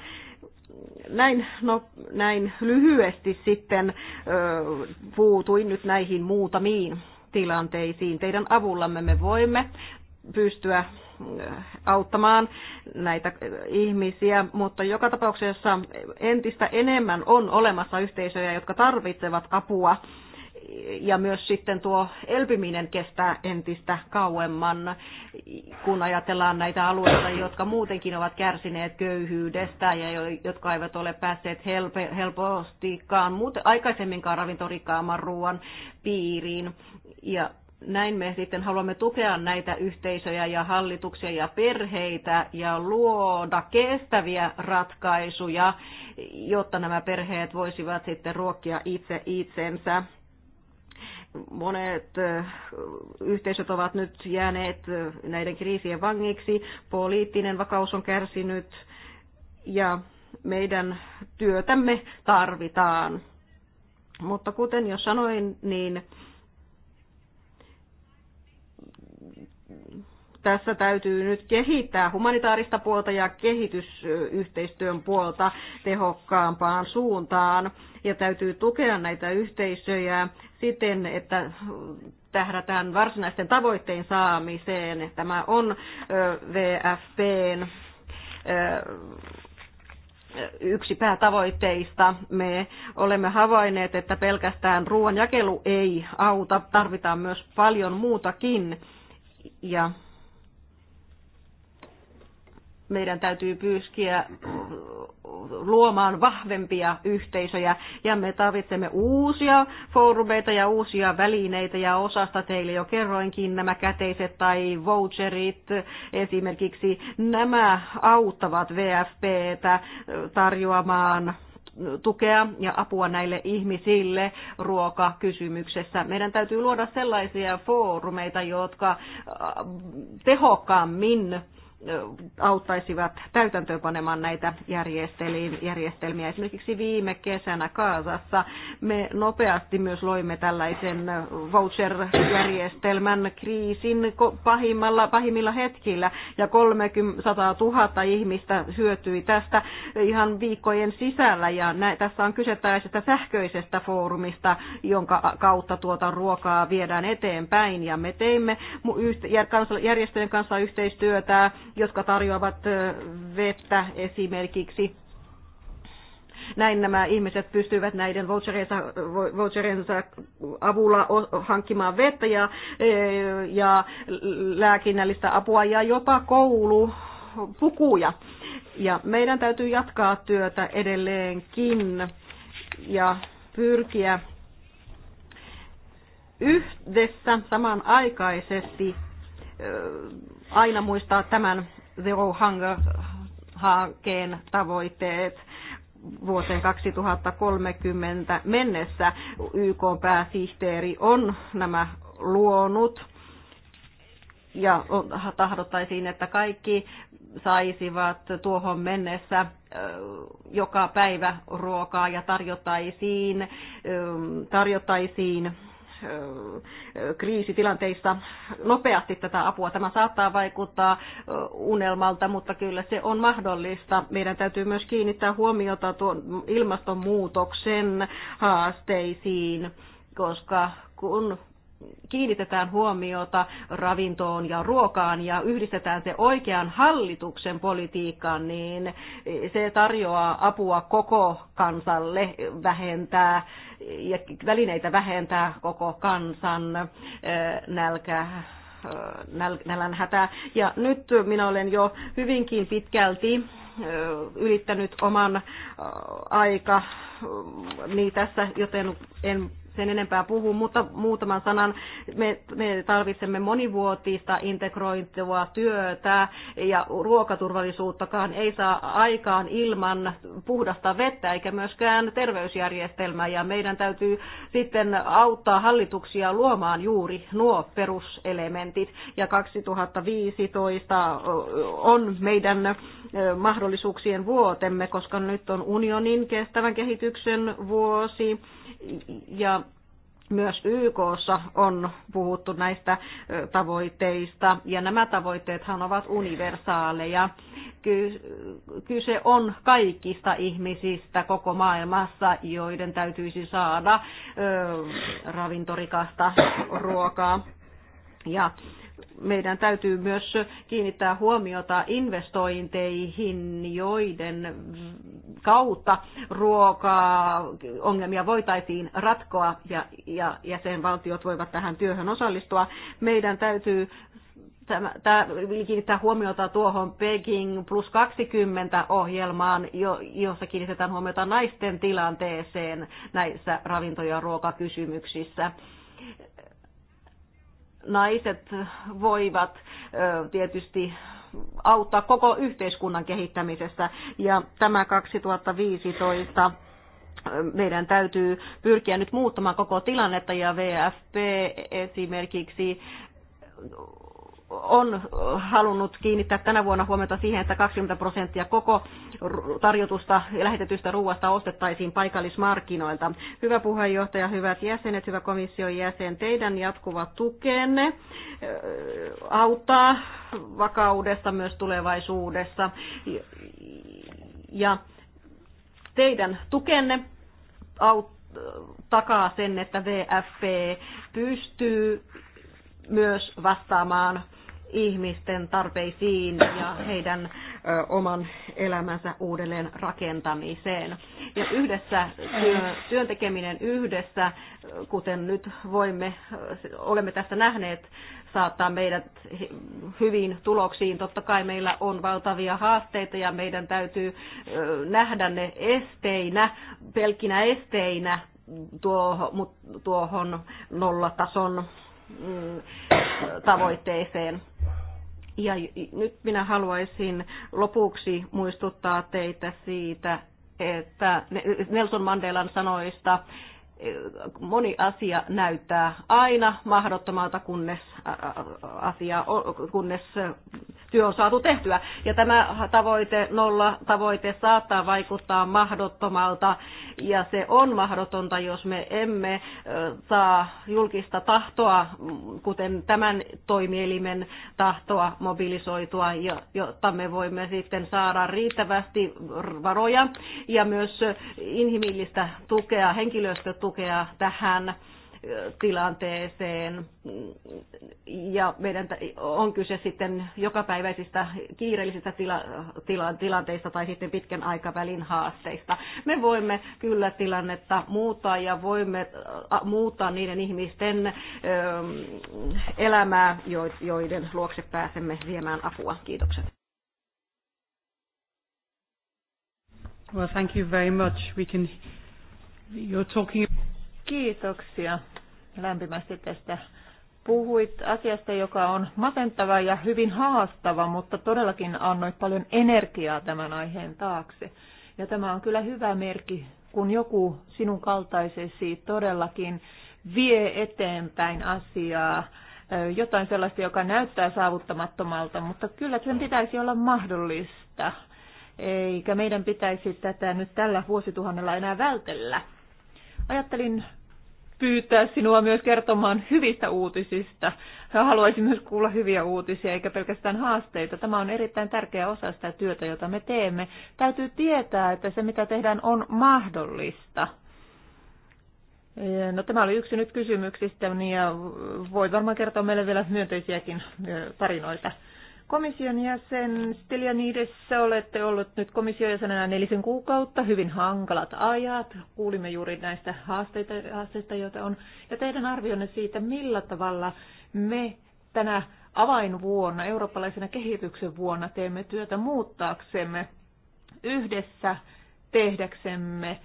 näin, no, näin lyhyesti sitten ö, puutuin nyt näihin muutamiin tilanteisiin. Teidän avullamme me voimme pystyä auttamaan näitä ihmisiä, mutta joka tapauksessa entistä enemmän on olemassa yhteisöjä, jotka tarvitsevat apua ja myös sitten tuo elpyminen kestää entistä kauemman, kun ajatellaan näitä alueita, jotka muutenkin ovat kärsineet köyhyydestä ja jotka eivät ole päässeet help- helpostikaan muuten, aikaisemminkaan ravintorikkaamman ruoan piiriin. Ja näin me sitten haluamme tukea näitä yhteisöjä ja hallituksia ja perheitä ja luoda kestäviä ratkaisuja, jotta nämä perheet voisivat sitten ruokkia itse itsensä monet yhteisöt ovat nyt jääneet näiden kriisien vangiksi, poliittinen vakaus on kärsinyt ja meidän työtämme tarvitaan. Mutta kuten jo sanoin, niin tässä täytyy nyt kehittää humanitaarista puolta ja kehitysyhteistyön puolta tehokkaampaan suuntaan. Ja täytyy tukea näitä yhteisöjä siten, että tähdätään varsinaisten tavoitteen saamiseen. Tämä on VFPn yksi päätavoitteista. Me olemme havainneet, että pelkästään ruoan jakelu ei auta, tarvitaan myös paljon muutakin. Ja meidän täytyy pyyskiä luomaan vahvempia yhteisöjä ja me tarvitsemme uusia foorumeita ja uusia välineitä ja osasta teille jo kerroinkin nämä käteiset tai voucherit esimerkiksi nämä auttavat VFPtä tarjoamaan tukea ja apua näille ihmisille ruokakysymyksessä. Meidän täytyy luoda sellaisia foorumeita, jotka äh, tehokkaammin auttaisivat täytäntöönpanemaan näitä järjestelmiä. Esimerkiksi viime kesänä Kaasassa me nopeasti myös loimme tällaisen voucher-järjestelmän kriisin pahimmalla, pahimmilla hetkillä ja 300 000 ihmistä hyötyi tästä ihan viikkojen sisällä ja nä, tässä on kyse tällaisesta sähköisestä foorumista, jonka kautta tuota ruokaa viedään eteenpäin ja me teimme järjestöjen kanssa yhteistyötä jotka tarjoavat vettä esimerkiksi. Näin nämä ihmiset pystyvät näiden voucherinsa, avulla hankkimaan vettä ja, ja lääkinnällistä apua ja jopa koulupukuja. Ja meidän täytyy jatkaa työtä edelleenkin ja pyrkiä yhdessä samanaikaisesti aina muistaa tämän Zero Hunger-hankkeen tavoitteet vuoteen 2030 mennessä. YK pääsihteeri on nämä luonut ja tahdottaisiin, että kaikki saisivat tuohon mennessä joka päivä ruokaa ja tarjottaisiin, tarjottaisiin kriisitilanteissa nopeasti tätä apua. Tämä saattaa vaikuttaa unelmalta, mutta kyllä se on mahdollista. Meidän täytyy myös kiinnittää huomiota tuon ilmastonmuutoksen haasteisiin, koska kun kiinnitetään huomiota ravintoon ja ruokaan ja yhdistetään se oikean hallituksen politiikkaan, niin se tarjoaa apua koko kansalle vähentää ja välineitä vähentää koko kansan eh, nälkää eh, hätää. Ja nyt minä olen jo hyvinkin pitkälti eh, ylittänyt oman aika mm, niin tässä, joten en sen enempää puhu, mutta muutaman sanan. Me, me tarvitsemme monivuotista integroitua työtä ja ruokaturvallisuuttakaan ei saa aikaan ilman puhdasta vettä eikä myöskään terveysjärjestelmää ja meidän täytyy sitten auttaa hallituksia luomaan juuri nuo peruselementit ja 2015 on meidän mahdollisuuksien vuotemme, koska nyt on unionin kestävän kehityksen vuosi ja myös YKssa on puhuttu näistä tavoitteista, ja nämä tavoitteethan ovat universaaleja. Kyse on kaikista ihmisistä koko maailmassa, joiden täytyisi saada ravintorikasta ruokaa. Ja meidän täytyy myös kiinnittää huomiota investointeihin, joiden kautta ruokaa ongelmia voitaisiin ratkoa ja, ja jäsenvaltiot voivat tähän työhön osallistua. Meidän täytyy tämä, tämä, kiinnittää huomiota tuohon Peking plus 20 ohjelmaan, jo, jossa kiinnitetään huomiota naisten tilanteeseen näissä ravinto- ja ruokakysymyksissä naiset voivat tietysti auttaa koko yhteiskunnan kehittämisessä ja tämä 2015 meidän täytyy pyrkiä nyt muuttamaan koko tilannetta ja VFP esimerkiksi on halunnut kiinnittää tänä vuonna huomiota siihen, että 20 prosenttia koko tarjotusta lähetetystä ruuasta ostettaisiin paikallismarkkinoilta. Hyvä puheenjohtaja, hyvät jäsenet, hyvä komission jäsen, teidän jatkuva tukenne auttaa vakaudesta myös tulevaisuudessa. Ja teidän tukenne auttaa takaa sen, että VFP pystyy myös vastaamaan ihmisten tarpeisiin ja heidän oman elämänsä uudelleen rakentamiseen. Ja yhdessä työn tekeminen yhdessä, kuten nyt voimme, olemme tässä nähneet, saattaa meidät hyvin tuloksiin. Totta kai meillä on valtavia haasteita ja meidän täytyy nähdä ne esteinä, pelkinä esteinä tuohon nollatason Mm, tavoitteeseen. Ja nyt minä haluaisin lopuksi muistuttaa teitä siitä, että Nelson Mandelan sanoista moni asia näyttää aina mahdottomalta, kunnes, asia, kunnes työ on saatu tehtyä. Ja tämä tavoite, nolla tavoite saattaa vaikuttaa mahdottomalta, ja se on mahdotonta, jos me emme saa julkista tahtoa, kuten tämän toimielimen tahtoa mobilisoitua, jotta me voimme sitten saada riittävästi varoja ja myös inhimillistä tukea, henkilöstötukea tukea tähän tilanteeseen. Ja meidän on kyse sitten jokapäiväisistä kiireellisistä tila, tila, tilanteista tai sitten pitkän aikavälin haasteista. Me voimme kyllä tilannetta muuttaa ja voimme muuttaa niiden ihmisten elämää, joiden luokse pääsemme viemään apua. Kiitokset. Well, thank you very much. We can You're talking... Kiitoksia lämpimästi tästä. Puhuit asiasta, joka on masentava ja hyvin haastava, mutta todellakin annoit paljon energiaa tämän aiheen taakse. Ja tämä on kyllä hyvä merkki, kun joku sinun kaltaisesi todellakin vie eteenpäin asiaa, jotain sellaista, joka näyttää saavuttamattomalta, mutta kyllä sen pitäisi olla mahdollista. Eikä meidän pitäisi tätä nyt tällä vuosituhannella enää vältellä. Ajattelin pyytää sinua myös kertomaan hyvistä uutisista. Haluaisin myös kuulla hyviä uutisia, eikä pelkästään haasteita. Tämä on erittäin tärkeä osa sitä työtä, jota me teemme. Täytyy tietää, että se mitä tehdään on mahdollista. No tämä oli yksi nyt kysymyksistä, ja voit varmaan kertoa meille vielä myönteisiäkin tarinoita. Komission jäsen Stylianidessa olette ollut nyt komission jäsenenä nelisen kuukautta, hyvin hankalat ajat. Kuulimme juuri näistä haasteita, haasteista, joita on. Ja teidän arvionne siitä, millä tavalla me tänä avainvuonna, eurooppalaisena kehityksen vuonna teemme työtä muuttaaksemme yhdessä tehdäksemme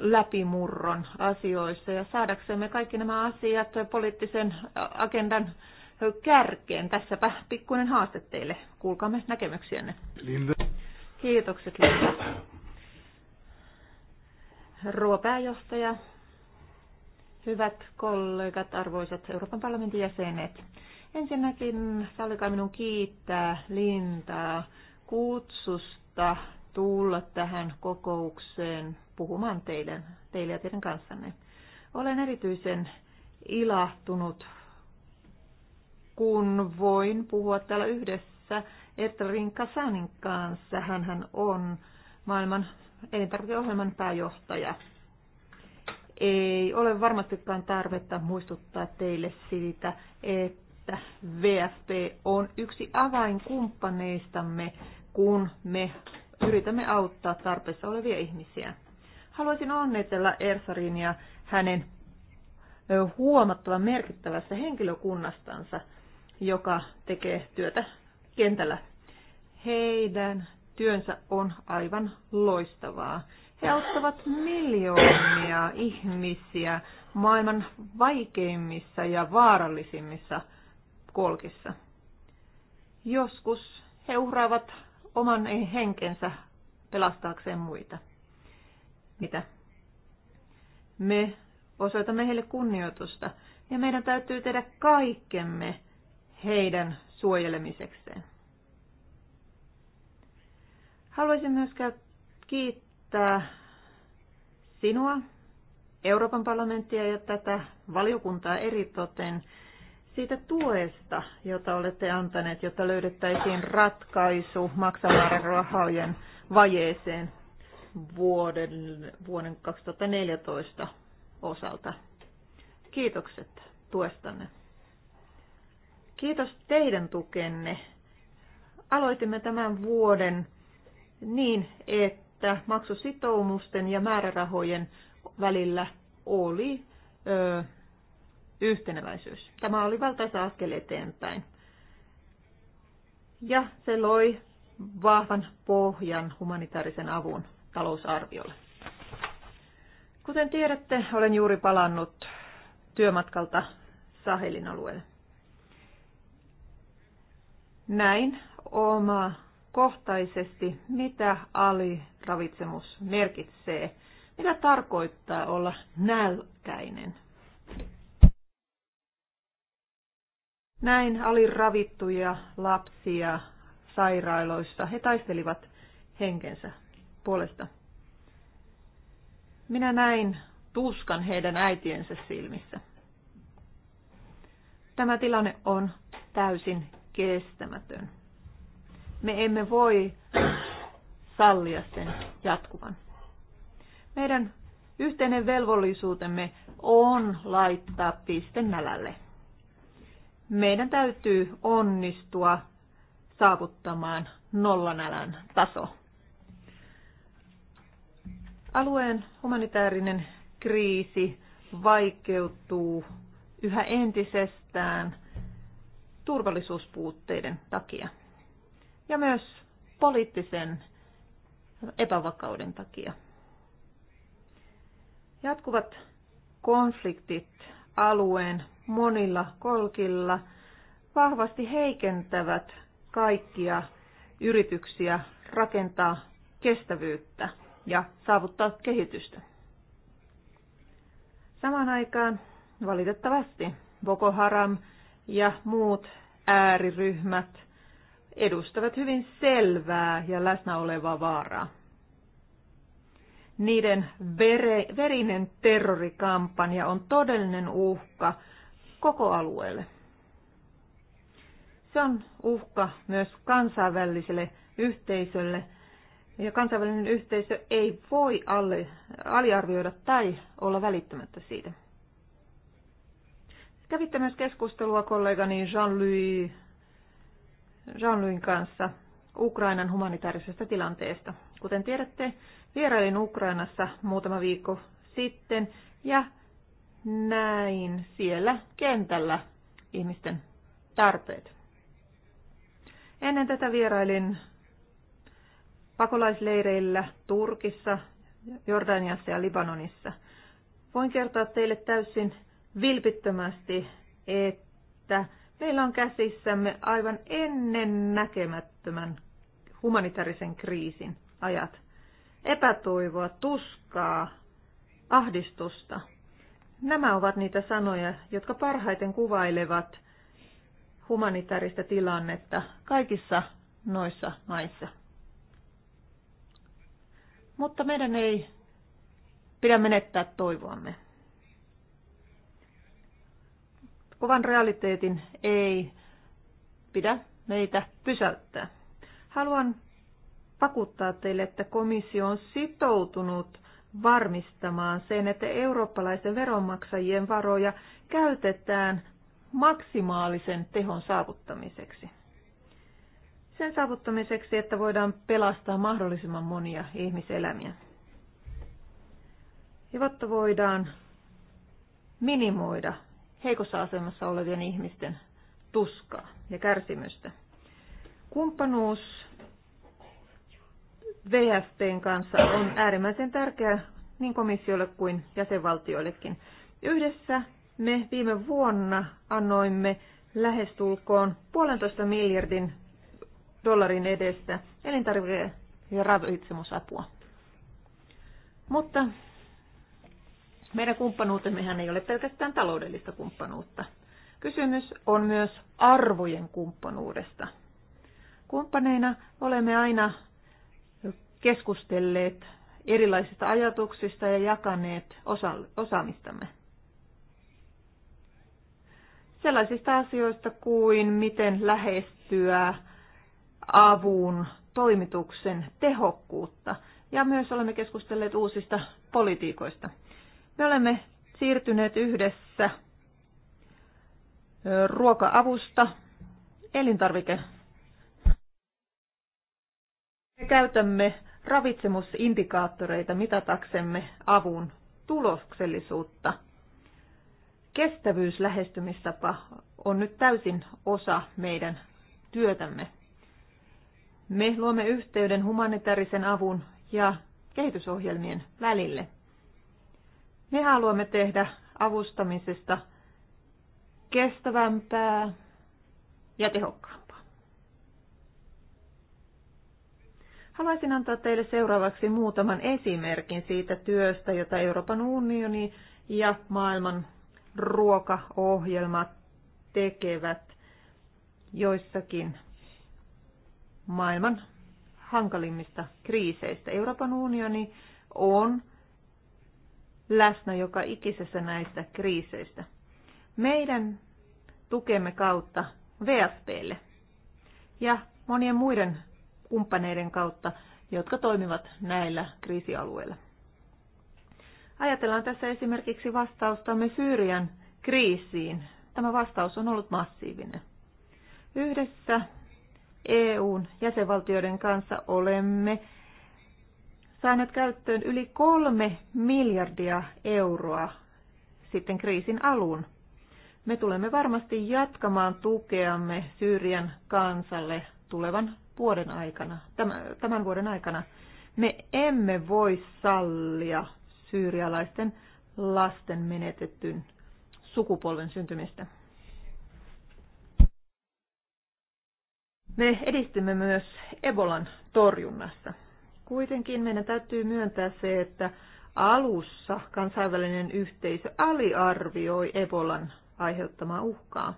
läpimurron asioissa ja saadaksemme kaikki nämä asiat poliittisen agendan kärkeen. Tässäpä pikkuinen haaste teille. Kuulkaamme näkemyksiänne. Linda. Kiitokset Linda. Rouva pääjohtaja, hyvät kollegat, arvoisat Euroopan parlamentin jäsenet. Ensinnäkin sallikaa minun kiittää Lintaa kutsusta tulla tähän kokoukseen puhumaan teille, teille ja teidän kanssanne. Olen erityisen ilahtunut kun voin puhua täällä yhdessä Etrin Kasanin kanssa. hän on maailman elintarvikeohjelman pääjohtaja. Ei ole varmastikaan tarvetta muistuttaa teille siitä, että VFP on yksi avainkumppaneistamme, kun me yritämme auttaa tarpeessa olevia ihmisiä. Haluaisin onnitella Ersarin ja hänen huomattavan merkittävästä henkilökunnastansa – joka tekee työtä kentällä. Heidän työnsä on aivan loistavaa. He auttavat miljoonia ihmisiä maailman vaikeimmissa ja vaarallisimmissa kolkissa. Joskus he uhraavat oman henkensä pelastaakseen muita. Mitä? Me osoitamme heille kunnioitusta ja meidän täytyy tehdä kaikkemme heidän suojelemisekseen. Haluaisin myös kiittää sinua, Euroopan parlamenttia ja tätä valiokuntaa eritoten siitä tuesta, jota olette antaneet, jotta löydettäisiin ratkaisu maksamaan rahojen vajeeseen vuoden, vuoden 2014 osalta. Kiitokset tuestanne. Kiitos teidän tukenne. Aloitimme tämän vuoden niin, että maksusitoumusten ja määrärahojen välillä oli ö, yhteneväisyys. Tämä oli valtaisa askel eteenpäin. Ja se loi vahvan pohjan humanitaarisen avun talousarviolle. Kuten tiedätte, olen juuri palannut työmatkalta Sahelin alueelle näin oma kohtaisesti, mitä aliravitsemus merkitsee, mitä tarkoittaa olla nälkäinen. Näin aliravittuja lapsia sairaaloissa. He taistelivat henkensä puolesta. Minä näin tuskan heidän äitiensä silmissä. Tämä tilanne on täysin kestämätön. Me emme voi sallia sen jatkuvan. Meidän yhteinen velvollisuutemme on laittaa piste nälälle. Meidän täytyy onnistua saavuttamaan nollanälän taso. Alueen humanitaarinen kriisi vaikeutuu yhä entisestään turvallisuuspuutteiden takia ja myös poliittisen epävakauden takia. Jatkuvat konfliktit alueen monilla kolkilla vahvasti heikentävät kaikkia yrityksiä rakentaa kestävyyttä ja saavuttaa kehitystä. Samaan aikaan valitettavasti Boko Haram ja muut ääriryhmät edustavat hyvin selvää ja läsnä olevaa vaaraa. Niiden vere, verinen terrorikampanja on todellinen uhka koko alueelle. Se on uhka myös kansainväliselle yhteisölle, ja kansainvälinen yhteisö ei voi alle, aliarvioida tai olla välittämättä siitä. Kävitte myös keskustelua kollegani Jean-Louis jean kanssa Ukrainan humanitaarisesta tilanteesta. Kuten tiedätte, vierailin Ukrainassa muutama viikko sitten ja näin siellä kentällä ihmisten tarpeet. Ennen tätä vierailin pakolaisleireillä Turkissa, Jordaniassa ja Libanonissa. Voin kertoa teille täysin vilpittömästi, että meillä on käsissämme aivan ennen näkemättömän humanitaarisen kriisin ajat. Epätoivoa, tuskaa, ahdistusta. Nämä ovat niitä sanoja, jotka parhaiten kuvailevat humanitaarista tilannetta kaikissa noissa maissa. Mutta meidän ei pidä menettää toivoamme. kovan realiteetin ei pidä meitä pysäyttää. Haluan vakuuttaa teille, että komissio on sitoutunut varmistamaan sen, että eurooppalaisten veronmaksajien varoja käytetään maksimaalisen tehon saavuttamiseksi. Sen saavuttamiseksi, että voidaan pelastaa mahdollisimman monia ihmiselämiä. Ja jotta voidaan minimoida heikossa asemassa olevien ihmisten tuskaa ja kärsimystä. Kumppanuus VFPn kanssa on äärimmäisen tärkeä niin komissiolle kuin jäsenvaltioillekin. Yhdessä me viime vuonna annoimme lähestulkoon puolentoista miljardin dollarin edestä elintarvike- ja ravitsemusapua. Mutta meidän kumppanuutemmehän ei ole pelkästään taloudellista kumppanuutta. Kysymys on myös arvojen kumppanuudesta. Kumppaneina olemme aina keskustelleet erilaisista ajatuksista ja jakaneet osa- osaamistamme. Sellaisista asioista kuin miten lähestyä avun toimituksen tehokkuutta ja myös olemme keskustelleet uusista politiikoista. Me olemme siirtyneet yhdessä ruoka-avusta elintarvike. Me käytämme ravitsemusindikaattoreita mitataksemme avun tuloksellisuutta. Kestävyyslähestymistapa on nyt täysin osa meidän työtämme. Me luomme yhteyden humanitaarisen avun ja kehitysohjelmien välille – me haluamme tehdä avustamisesta kestävämpää ja tehokkaampaa. Haluaisin antaa teille seuraavaksi muutaman esimerkin siitä työstä, jota Euroopan unioni ja maailman ruokaohjelmat tekevät joissakin maailman hankalimmista kriiseistä. Euroopan unioni on läsnä joka ikisessä näistä kriiseistä. Meidän tukemme kautta VFPlle ja monien muiden kumppaneiden kautta, jotka toimivat näillä kriisialueilla. Ajatellaan tässä esimerkiksi vastaustamme Syyrian kriisiin. Tämä vastaus on ollut massiivinen. Yhdessä EUn jäsenvaltioiden kanssa olemme Saaneet käyttöön yli kolme miljardia euroa sitten kriisin alun. Me tulemme varmasti jatkamaan tukeamme Syyrian kansalle tulevan vuoden aikana, tämän vuoden aikana. Me emme voi sallia syyrialaisten lasten menetetyn sukupolven syntymistä. Me edistymme myös Ebolan torjunnassa. Kuitenkin meidän täytyy myöntää se, että alussa kansainvälinen yhteisö aliarvioi Ebolan aiheuttamaa uhkaa.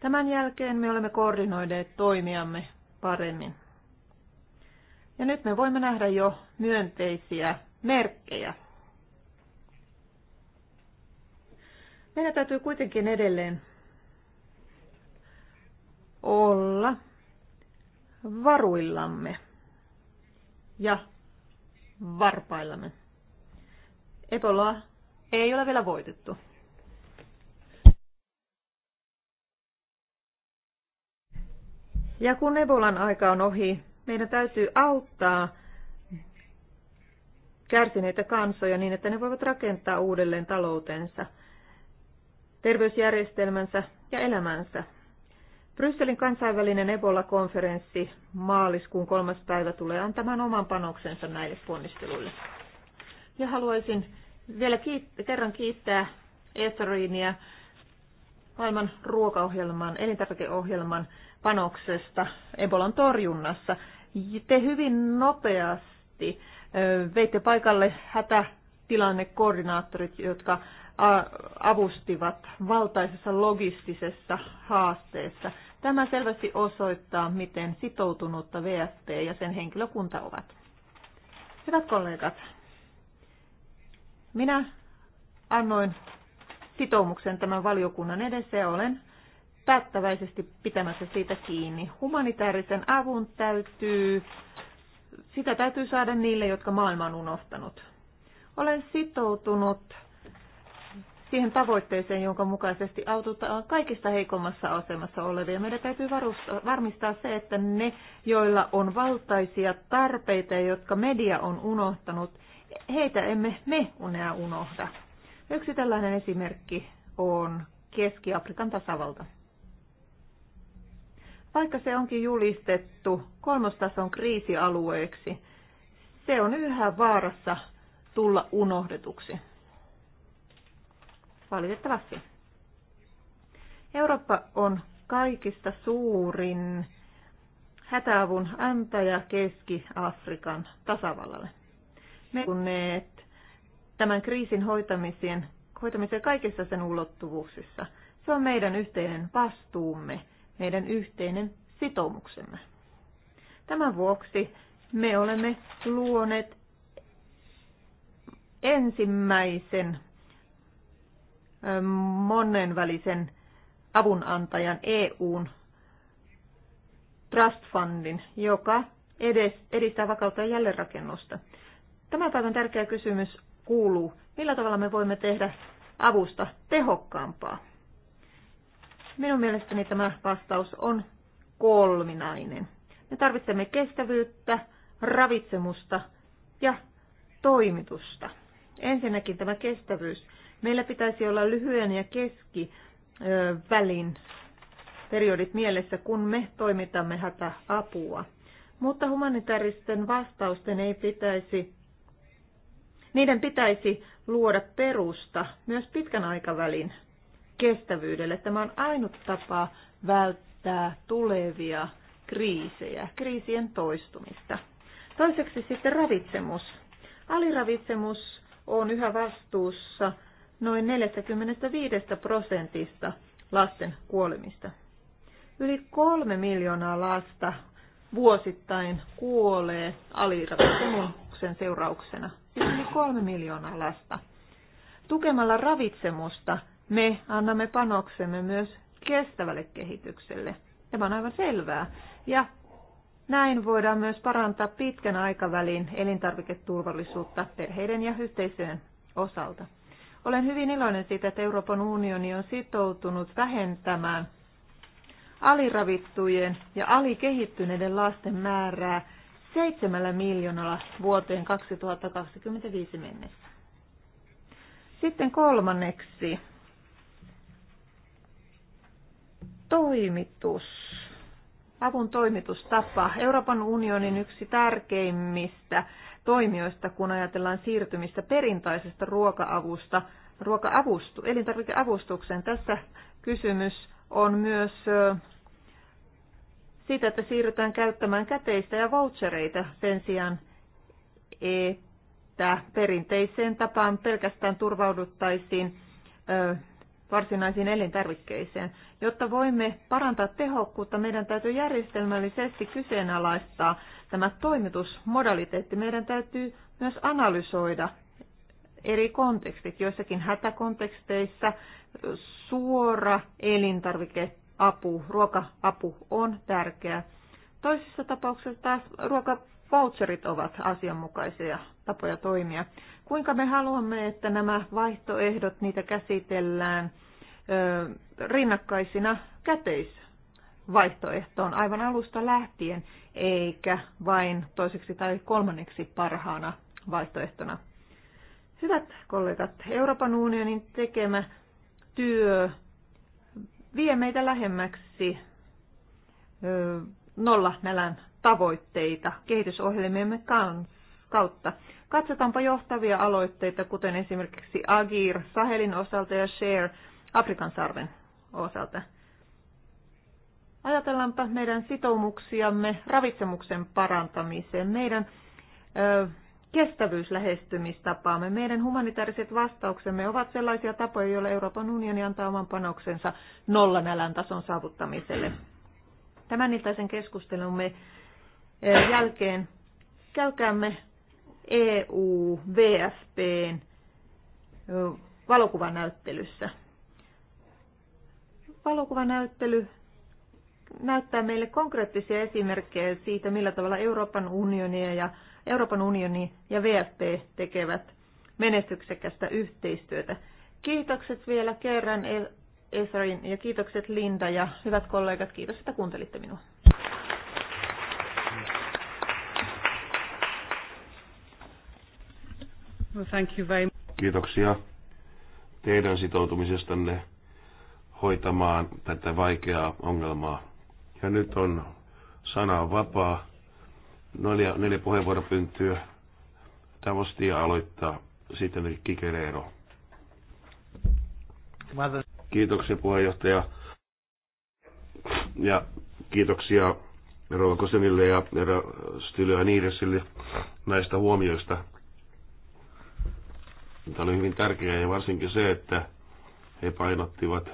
Tämän jälkeen me olemme koordinoineet toimiamme paremmin. Ja nyt me voimme nähdä jo myönteisiä merkkejä. Meidän täytyy kuitenkin edelleen olla varuillamme ja varpaillamme. Eboloa ei ole vielä voitettu. Ja kun Ebolan aika on ohi, meidän täytyy auttaa kärsineitä kansoja niin, että ne voivat rakentaa uudelleen taloutensa, terveysjärjestelmänsä ja elämänsä. Brysselin kansainvälinen Ebola-konferenssi maaliskuun kolmas päivä tulee antamaan oman panoksensa näille ponnisteluille. Ja haluaisin vielä kiit- kerran kiittää Etherinia maailman ruokaohjelman, elintarvikeohjelman panoksesta Ebolan torjunnassa. Te hyvin nopeasti veitte paikalle hätätilannekoordinaattorit, jotka avustivat valtaisessa logistisessa haasteessa. Tämä selvästi osoittaa, miten sitoutunutta VFP ja sen henkilökunta ovat. Hyvät kollegat, minä annoin sitoumuksen tämän valiokunnan edessä ja olen päättäväisesti pitämässä siitä kiinni. Humanitaarisen avun täytyy, sitä täytyy saada niille, jotka maailma on unohtanut. Olen sitoutunut siihen tavoitteeseen, jonka mukaisesti autetaan kaikista heikommassa asemassa olevia. Meidän täytyy varmistaa se, että ne, joilla on valtaisia tarpeita ja jotka media on unohtanut, heitä emme me unea unohda. Yksi tällainen esimerkki on Keski-Afrikan tasavalta. Vaikka se onkin julistettu kolmostason kriisialueeksi, se on yhä vaarassa tulla unohdetuksi valitettavasti. Eurooppa on kaikista suurin hätäavun antaja Keski-Afrikan tasavallalle. Me kuneet tämän kriisin hoitamiseen, hoitamiseen kaikissa sen ulottuvuuksissa. Se on meidän yhteinen vastuumme, meidän yhteinen sitoumuksemme. Tämän vuoksi me olemme luoneet ensimmäisen monenvälisen avunantajan EUn Trust Fundin, joka edistää vakautta ja jälleenrakennusta. Tämän päivän tärkeä kysymys kuuluu, millä tavalla me voimme tehdä avusta tehokkaampaa? Minun mielestäni tämä vastaus on kolminainen. Me tarvitsemme kestävyyttä, ravitsemusta ja toimitusta. Ensinnäkin tämä kestävyys. Meillä pitäisi olla lyhyen ja keskivälin periodit mielessä, kun me toimitamme hätäapua. Mutta humanitaaristen vastausten ei pitäisi, niiden pitäisi luoda perusta myös pitkän aikavälin kestävyydelle. Tämä on ainut tapa välttää tulevia kriisejä, kriisien toistumista. Toiseksi sitten ravitsemus. Aliravitsemus on yhä vastuussa noin 45 prosentista lasten kuolemista. Yli kolme miljoonaa lasta vuosittain kuolee aliravitsemuksen seurauksena. Siis yli kolme miljoonaa lasta. Tukemalla ravitsemusta me annamme panoksemme myös kestävälle kehitykselle. Tämä on aivan selvää. Ja näin voidaan myös parantaa pitkän aikavälin elintarviketurvallisuutta perheiden ja yhteisöjen osalta. Olen hyvin iloinen siitä, että Euroopan unioni on sitoutunut vähentämään aliravittujen ja alikehittyneiden lasten määrää seitsemällä miljoonalla vuoteen 2025 mennessä. Sitten kolmanneksi toimitus. Avun toimitustapa. Euroopan unionin yksi tärkeimmistä toimijoista, kun ajatellaan siirtymistä perintaisesta ruoka-avusta ruoka-avustu, elintarvikeavustukseen. Tässä kysymys on myös siitä, että siirrytään käyttämään käteistä ja vouchereita sen sijaan, että perinteiseen tapaan pelkästään turvauduttaisiin varsinaisiin elintarvikkeisiin. Jotta voimme parantaa tehokkuutta, meidän täytyy järjestelmällisesti kyseenalaistaa tämä toimitusmodaliteetti. Meidän täytyy myös analysoida eri kontekstit. Joissakin hätäkonteksteissa suora elintarvikeapu, ruoka-apu on tärkeä. Toisissa tapauksissa taas ruokavoucherit ovat asianmukaisia tapoja toimia. Kuinka me haluamme, että nämä vaihtoehdot, niitä käsitellään rinnakkaisina käteisvaihtoehtoon aivan alusta lähtien, eikä vain toiseksi tai kolmanneksi parhaana vaihtoehtona. Hyvät kollegat, Euroopan unionin tekemä työ vie meitä lähemmäksi nolla nälän tavoitteita kehitysohjelmiemme kautta. Katsotaanpa johtavia aloitteita, kuten esimerkiksi Agir Sahelin osalta ja Share Afrikan sarven osalta. Ajatellaanpa meidän sitoumuksiamme ravitsemuksen parantamiseen, meidän ö, kestävyyslähestymistapaamme, meidän humanitaariset vastauksemme ovat sellaisia tapoja, joilla Euroopan unioni antaa oman panoksensa nollanälän tason saavuttamiselle. Tämän iltaisen keskustelumme jälkeen käykäämme EU-VFPn valokuvanäyttelyssä. Valokuvanäyttely näyttää meille konkreettisia esimerkkejä siitä, millä tavalla Euroopan unioni ja, Euroopan unioni ja VFP tekevät menestyksekästä yhteistyötä. Kiitokset vielä kerran Esrin ja kiitokset Linda ja hyvät kollegat, kiitos, että kuuntelitte minua. Well, thank you very much. Kiitoksia teidän sitoutumisestanne hoitamaan tätä vaikeaa ongelmaa. Ja nyt on sana vapaa. Neljä, neljä puheenvuoropyyntöä. Tavostia aloittaa sitten Kikereero. Kiitoksia puheenjohtaja. Ja kiitoksia Rova Kosenille ja Stylö Niiresille näistä huomioista. Tämä oli hyvin tärkeää ja varsinkin se, että he painottivat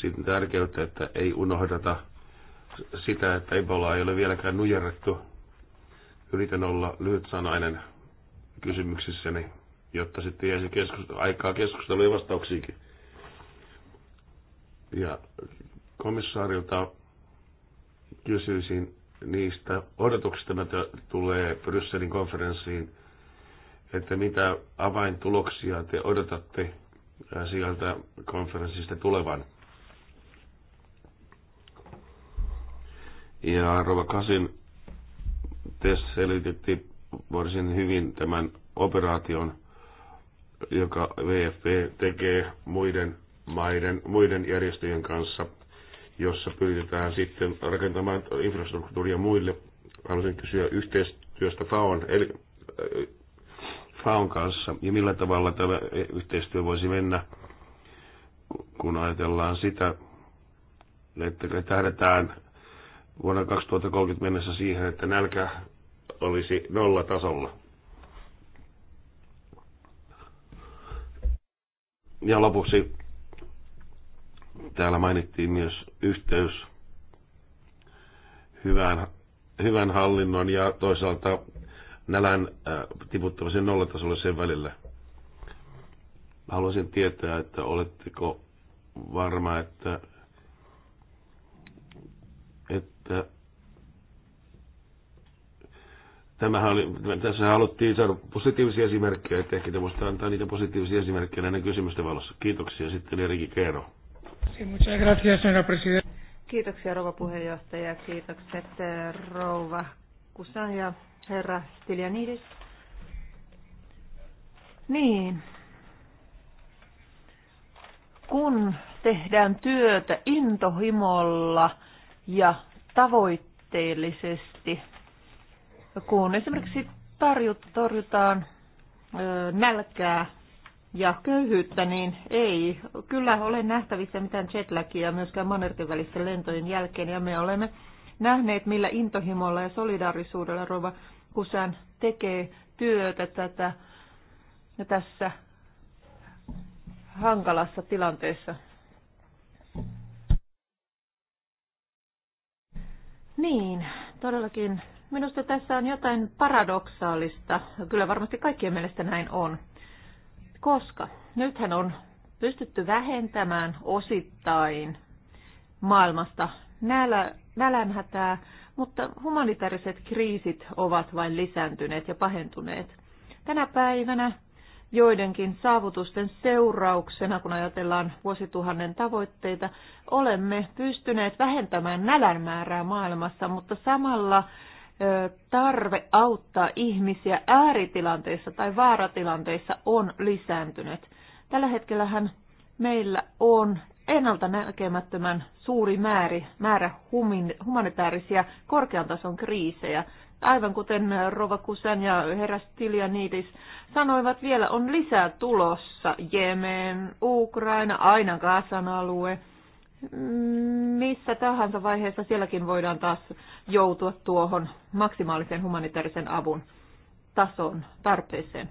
siitä tärkeyttä, että ei unohdeta sitä, että Ebola ei ole vieläkään nujerrettu. Yritän olla lyhytsanainen kysymyksissäni, jotta sitten jäisi keskustelu, aikaa keskustelua ja vastauksiinkin. Ja komissaarilta kysyisin niistä odotuksista, mitä tulee Brysselin konferenssiin, että mitä avaintuloksia te odotatte sieltä konferenssista tulevan. Ja Rova Kasin, te selititte varsin hyvin tämän operaation, joka VFP tekee muiden maiden, muiden järjestöjen kanssa, jossa pyritään sitten rakentamaan infrastruktuuria muille. Haluaisin kysyä yhteistyöstä FAON, eli äh, FAON kanssa, ja millä tavalla tämä yhteistyö voisi mennä, kun ajatellaan sitä, että tähdetään vuonna 2030 mennessä siihen, että nälkä olisi nolla tasolla. Ja lopuksi täällä mainittiin myös yhteys hyvään, hyvän hallinnon ja toisaalta nälän äh, tiputtamisen nollatasolle sen välillä. Haluaisin tietää, että oletteko varma, että Tämähän oli, tässä haluttiin saada positiivisia esimerkkejä, että ehkä te voisitte antaa niitä positiivisia esimerkkejä näiden kysymysten valossa. Kiitoksia sitten Eriki Keero. Kiitoksia rouva puheenjohtaja, kiitokset eh, rouva Kusan ja herra Stilianidis. Niin. Kun tehdään työtä intohimolla ja tavoitteellisesti, kun esimerkiksi torjutaan nälkää ja köyhyyttä, niin ei kyllä ole nähtävissä mitään jetlagia myöskään manerten välisten lentojen jälkeen. Ja me olemme nähneet, millä intohimolla ja solidaarisuudella Rova Kusan tekee työtä tätä, tässä hankalassa tilanteessa. Niin, todellakin. Minusta tässä on jotain paradoksaalista. Kyllä varmasti kaikkien mielestä näin on. Koska nythän on pystytty vähentämään osittain maailmasta nälä, nälänhätää, mutta humanitaariset kriisit ovat vain lisääntyneet ja pahentuneet. Tänä päivänä joidenkin saavutusten seurauksena, kun ajatellaan vuosituhannen tavoitteita, olemme pystyneet vähentämään nälän määrää maailmassa, mutta samalla tarve auttaa ihmisiä ääritilanteissa tai vaaratilanteissa on lisääntynyt. Tällä hetkellähän meillä on ennalta näkemättömän suuri määrä, humanitaarisia korkean tason kriisejä. Aivan kuten Rova Kusan ja herra Niidis sanoivat, vielä on lisää tulossa. Jemen, Ukraina, aina Gazan alue. Missä tahansa vaiheessa sielläkin voidaan taas joutua tuohon maksimaalisen humanitaarisen avun tason tarpeeseen.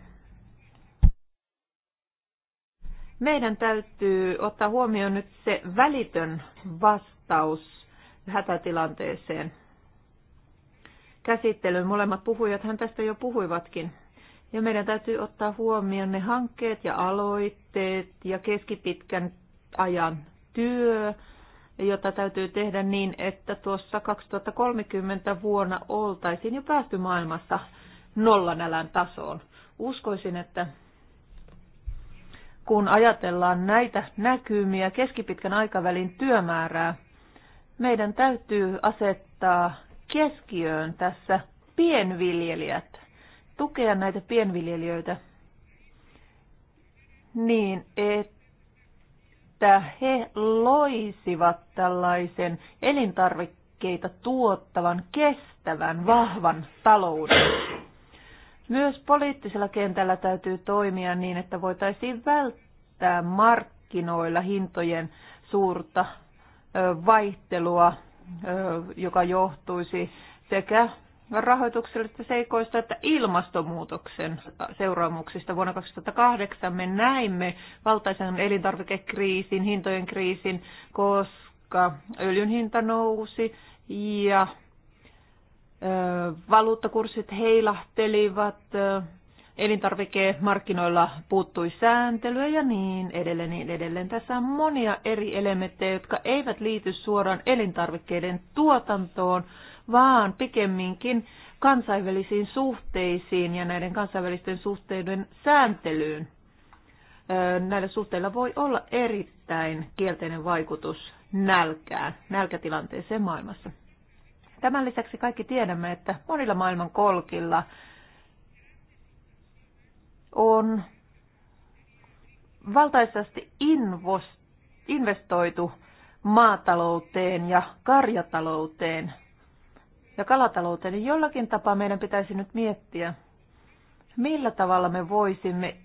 Meidän täytyy ottaa huomioon nyt se välitön vastaus hätätilanteeseen käsittelyyn. Molemmat puhujat hän tästä jo puhuivatkin. Ja meidän täytyy ottaa huomioon ne hankkeet ja aloitteet ja keskipitkän ajan työ, jota täytyy tehdä niin, että tuossa 2030 vuonna oltaisiin jo päästy maailmassa nollanälän tasoon. Uskoisin, että kun ajatellaan näitä näkymiä keskipitkän aikavälin työmäärää, meidän täytyy asettaa keskiöön tässä pienviljelijät, tukea näitä pienviljelijöitä niin, että he loisivat tällaisen elintarvikkeita tuottavan, kestävän, vahvan talouden. Myös poliittisella kentällä täytyy toimia niin, että voitaisiin välttää markkinoilla hintojen suurta vaihtelua joka johtuisi sekä rahoituksellisista seikoista että ilmastonmuutoksen seuraamuksista. Vuonna 2008 me näimme valtaisen elintarvikekriisin, hintojen kriisin, koska öljyn hinta nousi ja valuuttakurssit heilahtelivat elintarvikemarkkinoilla puuttui sääntelyä ja niin edelleen, niin edelleen. Tässä on monia eri elementtejä, jotka eivät liity suoraan elintarvikkeiden tuotantoon, vaan pikemminkin kansainvälisiin suhteisiin ja näiden kansainvälisten suhteiden sääntelyyn. Näillä suhteilla voi olla erittäin kielteinen vaikutus nälkään, nälkätilanteeseen maailmassa. Tämän lisäksi kaikki tiedämme, että monilla maailman kolkilla on valtaisesti investoitu maatalouteen ja karjatalouteen ja kalatalouteen, niin jollakin tapaa meidän pitäisi nyt miettiä, millä tavalla me voisimme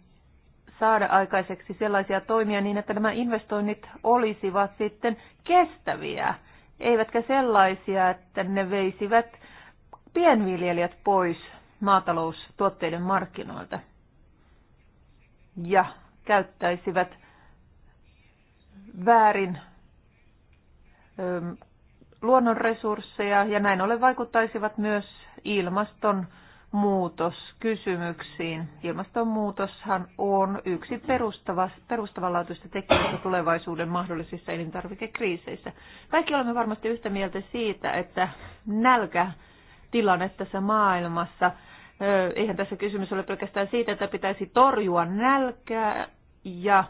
saada aikaiseksi sellaisia toimia niin, että nämä investoinnit olisivat sitten kestäviä, eivätkä sellaisia, että ne veisivät pienviljelijät pois maataloustuotteiden markkinoilta ja käyttäisivät väärin luonnonresursseja ja näin ollen vaikuttaisivat myös ilmaston muutoskysymyksiin. Ilmastonmuutoshan on yksi perustava, perustavanlaatuista tekijöistä tulevaisuuden mahdollisissa elintarvikekriiseissä. Kaikki olemme varmasti yhtä mieltä siitä, että nälkä tilanne tässä maailmassa Eihän tässä kysymys ole pelkästään siitä, että pitäisi torjua nälkää ja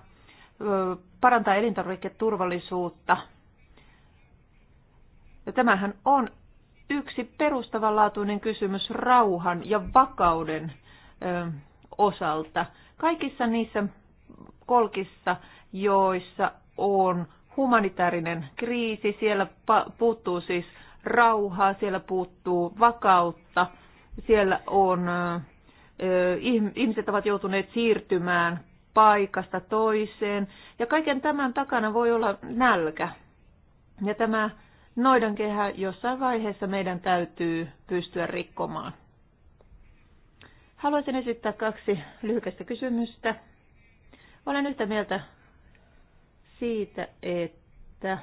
parantaa elintarviketurvallisuutta. Ja tämähän on yksi perustavanlaatuinen kysymys rauhan ja vakauden osalta. Kaikissa niissä kolkissa, joissa on humanitaarinen kriisi, siellä puuttuu siis rauhaa, siellä puuttuu vakautta – siellä on, eh, ihmiset ovat joutuneet siirtymään paikasta toiseen ja kaiken tämän takana voi olla nälkä. Ja tämä noidankehä jossain vaiheessa meidän täytyy pystyä rikkomaan. Haluaisin esittää kaksi lyhykästä kysymystä. Olen yhtä mieltä siitä, että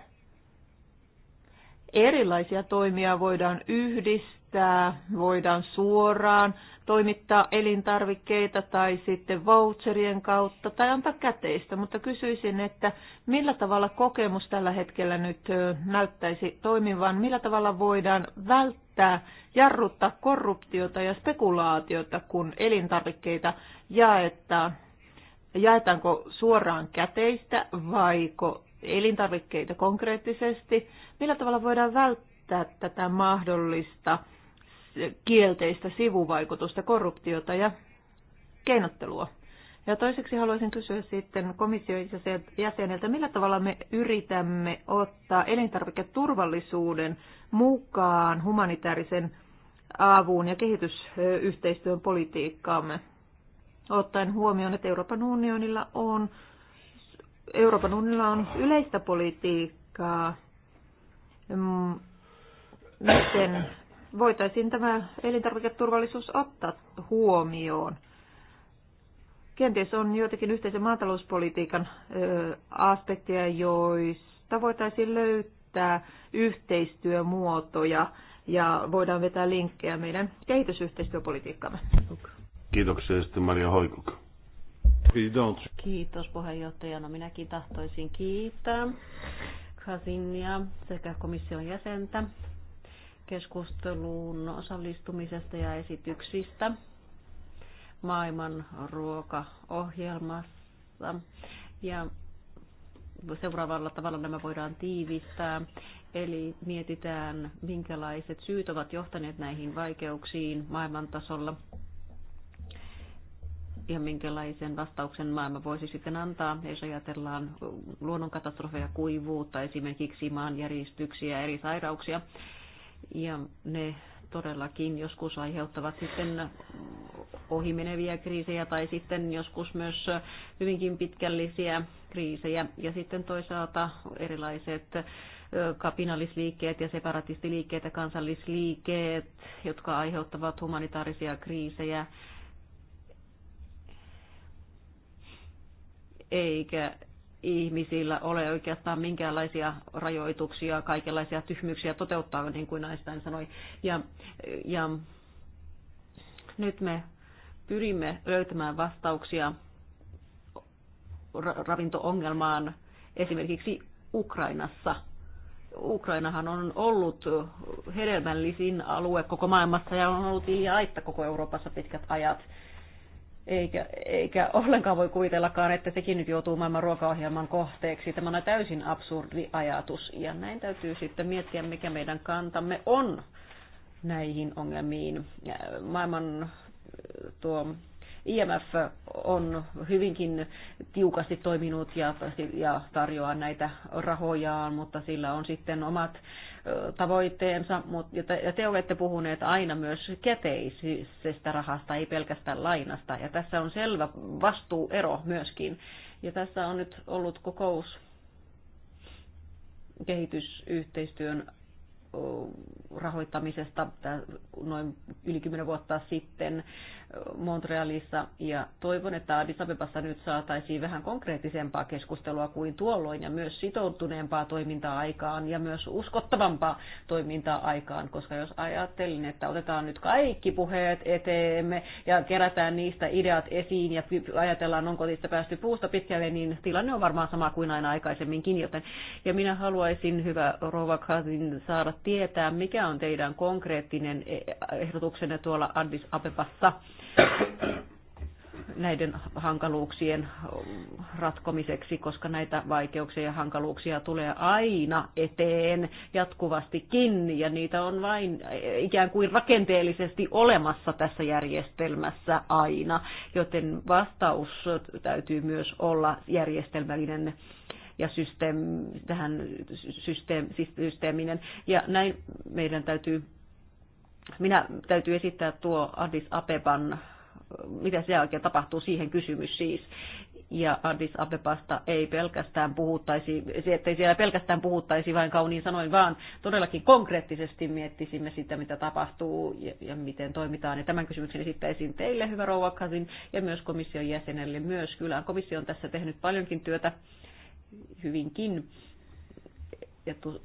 erilaisia toimia voidaan yhdistää että voidaan suoraan toimittaa elintarvikkeita tai sitten voucherien kautta tai antaa käteistä, mutta kysyisin, että millä tavalla kokemus tällä hetkellä nyt näyttäisi toimivan, millä tavalla voidaan välttää, jarruttaa korruptiota ja spekulaatiota, kun elintarvikkeita jaetaan. Jaetaanko suoraan käteistä vaiko elintarvikkeita konkreettisesti? Millä tavalla voidaan välttää tätä mahdollista kielteistä sivuvaikutusta, korruptiota ja keinottelua. Ja toiseksi haluaisin kysyä sitten komission jäseneltä, millä tavalla me yritämme ottaa elintarviketurvallisuuden mukaan humanitaarisen avun ja kehitysyhteistyön politiikkaamme, ottaen huomioon, että Euroopan unionilla on, Euroopan unionilla on yleistä politiikkaa, mm, miten voitaisiin tämä elintarviketurvallisuus ottaa huomioon. Kenties on joitakin yhteisen maatalouspolitiikan aspekteja, joista voitaisiin löytää yhteistyömuotoja ja voidaan vetää linkkejä meidän kehitysyhteistyöpolitiikkamme. Kiitoksia sitten Maria Hoikuk. Kiitos puheenjohtajana. No, minäkin tahtoisin kiittää Kasinia sekä komission jäsentä keskusteluun osallistumisesta ja esityksistä maailman ruokaohjelmassa. Ja seuraavalla tavalla nämä voidaan tiivistää. Eli mietitään, minkälaiset syyt ovat johtaneet näihin vaikeuksiin maailman tasolla ja minkälaisen vastauksen maailma voisi sitten antaa, jos ajatellaan luonnonkatastrofeja, kuivuutta, esimerkiksi maanjäristyksiä, eri sairauksia ja ne todellakin joskus aiheuttavat sitten ohimeneviä kriisejä tai sitten joskus myös hyvinkin pitkällisiä kriisejä. Ja sitten toisaalta erilaiset kapinallisliikkeet ja separatistiliikkeet ja kansallisliikkeet, jotka aiheuttavat humanitaarisia kriisejä. Eikä ihmisillä ole oikeastaan minkäänlaisia rajoituksia, kaikenlaisia tyhmyyksiä toteuttaa, niin kuin Einstein sanoi. Ja, ja nyt me pyrimme löytämään vastauksia ravinto-ongelmaan esimerkiksi Ukrainassa. Ukrainahan on ollut hedelmällisin alue koko maailmassa ja on ollut aitta koko Euroopassa pitkät ajat eikä, eikä ollenkaan voi kuvitellakaan, että sekin nyt joutuu maailman ruokaohjelman kohteeksi. Tämä on täysin absurdi ajatus ja näin täytyy sitten miettiä, mikä meidän kantamme on näihin ongelmiin. Maailman äh, tuo IMF on hyvinkin tiukasti toiminut ja, ja tarjoaa näitä rahojaan, mutta sillä on sitten omat tavoitteensa, mutta ja te olette puhuneet aina myös käteisestä rahasta, ei pelkästään lainasta, ja tässä on selvä vastuuero myöskin. Ja tässä on nyt ollut kokous kehitysyhteistyön rahoittamisesta noin yli 10 vuotta sitten Montrealissa ja toivon, että Addis Abebassa nyt saataisiin vähän konkreettisempaa keskustelua kuin tuolloin ja myös sitoutuneempaa toimintaa aikaan ja myös uskottavampaa toimintaa aikaan, koska jos ajattelin, että otetaan nyt kaikki puheet eteemme ja kerätään niistä ideat esiin ja ajatellaan, onko niistä päästy puusta pitkälle, niin tilanne on varmaan sama kuin aina aikaisemminkin, joten ja minä haluaisin, hyvä Rova Kazin, saada tietää, mikä on teidän konkreettinen eh, ehdotuksenne tuolla Addis Abebassa näiden hankaluuksien ratkomiseksi, koska näitä vaikeuksia ja hankaluuksia tulee aina eteen jatkuvastikin ja niitä on vain ikään kuin rakenteellisesti olemassa tässä järjestelmässä aina, joten vastaus täytyy myös olla järjestelmällinen ja systeem, tähän systeem, systeeminen. Ja näin meidän täytyy minä täytyy esittää tuo Addis Abeban, mitä se oikein tapahtuu, siihen kysymys siis. Ja Addis Abebasta ei pelkästään puhuttaisi, ettei siellä pelkästään puhuttaisi vain kauniin sanoin, vaan todellakin konkreettisesti miettisimme sitä, mitä tapahtuu ja, ja miten toimitaan. Ja tämän kysymyksen esittäisin teille, hyvä rouva Kasin, ja myös komission jäsenelle myös. Kyllä komissio on tässä tehnyt paljonkin työtä, hyvinkin, ja, tu,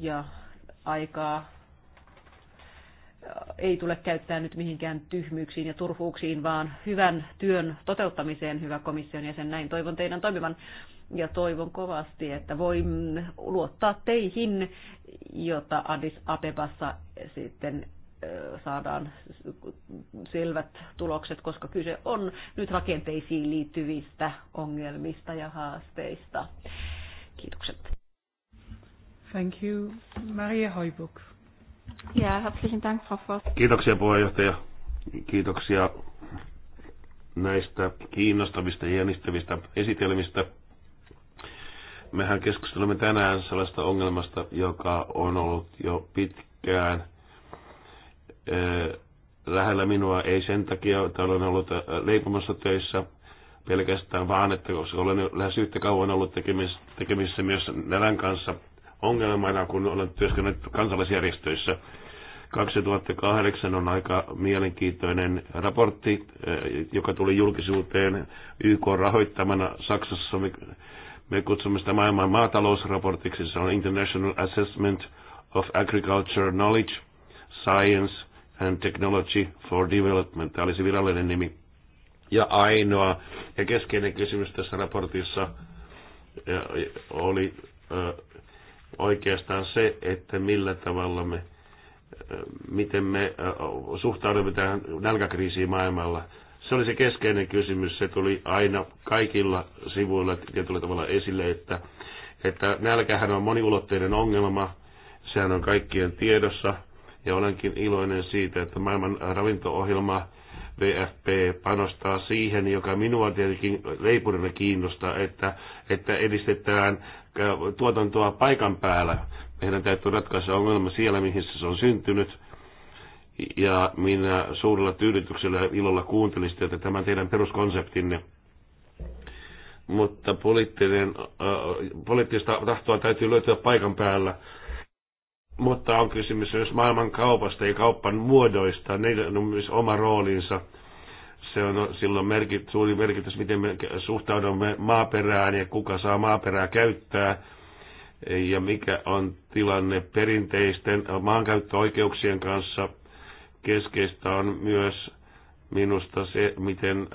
ja aikaa ei tule käyttää nyt mihinkään tyhmyyksiin ja turhuuksiin, vaan hyvän työn toteuttamiseen, hyvä komission jäsen. Näin toivon teidän toimivan ja toivon kovasti, että voin luottaa teihin, jota Addis Abebassa sitten saadaan selvät tulokset, koska kyse on nyt rakenteisiin liittyvistä ongelmista ja haasteista. Kiitokset. Thank you, Maria Hoibuk. Ja, herzlichen Dank, Frau Voss. Kiitoksia puheenjohtaja. Kiitoksia näistä kiinnostavista ja jännittävistä esitelmistä. Mehän keskustelemme tänään sellaista ongelmasta, joka on ollut jo pitkään eh, lähellä minua. Ei sen takia, että olen ollut eh, leipomassa töissä pelkästään, vaan että koska olen lähes yhtä kauan ollut tekemissä, tekemissä myös nälän kanssa – ongelmana, kun olen työskennellyt kansalaisjärjestöissä. 2008 on aika mielenkiintoinen raportti, eh, joka tuli julkisuuteen YK rahoittamana Saksassa. Me, kutsumme sitä maailman maatalousraportiksi. Se on International Assessment of Agriculture Knowledge, Science and Technology for Development. Tämä olisi virallinen nimi. Ja ainoa ja keskeinen kysymys tässä raportissa eh, oli eh, oikeastaan se, että millä tavalla me, äh, miten me äh, suhtaudumme tähän nälkäkriisiin maailmalla. Se oli se keskeinen kysymys, se tuli aina kaikilla sivuilla tietyllä tavalla esille, että, että nälkähän on moniulotteinen ongelma, sehän on kaikkien tiedossa, ja olenkin iloinen siitä, että maailman ravinto-ohjelma VFP panostaa siihen, joka minua tietenkin leipurina kiinnostaa, että, että edistetään Äh, tuotantoa paikan päällä. Meidän täytyy ratkaista ongelma siellä, mihin se on syntynyt. Ja minä suurella tyydytyksellä ja ilolla kuuntelin sitä, tämän teidän peruskonseptinne. Mutta poliittinen, äh, poliittista tahtoa täytyy löytyä paikan päällä. Mutta on kysymys myös maailman kaupasta ja kauppan muodoista. Ne on myös oma roolinsa – se on silloin merkit, suuri merkitys, miten me suhtaudumme maaperään ja kuka saa maaperää käyttää ja mikä on tilanne perinteisten maankäyttöoikeuksien kanssa. Keskeistä on myös minusta se, miten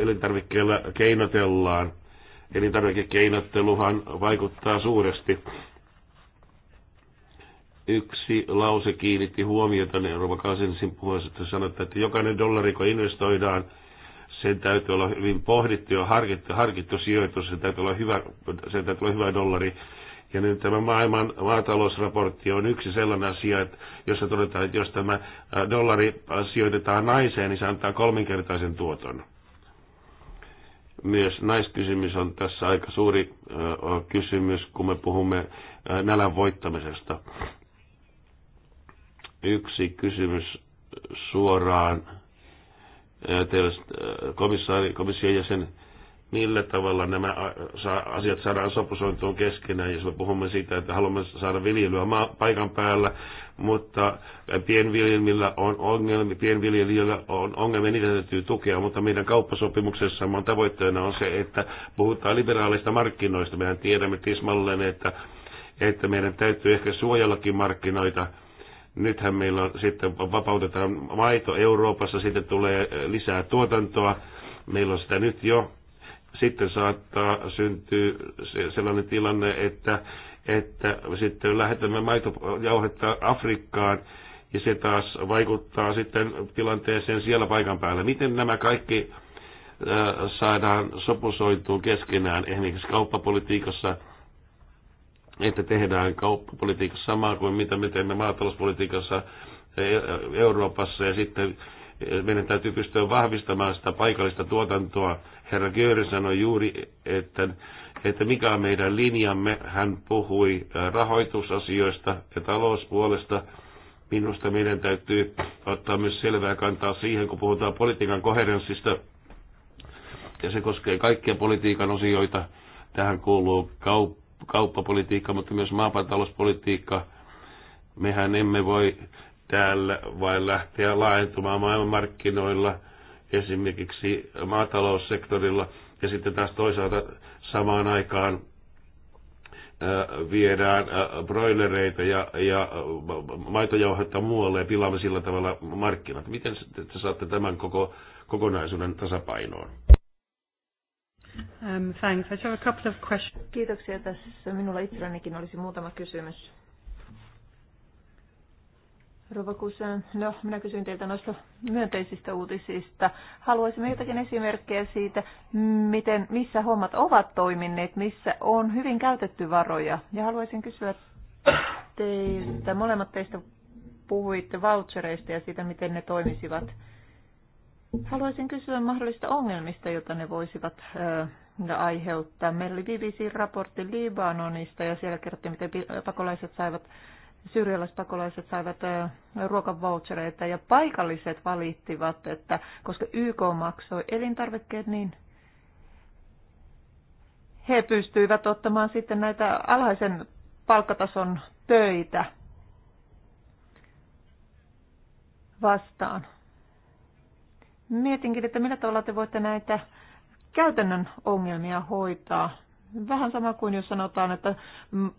elintarvikkeilla, keinotellaan. Elintarvikekeinotteluhan vaikuttaa suuresti Yksi lause kiinnitti huomiota Euroopan niin kansallisin puheessa, että sanotaan, että jokainen dollari, kun investoidaan, sen täytyy olla hyvin pohdittu ja harkittu, harkittu sijoitus, sen täytyy olla hyvä, sen täytyy olla hyvä dollari. Ja nyt tämä maailman maatalousraportti on yksi sellainen asia, että jossa todetaan, että jos tämä dollari sijoitetaan naiseen, niin se antaa kolminkertaisen tuoton. Myös naiskysymys on tässä aika suuri kysymys, kun me puhumme nälän voittamisesta yksi kysymys suoraan komissaari, komission jäsen, millä tavalla nämä asiat saadaan sopusointuun keskenään, jos me puhumme siitä, että haluamme saada viljelyä maa, paikan päällä, mutta pienviljelmillä on ongelmia, pienviljelijöillä on ongelmia, niitä täytyy tukea, mutta meidän kauppasopimuksessamme on tavoitteena on se, että puhutaan liberaaleista markkinoista. Mehän tiedämme tismalleen, että, että meidän täytyy ehkä suojellakin markkinoita, Nythän meillä on, sitten vapautetaan maito Euroopassa, sitten tulee lisää tuotantoa. Meillä on sitä nyt jo. Sitten saattaa syntyä sellainen tilanne, että, että sitten lähetämme maitojauhetta Afrikkaan, ja se taas vaikuttaa sitten tilanteeseen siellä paikan päällä. Miten nämä kaikki äh, saadaan sopusointuun keskenään esimerkiksi kauppapolitiikassa – että tehdään kauppapolitiikassa samaa kuin mitä me teemme maatalouspolitiikassa eh, Euroopassa ja sitten eh, meidän täytyy pystyä vahvistamaan sitä paikallista tuotantoa. Herra Göri sanoi juuri, että, että mikä on meidän linjamme. Hän puhui eh, rahoitusasioista ja talouspuolesta. Minusta meidän täytyy ottaa myös selvää kantaa siihen, kun puhutaan politiikan koherenssista. Ja se koskee kaikkia politiikan osioita. Tähän kuuluu kauppa kauppapolitiikka, mutta myös maapantalouspolitiikka. Mehän emme voi täällä vain lähteä laajentumaan maailmanmarkkinoilla, esimerkiksi maataloussektorilla, ja sitten taas toisaalta samaan aikaan äh, viedään äh, broilereita ja, ja maitojauhetta muualle ja pilaamme sillä tavalla markkinat. Miten te saatte tämän koko kokonaisuuden tasapainoon? Um, thanks. I have a couple of questions. Kiitoksia. Tässä minulla itsellänikin olisi muutama kysymys. Rova Kusen, no minä kysyn teiltä noista myönteisistä uutisista. Haluaisimme jotakin esimerkkejä siitä, miten, missä hommat ovat toimineet, missä on hyvin käytetty varoja. Ja haluaisin kysyä teiltä, molemmat teistä puhuitte vouchereista ja siitä, miten ne toimisivat Haluaisin kysyä mahdollista ongelmista, joita ne voisivat ö, aiheuttaa. Meillä oli BBC-raportti Libanonista ja siellä kerrottiin, miten pakolaiset saivat, syyrialaispakolaiset saivat ö, ruokavouchereita ja paikalliset valittivat, että koska YK maksoi elintarvikkeet, niin he pystyivät ottamaan sitten näitä alhaisen palkkatason töitä vastaan. Mietinkin, että millä tavalla te voitte näitä käytännön ongelmia hoitaa. Vähän sama kuin jos sanotaan, että mm,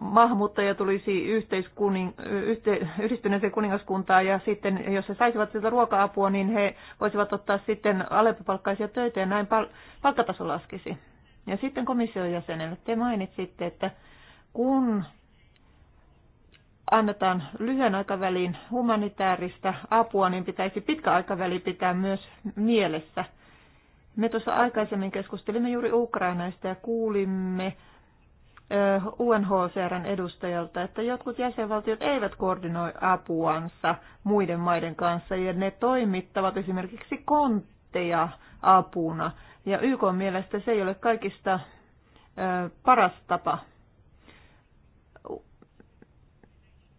maahanmuuttaja tulisi yhteiskunin, yhte, yhdistyneeseen kuningaskuntaan ja sitten jos he saisivat sieltä ruoka-apua, niin he voisivat ottaa sitten alempipalkkaisia töitä ja näin pal- palkkataso laskisi. Ja sitten komission jäsenelle te mainitsitte, että kun annetaan lyhyen aikavälin humanitaarista apua, niin pitäisi pitkä aikaväli pitää myös mielessä. Me tuossa aikaisemmin keskustelimme juuri Ukrainaista ja kuulimme UNHCRn edustajalta, että jotkut jäsenvaltiot eivät koordinoi apuansa muiden maiden kanssa ja ne toimittavat esimerkiksi kontteja apuna. Ja YK mielestä se ei ole kaikista paras tapa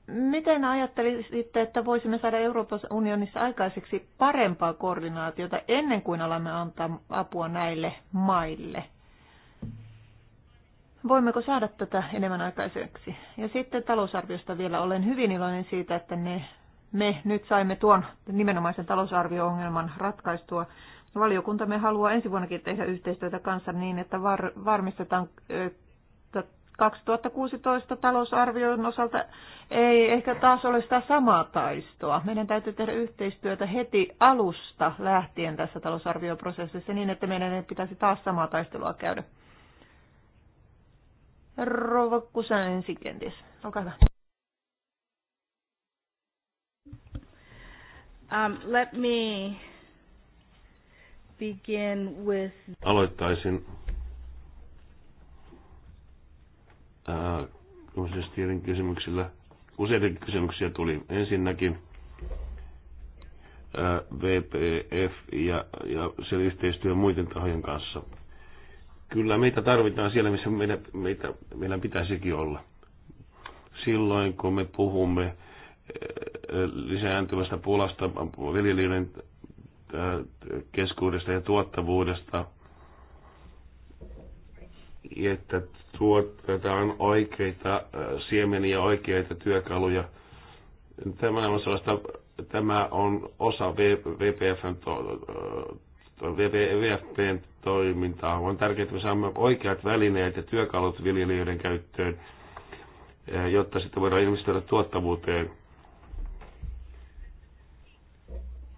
Miten ajattelisitte, että voisimme saada Euroopan unionissa aikaiseksi parempaa koordinaatiota ennen kuin alamme antaa apua näille maille? Voimmeko saada tätä enemmän aikaiseksi? Ja sitten talousarviosta vielä olen hyvin iloinen siitä, että ne, me nyt saimme tuon nimenomaisen talousarvio-ongelman ratkaistua. Valiokuntamme haluaa ensi vuonnakin tehdä yhteistyötä kanssa niin, että var, varmistetaan 2016 talousarvion osalta ei ehkä taas ole sitä samaa taistoa. Meidän täytyy tehdä yhteistyötä heti alusta lähtien tässä talousarvioprosessissa niin, että meidän ei pitäisi taas samaa taistelua käydä. Rouva Kusan ensi kenties. Olkaa hyvä. Um, let me begin with... Aloittaisin komissiostiedin kysymyksillä. Useita kysymyksiä tuli. Ensinnäkin ää, VPF ja, ja sen yhteistyö muiden tahojen kanssa. Kyllä meitä tarvitaan siellä, missä meidän, meitä, meidän pitäisikin olla. Silloin kun me puhumme ää, lisääntyvästä pulasta viljelijöiden keskuudesta ja tuottavuudesta – että tuotetaan oikeita äh, siemeniä, oikeita työkaluja. Tämä on, sellaista, tämä on osa VPFn äh, toimintaa. On tärkeää, että me saamme oikeat välineet ja työkalut viljelijöiden käyttöön, äh, jotta sitten voidaan investoida tuottavuuteen.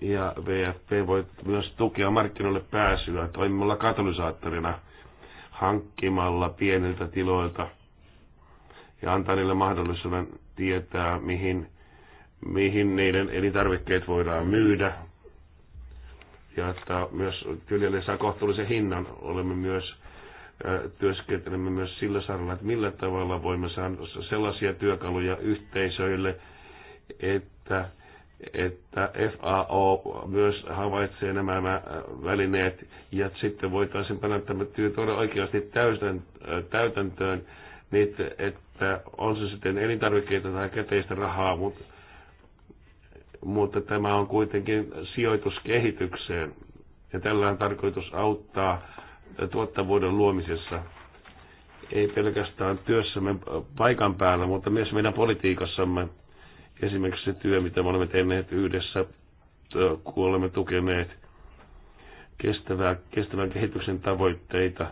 Ja VFP voi myös tukea markkinoille pääsyä toimimalla katalysaattorina – hankkimalla pieniltä tiloilta ja antaa niille mahdollisuuden tietää, mihin, mihin niiden elintarvikkeet voidaan myydä. Ja että myös kyljelle saa kohtuullisen hinnan. Olemme myös työskentelemme myös sillä saralla, että millä tavalla voimme saada sellaisia työkaluja yhteisöille, että että FAO myös havaitsee nämä äh, välineet ja sitten voitaisiin panna tämä työ todella oikeasti äh, täytäntöön, niin että on se sitten elintarvikkeita tai käteistä rahaa, mutta, mutta tämä on kuitenkin sijoituskehitykseen ja tällä on tarkoitus auttaa äh, tuottavuuden luomisessa ei pelkästään työssämme paikan päällä, mutta myös meidän politiikassamme Esimerkiksi se työ, mitä me olemme tehneet yhdessä, kun olemme tukeneet kestävää, kestävän kehityksen tavoitteita,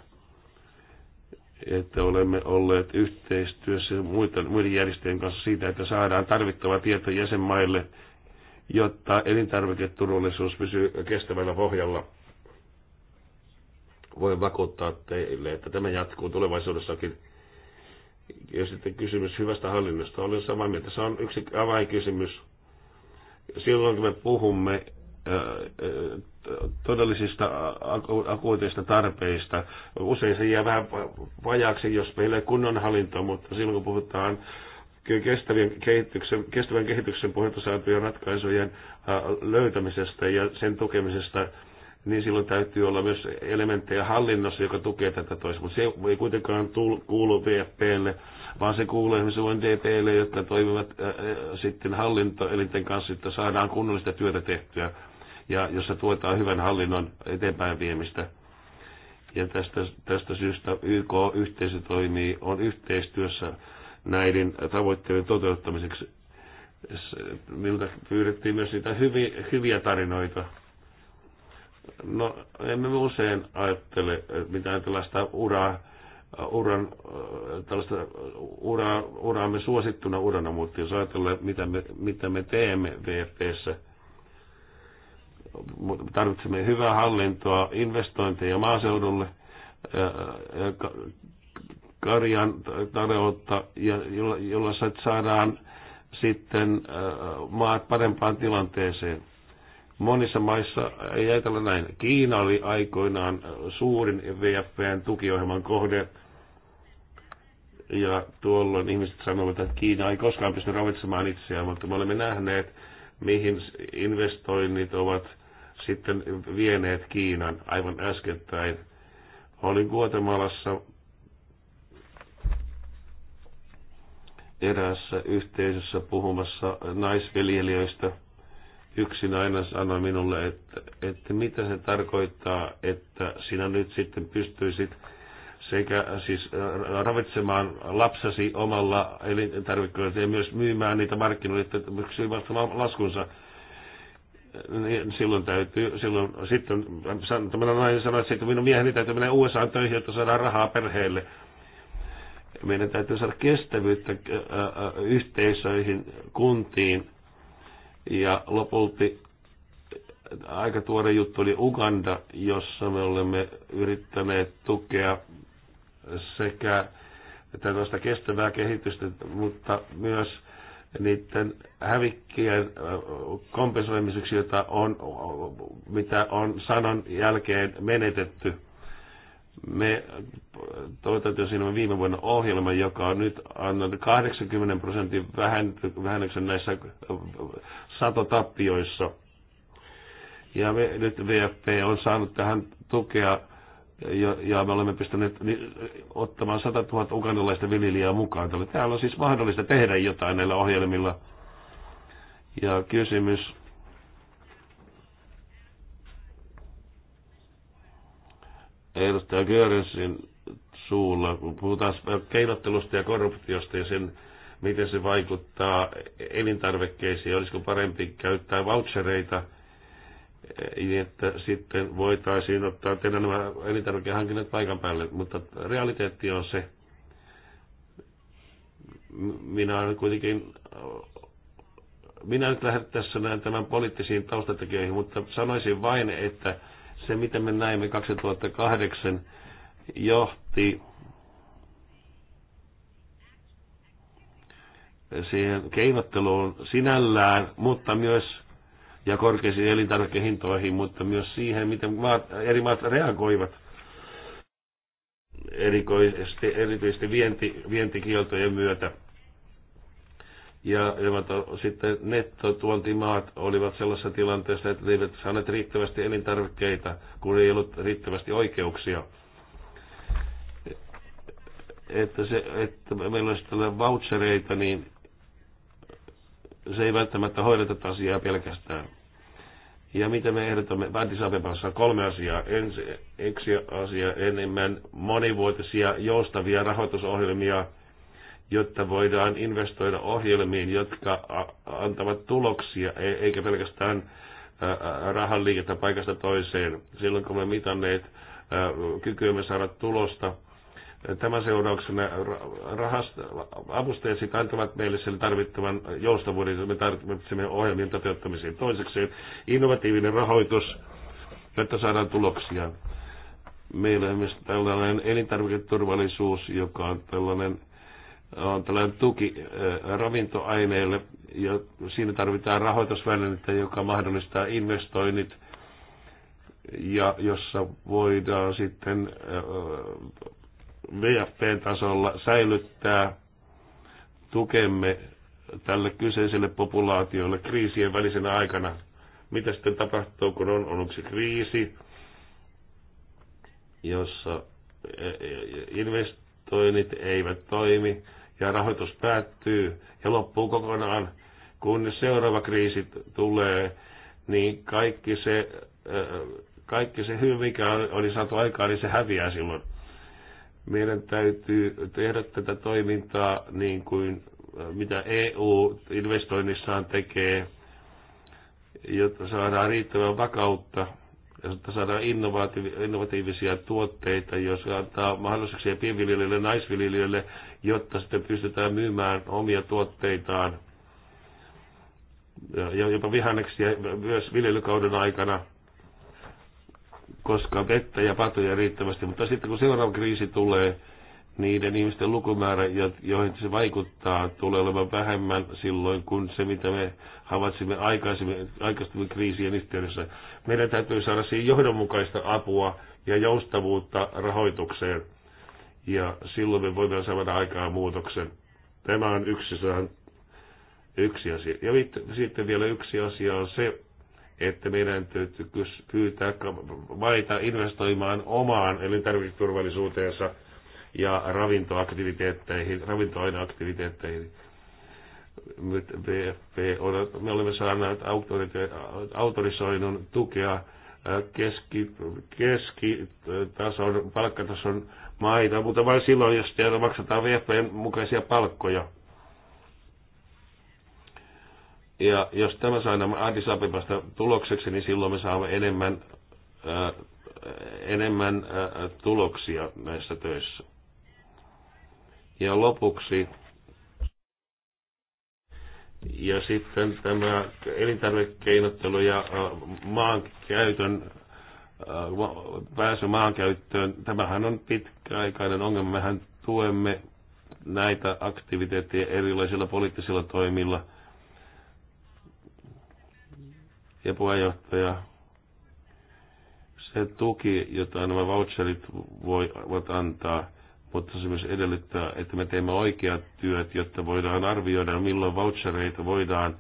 että olemme olleet yhteistyössä muiden, muiden järjestöjen kanssa siitä, että saadaan tarvittava tieto jäsenmaille, jotta elintarviketurvallisuus pysyy kestävällä pohjalla. Voin vakuuttaa teille, että tämä jatkuu tulevaisuudessakin ja sitten kysymys hyvästä hallinnosta. Olen samaa mieltä. Se on yksi avainkysymys. Silloin kun me puhumme äh, äh, todellisista akuuteista tarpeista. Usein se jää vähän vajaaksi, jos meillä ei kunnon hallinto, mutta silloin kun puhutaan kestävän kehityksen, kestävän kehityksen pohjalta saatujen ratkaisujen äh, löytämisestä ja sen tukemisesta, niin silloin täytyy olla myös elementtejä hallinnassa, joka tukee tätä toista. Mutta se ei kuitenkaan kuulu VFPlle, vaan se kuuluu esimerkiksi UNDPlle, jotka toimivat ää, äh, äh, sitten hallintoelinten kanssa, että saadaan kunnollista työtä tehtyä ja jossa tuetaan hyvän hallinnon eteenpäin viemistä. Ja tästä, tästä syystä YK-yhteisö toimii, on yhteistyössä näiden tavoitteiden toteuttamiseksi. Minulta pyydettiin myös niitä hyviä, hyviä tarinoita No, emme me usein ajattele mitään tällaista uraa, uran, tällaista uraa, uraamme suosittuna urana, mutta jos ajatellaan, mitä me, mitä me teemme VFTssä, tarvitsemme hyvää hallintoa, investointeja maaseudulle, karjan tarjoutta, jolla saadaan sitten maat parempaan tilanteeseen Monissa maissa ei ajatella näin. Kiina oli aikoinaan suurin VFPn tukiohjelman kohde, ja tuolloin ihmiset sanoivat, että Kiina ei koskaan pysty ravitsemaan itseään, mutta me olemme nähneet, mihin investoinnit ovat sitten vieneet Kiinan aivan äskettäin. Olin Guatemalassa eräässä yhteisössä puhumassa naisviljelijöistä – yksin aina sanoi minulle, että, että mitä se tarkoittaa, että sinä nyt sitten pystyisit sekä siis äh, ravitsemaan lapsesi omalla elintarvikkeella ja myös myymään niitä markkinoille, että pystyy vastaamaan laskunsa. Niin silloin täytyy, silloin sitten äh, tämä nainen sanoi, että minun mieheni täytyy mennä USA töihin, että saadaan rahaa perheelle. Meidän täytyy saada kestävyyttä äh, yhteisöihin, kuntiin, ja lopulti aika tuore juttu oli Uganda, jossa me olemme yrittäneet tukea sekä tällaista kestävää kehitystä, mutta myös niiden hävikkien kompensoimiseksi, jota on, mitä on sanon jälkeen menetetty. Me siinä viime vuonna ohjelma, joka on nyt annanut 80 prosentin vähennyksen näissä satotappioissa. Ja me, nyt VFP on saanut tähän tukea ja, ja me olemme pystyneet ottamaan 100 000 ukrainalaista viljelijää mukaan. Täällä on siis mahdollista tehdä jotain näillä ohjelmilla. Ja kysymys edustaja Görensin suulla, kun puhutaan keinottelusta ja korruptiosta ja sen miten se vaikuttaa elintarvikkeisiin, olisiko parempi käyttää vouchereita, eh, niin että sitten voitaisiin ottaa tehdä nämä elintarvikehankinnat paikan päälle, mutta realiteetti on se, minä olen kuitenkin minä nyt lähden tässä näin tämän poliittisiin taustatekijöihin, mutta sanoisin vain, että se, mitä me näimme 2008, johti siihen keinotteluun sinällään, mutta myös ja korkeisiin elintarvikehintoihin, mutta myös siihen, miten maat, eri maat reagoivat erikoisesti, erityisesti vienti, vientikieltojen myötä. Ja, ja sitten nettotuontimaat olivat sellaisessa tilanteessa, että ne eivät saaneet riittävästi elintarvikkeita, kun ei ollut riittävästi oikeuksia. Että, se, että meillä olisi tällainen vouchereita, niin se ei välttämättä hoideta asiaa pelkästään. Ja mitä me ehdotamme Addis Abebassa? Kolme asiaa. Ensi, yksi asia enemmän monivuotisia joustavia rahoitusohjelmia, jotta voidaan investoida ohjelmiin, jotka antavat tuloksia, e, eikä pelkästään rahan liikettä paikasta toiseen. Silloin kun me mitanneet kykyämme saada tulosta, Tämän seurauksena rahast, sitten siis antavat meille sille tarvittavan joustavuuden, jota me tarvitsemme ohjelmien toteuttamiseen. Toiseksi innovatiivinen rahoitus, jotta saadaan tuloksia. Meillä on myös tällainen elintarviketurvallisuus, joka on tällainen, on tällainen tuki ravintoaineille. Ja siinä tarvitaan rahoitusvälinettä, joka mahdollistaa investoinnit – ja jossa voidaan sitten VFP-tasolla säilyttää tukemme tälle kyseiselle populaatiolle kriisien välisenä aikana. Mitä sitten tapahtuu, kun on, on yksi kriisi, jossa e, e, investoinnit eivät toimi ja rahoitus päättyy ja loppuu kokonaan. Kun seuraava kriisi tulee, niin kaikki se, e, kaikki se hyvin, mikä oli saatu aikaan, niin se häviää silloin. Meidän täytyy tehdä tätä toimintaa niin kuin äh, mitä EU investoinnissaan tekee, jotta saadaan riittävää vakautta jotta saadaan innovatiivisia tuotteita, jos antaa mahdollisuuksia pienviljelijöille ja naisviljelijöille, jotta sitten pystytään myymään omia tuotteitaan ja jopa vihanneksia myös viljelykauden aikana koska vettä ja patoja riittävästi, mutta sitten kun seuraava kriisi tulee, niiden ihmisten lukumäärä, joihin se vaikuttaa, tulee olemaan vähemmän silloin kuin se, mitä me havaitsimme aikaisemmin, aikaisemmin kriisien yhteydessä. Meidän täytyy saada siihen johdonmukaista apua ja joustavuutta rahoitukseen, ja silloin me voidaan saada aikaa muutoksen. Tämä on yksi, yksi asia. Ja sitten vielä yksi asia on se, että meidän täytyy pyytää maita investoimaan omaan elintarviketurvallisuuteensa ja ravintoaktiviteetteihin, ravintoaineaktiviteetteihin. Me olemme saaneet autorisoidun tukea keski, keskitason, palkkatason maita, mutta vain silloin, jos teillä maksetaan VFPn mukaisia palkkoja – ja jos tämä saa Addis Abebasta tulokseksi, niin silloin me saamme enemmän, ää, äh, enemmän ää, äh, tuloksia näissä töissä. Ja lopuksi, ja sitten tämä elintarvikeinottelu ja ää, äh, maankäytön pääsy maankäyttöön, tämähän on pitkäaikainen ongelma. Mehän tuemme näitä aktiviteetteja erilaisilla poliittisilla toimilla – ja puheenjohtaja, se tuki, jota nämä voucherit voivat antaa, mutta se myös edellyttää, että me teemme oikeat työt, jotta voidaan arvioida, milloin vouchereita voidaan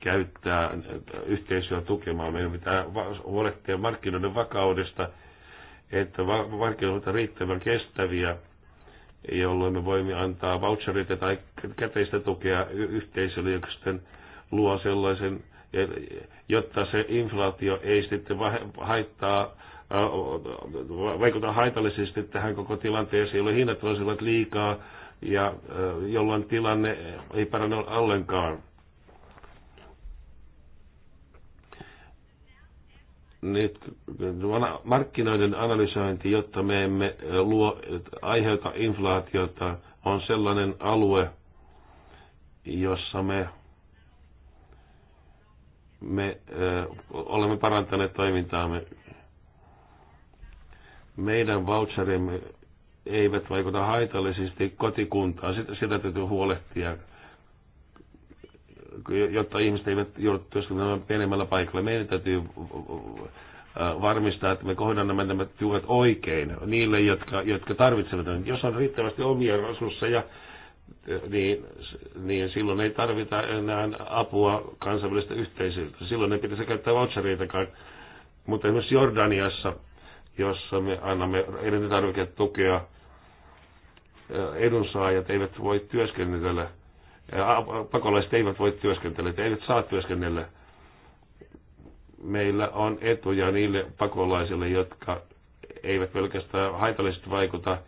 käyttää yhteisöä tukemaan. Meidän pitää huolehtia markkinoiden vakaudesta, että markkinoita ovat riittävän kestäviä, jolloin me voimme antaa voucherit tai käteistä tukea yhteisölle, joka sitten luo sellaisen jotta se inflaatio ei sitten haittaa äh, vaikuttaa haitallisesti tähän koko tilanteeseen, jolloin hinnat olisivat liikaa ja äh, jolloin tilanne ei parane ollenkaan. nyt markkinoiden analysointi, jotta me emme äh, luo, aiheuta inflaatiota, on sellainen alue, jossa me me ö, olemme parantaneet toimintaamme. Meidän voucherimme eivät vaikuta haitallisesti kotikuntaan. Sitä, sitä täytyy huolehtia, jotta ihmiset eivät joudu työskentelemään pienemmällä paikalla. Meidän täytyy varmistaa, että me kohdannamme nämä työt oikein niille, jotka, jotka tarvitsevat. Jos on riittävästi omia resursseja, niin, niin silloin ei tarvita enää apua kansainvälistä yhteisöltä. Silloin ei pitäisi käyttää vouchereitakaan. Mutta esimerkiksi Jordaniassa, jossa me annamme elintarviketukea, eh, edunsaajat eivät voi työskennellä, eh, pakolaiset eivät voi työskennellä, eivät saa työskennellä. Meillä on etuja niille pakolaisille, jotka eivät pelkästään haitallisesti vaikuta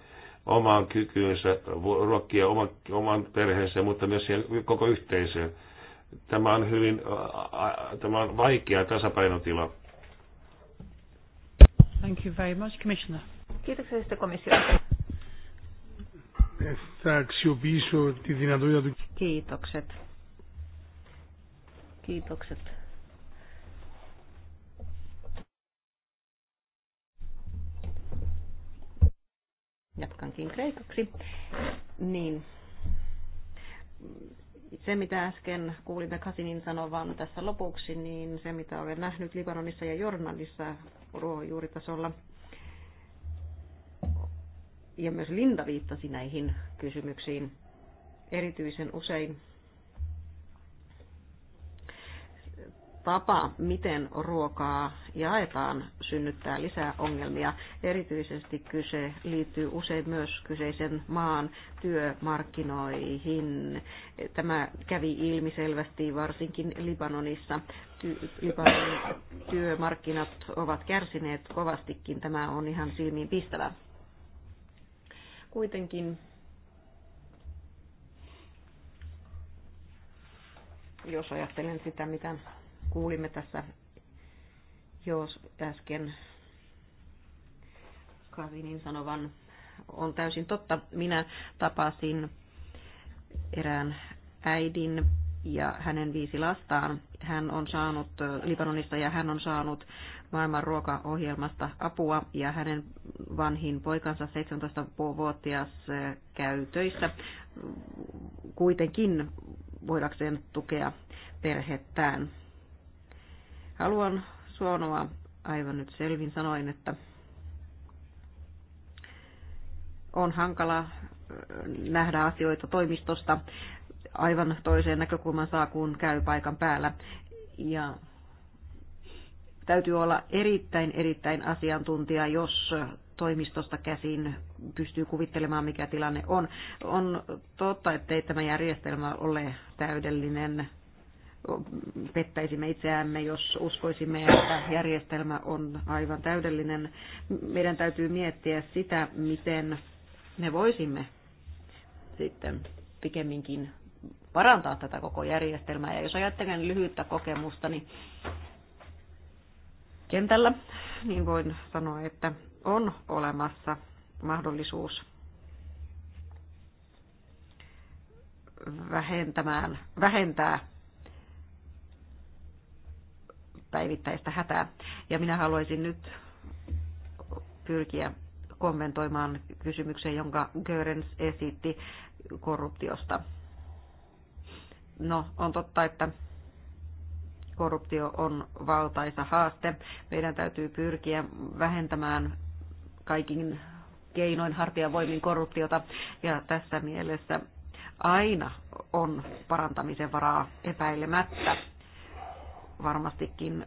omaan kykyynsä, ruokkia oman, oman perheensä, mutta myös siihen koko yhteisöön. Tämä on hyvin tämä on vaikea tasapainotila. Thank you very much, Commissioner. Kiitoksia είστε κομισιόν. Kiitokset. Kiitokset. Jatkankin kreikaksi. Niin. Se, mitä äsken kuulimme Kasinin sanovan tässä lopuksi, niin se, mitä olen nähnyt Libanonissa ja Jordanissa ruohonjuuritasolla, ja myös Linda viittasi näihin kysymyksiin erityisen usein tapa, miten ruokaa jaetaan, synnyttää lisää ongelmia. Erityisesti kyse liittyy usein myös kyseisen maan työmarkkinoihin. Tämä kävi ilmi selvästi varsinkin Libanonissa. Ty- Libanonin työmarkkinat ovat kärsineet kovastikin. Tämä on ihan silmiin pistävä. Kuitenkin jos ajattelen sitä, mitä kuulimme tässä jo äsken Kavinin sanovan, on täysin totta. Minä tapasin erään äidin ja hänen viisi lastaan. Hän on saanut äh, Libanonista ja hän on saanut maailman ruokaohjelmasta apua ja hänen vanhin poikansa 17-vuotias äh, käy töissä kuitenkin voidakseen tukea perhettään. Haluan suonoa aivan nyt selvin sanoin, että on hankala äh, nähdä asioita toimistosta aivan toiseen näkökulman saa, kun käy paikan päällä. Ja täytyy olla erittäin, erittäin asiantuntija, jos toimistosta käsin pystyy kuvittelemaan, mikä tilanne on. On totta, ettei tämä järjestelmä ole täydellinen pettäisimme itseämme, jos uskoisimme, että järjestelmä on aivan täydellinen. Meidän täytyy miettiä sitä, miten me voisimme sitten pikemminkin parantaa tätä koko järjestelmää. Ja jos ajattelen lyhyttä kokemusta, niin kentällä, niin voin sanoa, että on olemassa mahdollisuus vähentämään, vähentää päivittäistä hätää. Ja minä haluaisin nyt pyrkiä kommentoimaan kysymyksen, jonka Görens esitti korruptiosta. No, on totta, että korruptio on valtaisa haaste. Meidän täytyy pyrkiä vähentämään kaikin keinoin hartiavoimin korruptiota ja tässä mielessä aina on parantamisen varaa epäilemättä varmastikin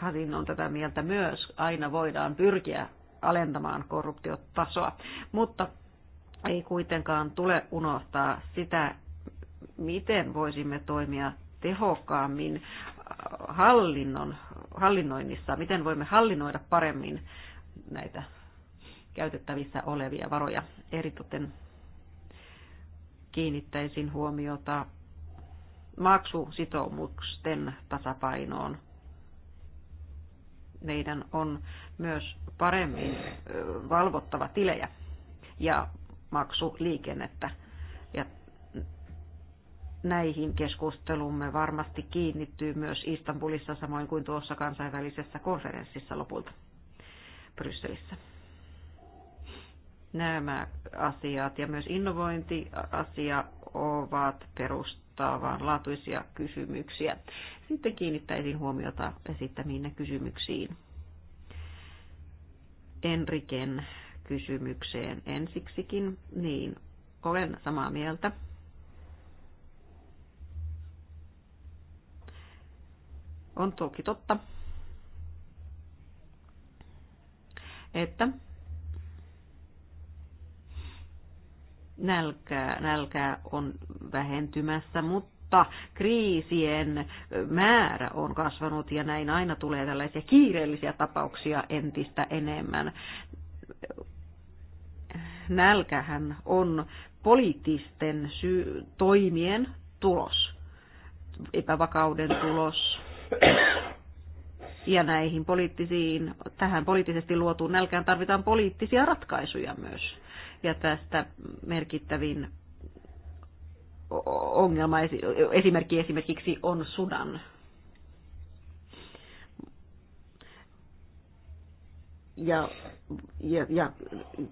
Kadin on tätä mieltä myös, aina voidaan pyrkiä alentamaan korruptiotasoa. Mutta ei kuitenkaan tule unohtaa sitä, miten voisimme toimia tehokkaammin hallinnon, hallinnoinnissa, miten voimme hallinnoida paremmin näitä käytettävissä olevia varoja. Eritoten kiinnittäisin huomiota maksusitoumusten tasapainoon. Meidän on myös paremmin valvottava tilejä ja maksuliikennettä. Ja näihin keskustelumme varmasti kiinnittyy myös Istanbulissa samoin kuin tuossa kansainvälisessä konferenssissa lopulta Brysselissä nämä asiat ja myös innovointiasia ovat perustavanlaatuisia kysymyksiä. Sitten kiinnittäisin huomiota esittämiinne kysymyksiin. Enriken kysymykseen ensiksikin, niin olen samaa mieltä. On toki totta, että nälkää, nälkää on vähentymässä, mutta kriisien määrä on kasvanut ja näin aina tulee tällaisia kiireellisiä tapauksia entistä enemmän. Nälkähän on poliittisten sy- toimien tulos, epävakauden tulos. Ja näihin poliittisiin, tähän poliittisesti luotuun nälkään tarvitaan poliittisia ratkaisuja myös ja tästä merkittävin ongelma, esimerkki esimerkiksi on Sudan. Ja, ja, ja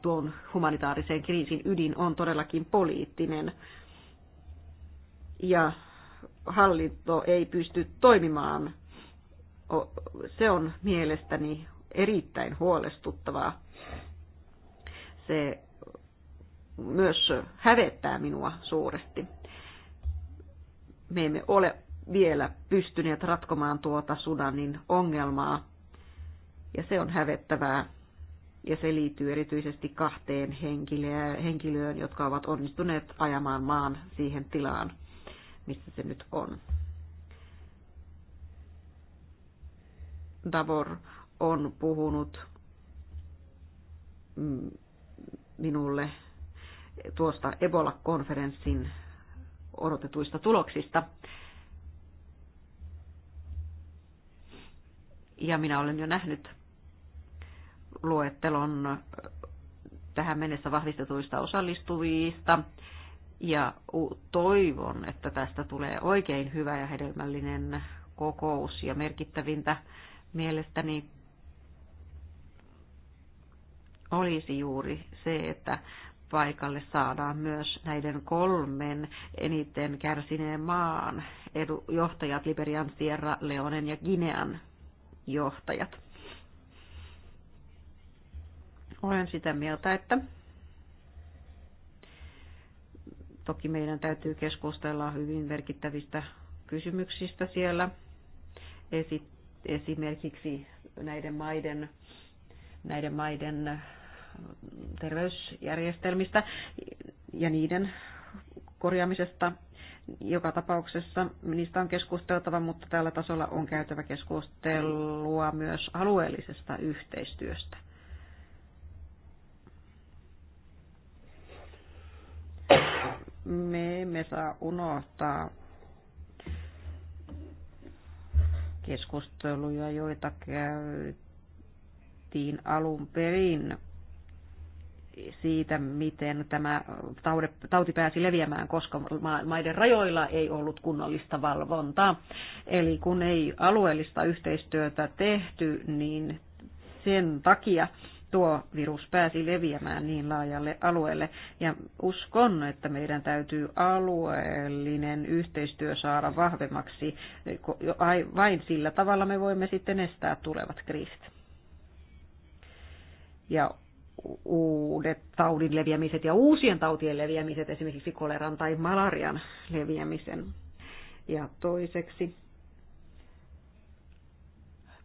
tuon humanitaarisen kriisin ydin on todellakin poliittinen. Ja hallinto ei pysty toimimaan. Se on mielestäni erittäin huolestuttavaa. Se myös hävettää minua suuresti. Me emme ole vielä pystyneet ratkomaan tuota Sudanin ongelmaa, ja se on hävettävää. Ja se liittyy erityisesti kahteen henkilöön, jotka ovat onnistuneet ajamaan maan siihen tilaan, missä se nyt on. Davor on puhunut mm, minulle tuosta Ebola-konferenssin odotetuista tuloksista. Ja minä olen jo nähnyt luettelon tähän mennessä vahvistetuista osallistuvista ja toivon, että tästä tulee oikein hyvä ja hedelmällinen kokous ja merkittävintä mielestäni olisi juuri se, että paikalle saadaan myös näiden kolmen eniten kärsineen maan edu- johtajat, Liberian, Sierra Leonen ja Ginean johtajat. Olen sitä mieltä, että toki meidän täytyy keskustella hyvin merkittävistä kysymyksistä siellä. Esimerkiksi näiden maiden, näiden maiden terveysjärjestelmistä ja niiden korjaamisesta. Joka tapauksessa niistä on keskusteltava, mutta tällä tasolla on käytävä keskustelua myös alueellisesta yhteistyöstä. Me emme saa unohtaa keskusteluja, joita käytiin alun perin siitä, miten tämä tauti pääsi leviämään, koska maiden rajoilla ei ollut kunnollista valvontaa. Eli kun ei alueellista yhteistyötä tehty, niin sen takia tuo virus pääsi leviämään niin laajalle alueelle. Ja uskon, että meidän täytyy alueellinen yhteistyö saada vahvemmaksi. Vain sillä tavalla me voimme sitten estää tulevat kriisit. Ja uudet taudin leviämiset ja uusien tautien leviämiset, esimerkiksi koleran tai malarian leviämisen. Ja toiseksi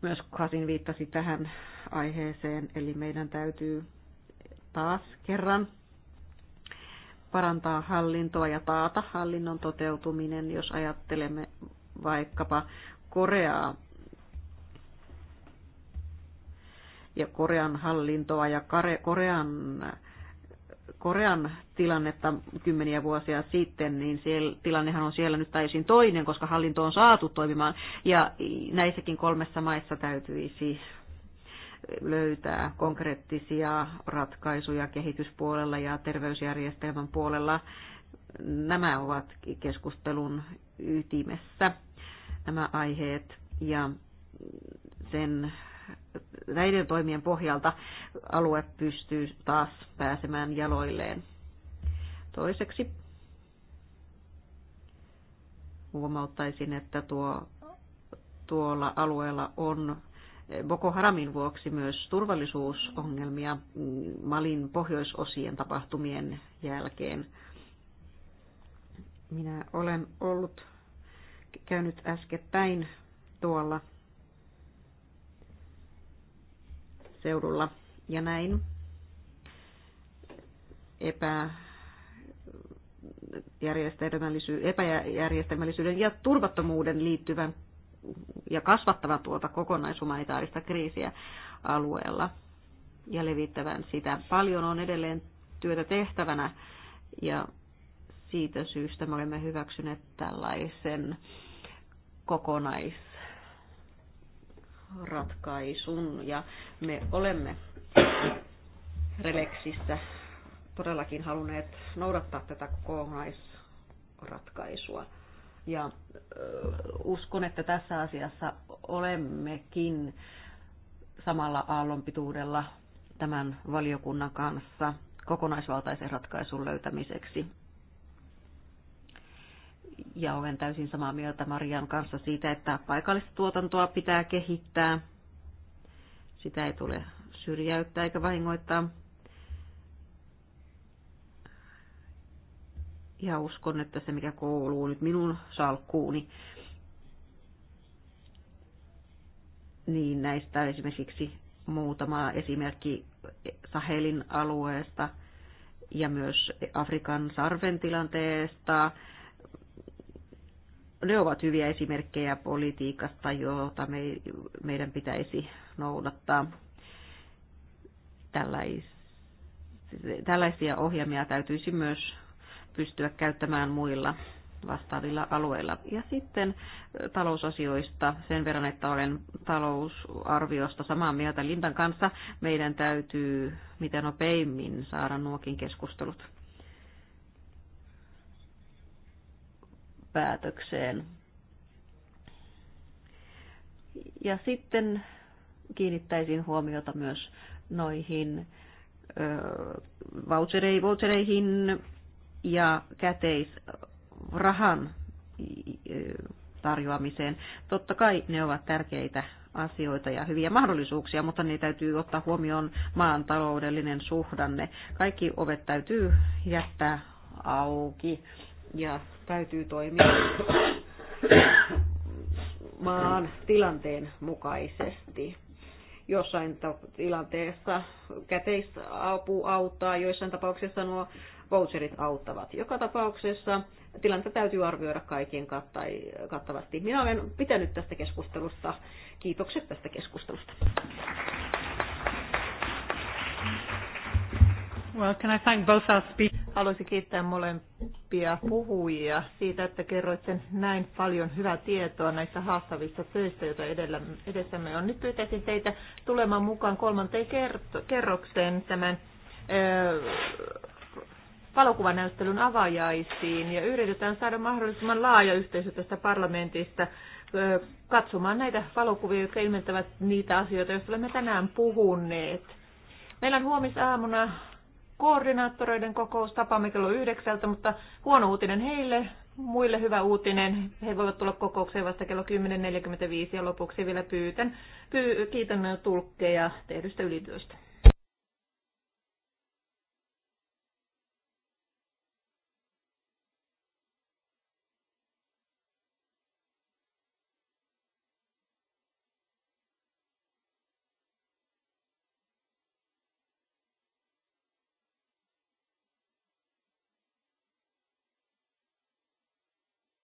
myös Kasin viittasi tähän aiheeseen, eli meidän täytyy taas kerran parantaa hallintoa ja taata hallinnon toteutuminen, jos ajattelemme vaikkapa Koreaa ja Korean hallintoa ja Korean Korean tilannetta kymmeniä vuosia sitten, niin siellä, tilannehan on siellä nyt täysin toinen, koska hallinto on saatu toimimaan. Ja näissäkin kolmessa maissa täytyisi löytää konkreettisia ratkaisuja kehityspuolella ja terveysjärjestelmän puolella. Nämä ovat keskustelun ytimessä, nämä aiheet. Ja sen näiden toimien pohjalta alue pystyy taas pääsemään jaloilleen. Toiseksi huomauttaisin, että tuo, tuolla alueella on Boko Haramin vuoksi myös turvallisuusongelmia Malin pohjoisosien tapahtumien jälkeen. Minä olen ollut käynyt äskettäin tuolla seudulla. Ja näin epä epäjärjestelmällisyyden ja turvattomuuden liittyvän ja kasvattavan tuota kokonaishumanitaarista kriisiä alueella ja levittävän sitä. Paljon on edelleen työtä tehtävänä ja siitä syystä me olemme hyväksyneet tällaisen kokonais ratkaisun ja me olemme Releksissä todellakin halunneet noudattaa tätä kokonaisratkaisua. Ja uskon, että tässä asiassa olemmekin samalla aallonpituudella tämän valiokunnan kanssa kokonaisvaltaisen ratkaisun löytämiseksi ja olen täysin samaa mieltä Marian kanssa siitä, että paikallista tuotantoa pitää kehittää. Sitä ei tule syrjäyttää eikä vahingoittaa. Ja uskon, että se mikä kouluu nyt minun salkkuuni, niin näistä esimerkiksi muutama esimerkki Sahelin alueesta ja myös Afrikan sarven tilanteesta ne ovat hyviä esimerkkejä politiikasta, jota me, meidän pitäisi noudattaa. tällaisia ohjelmia täytyisi myös pystyä käyttämään muilla vastaavilla alueilla. Ja sitten talousasioista sen verran, että olen talousarviosta samaa mieltä Lintan kanssa. Meidän täytyy mitä nopeimmin saada nuokin keskustelut päätökseen. Ja sitten kiinnittäisin huomiota myös noihin vouchereihin ja käteisrahan tarjoamiseen. Totta kai ne ovat tärkeitä asioita ja hyviä mahdollisuuksia, mutta niitä täytyy ottaa huomioon maan taloudellinen suhdanne. Kaikki ovet täytyy jättää auki ja täytyy toimia (coughs) maan tilanteen mukaisesti. Jossain tilanteessa käteisapu auttaa, joissain tapauksissa nuo voucherit auttavat. Joka tapauksessa tilannetta täytyy arvioida kaikkien kattavasti. Minä olen pitänyt tästä keskustelusta. Kiitokset tästä keskustelusta. Well, can I thank both our speakers? Haluaisin kiittää molempia puhujia siitä, että kerroitte näin paljon hyvää tietoa näistä haastavista töistä, joita edellä, edessämme on. Nyt pyytäisin teitä tulemaan mukaan kolmanteen kerrokseen tämän valokuvanäyttelyn avajaisiin ja yritetään saada mahdollisimman laaja yhteisö tästä parlamentista katsomaan näitä valokuvia, jotka ilmentävät niitä asioita, joista olemme tänään puhuneet. Meillä on huomisaamuna koordinaattoreiden kokous. Tapaamme kello yhdeksältä, mutta huono uutinen heille, muille hyvä uutinen. He voivat tulla kokoukseen vasta kello 10.45 ja lopuksi vielä pyytän, pyy, kiitän tulkkeja tehdystä ylityöstä.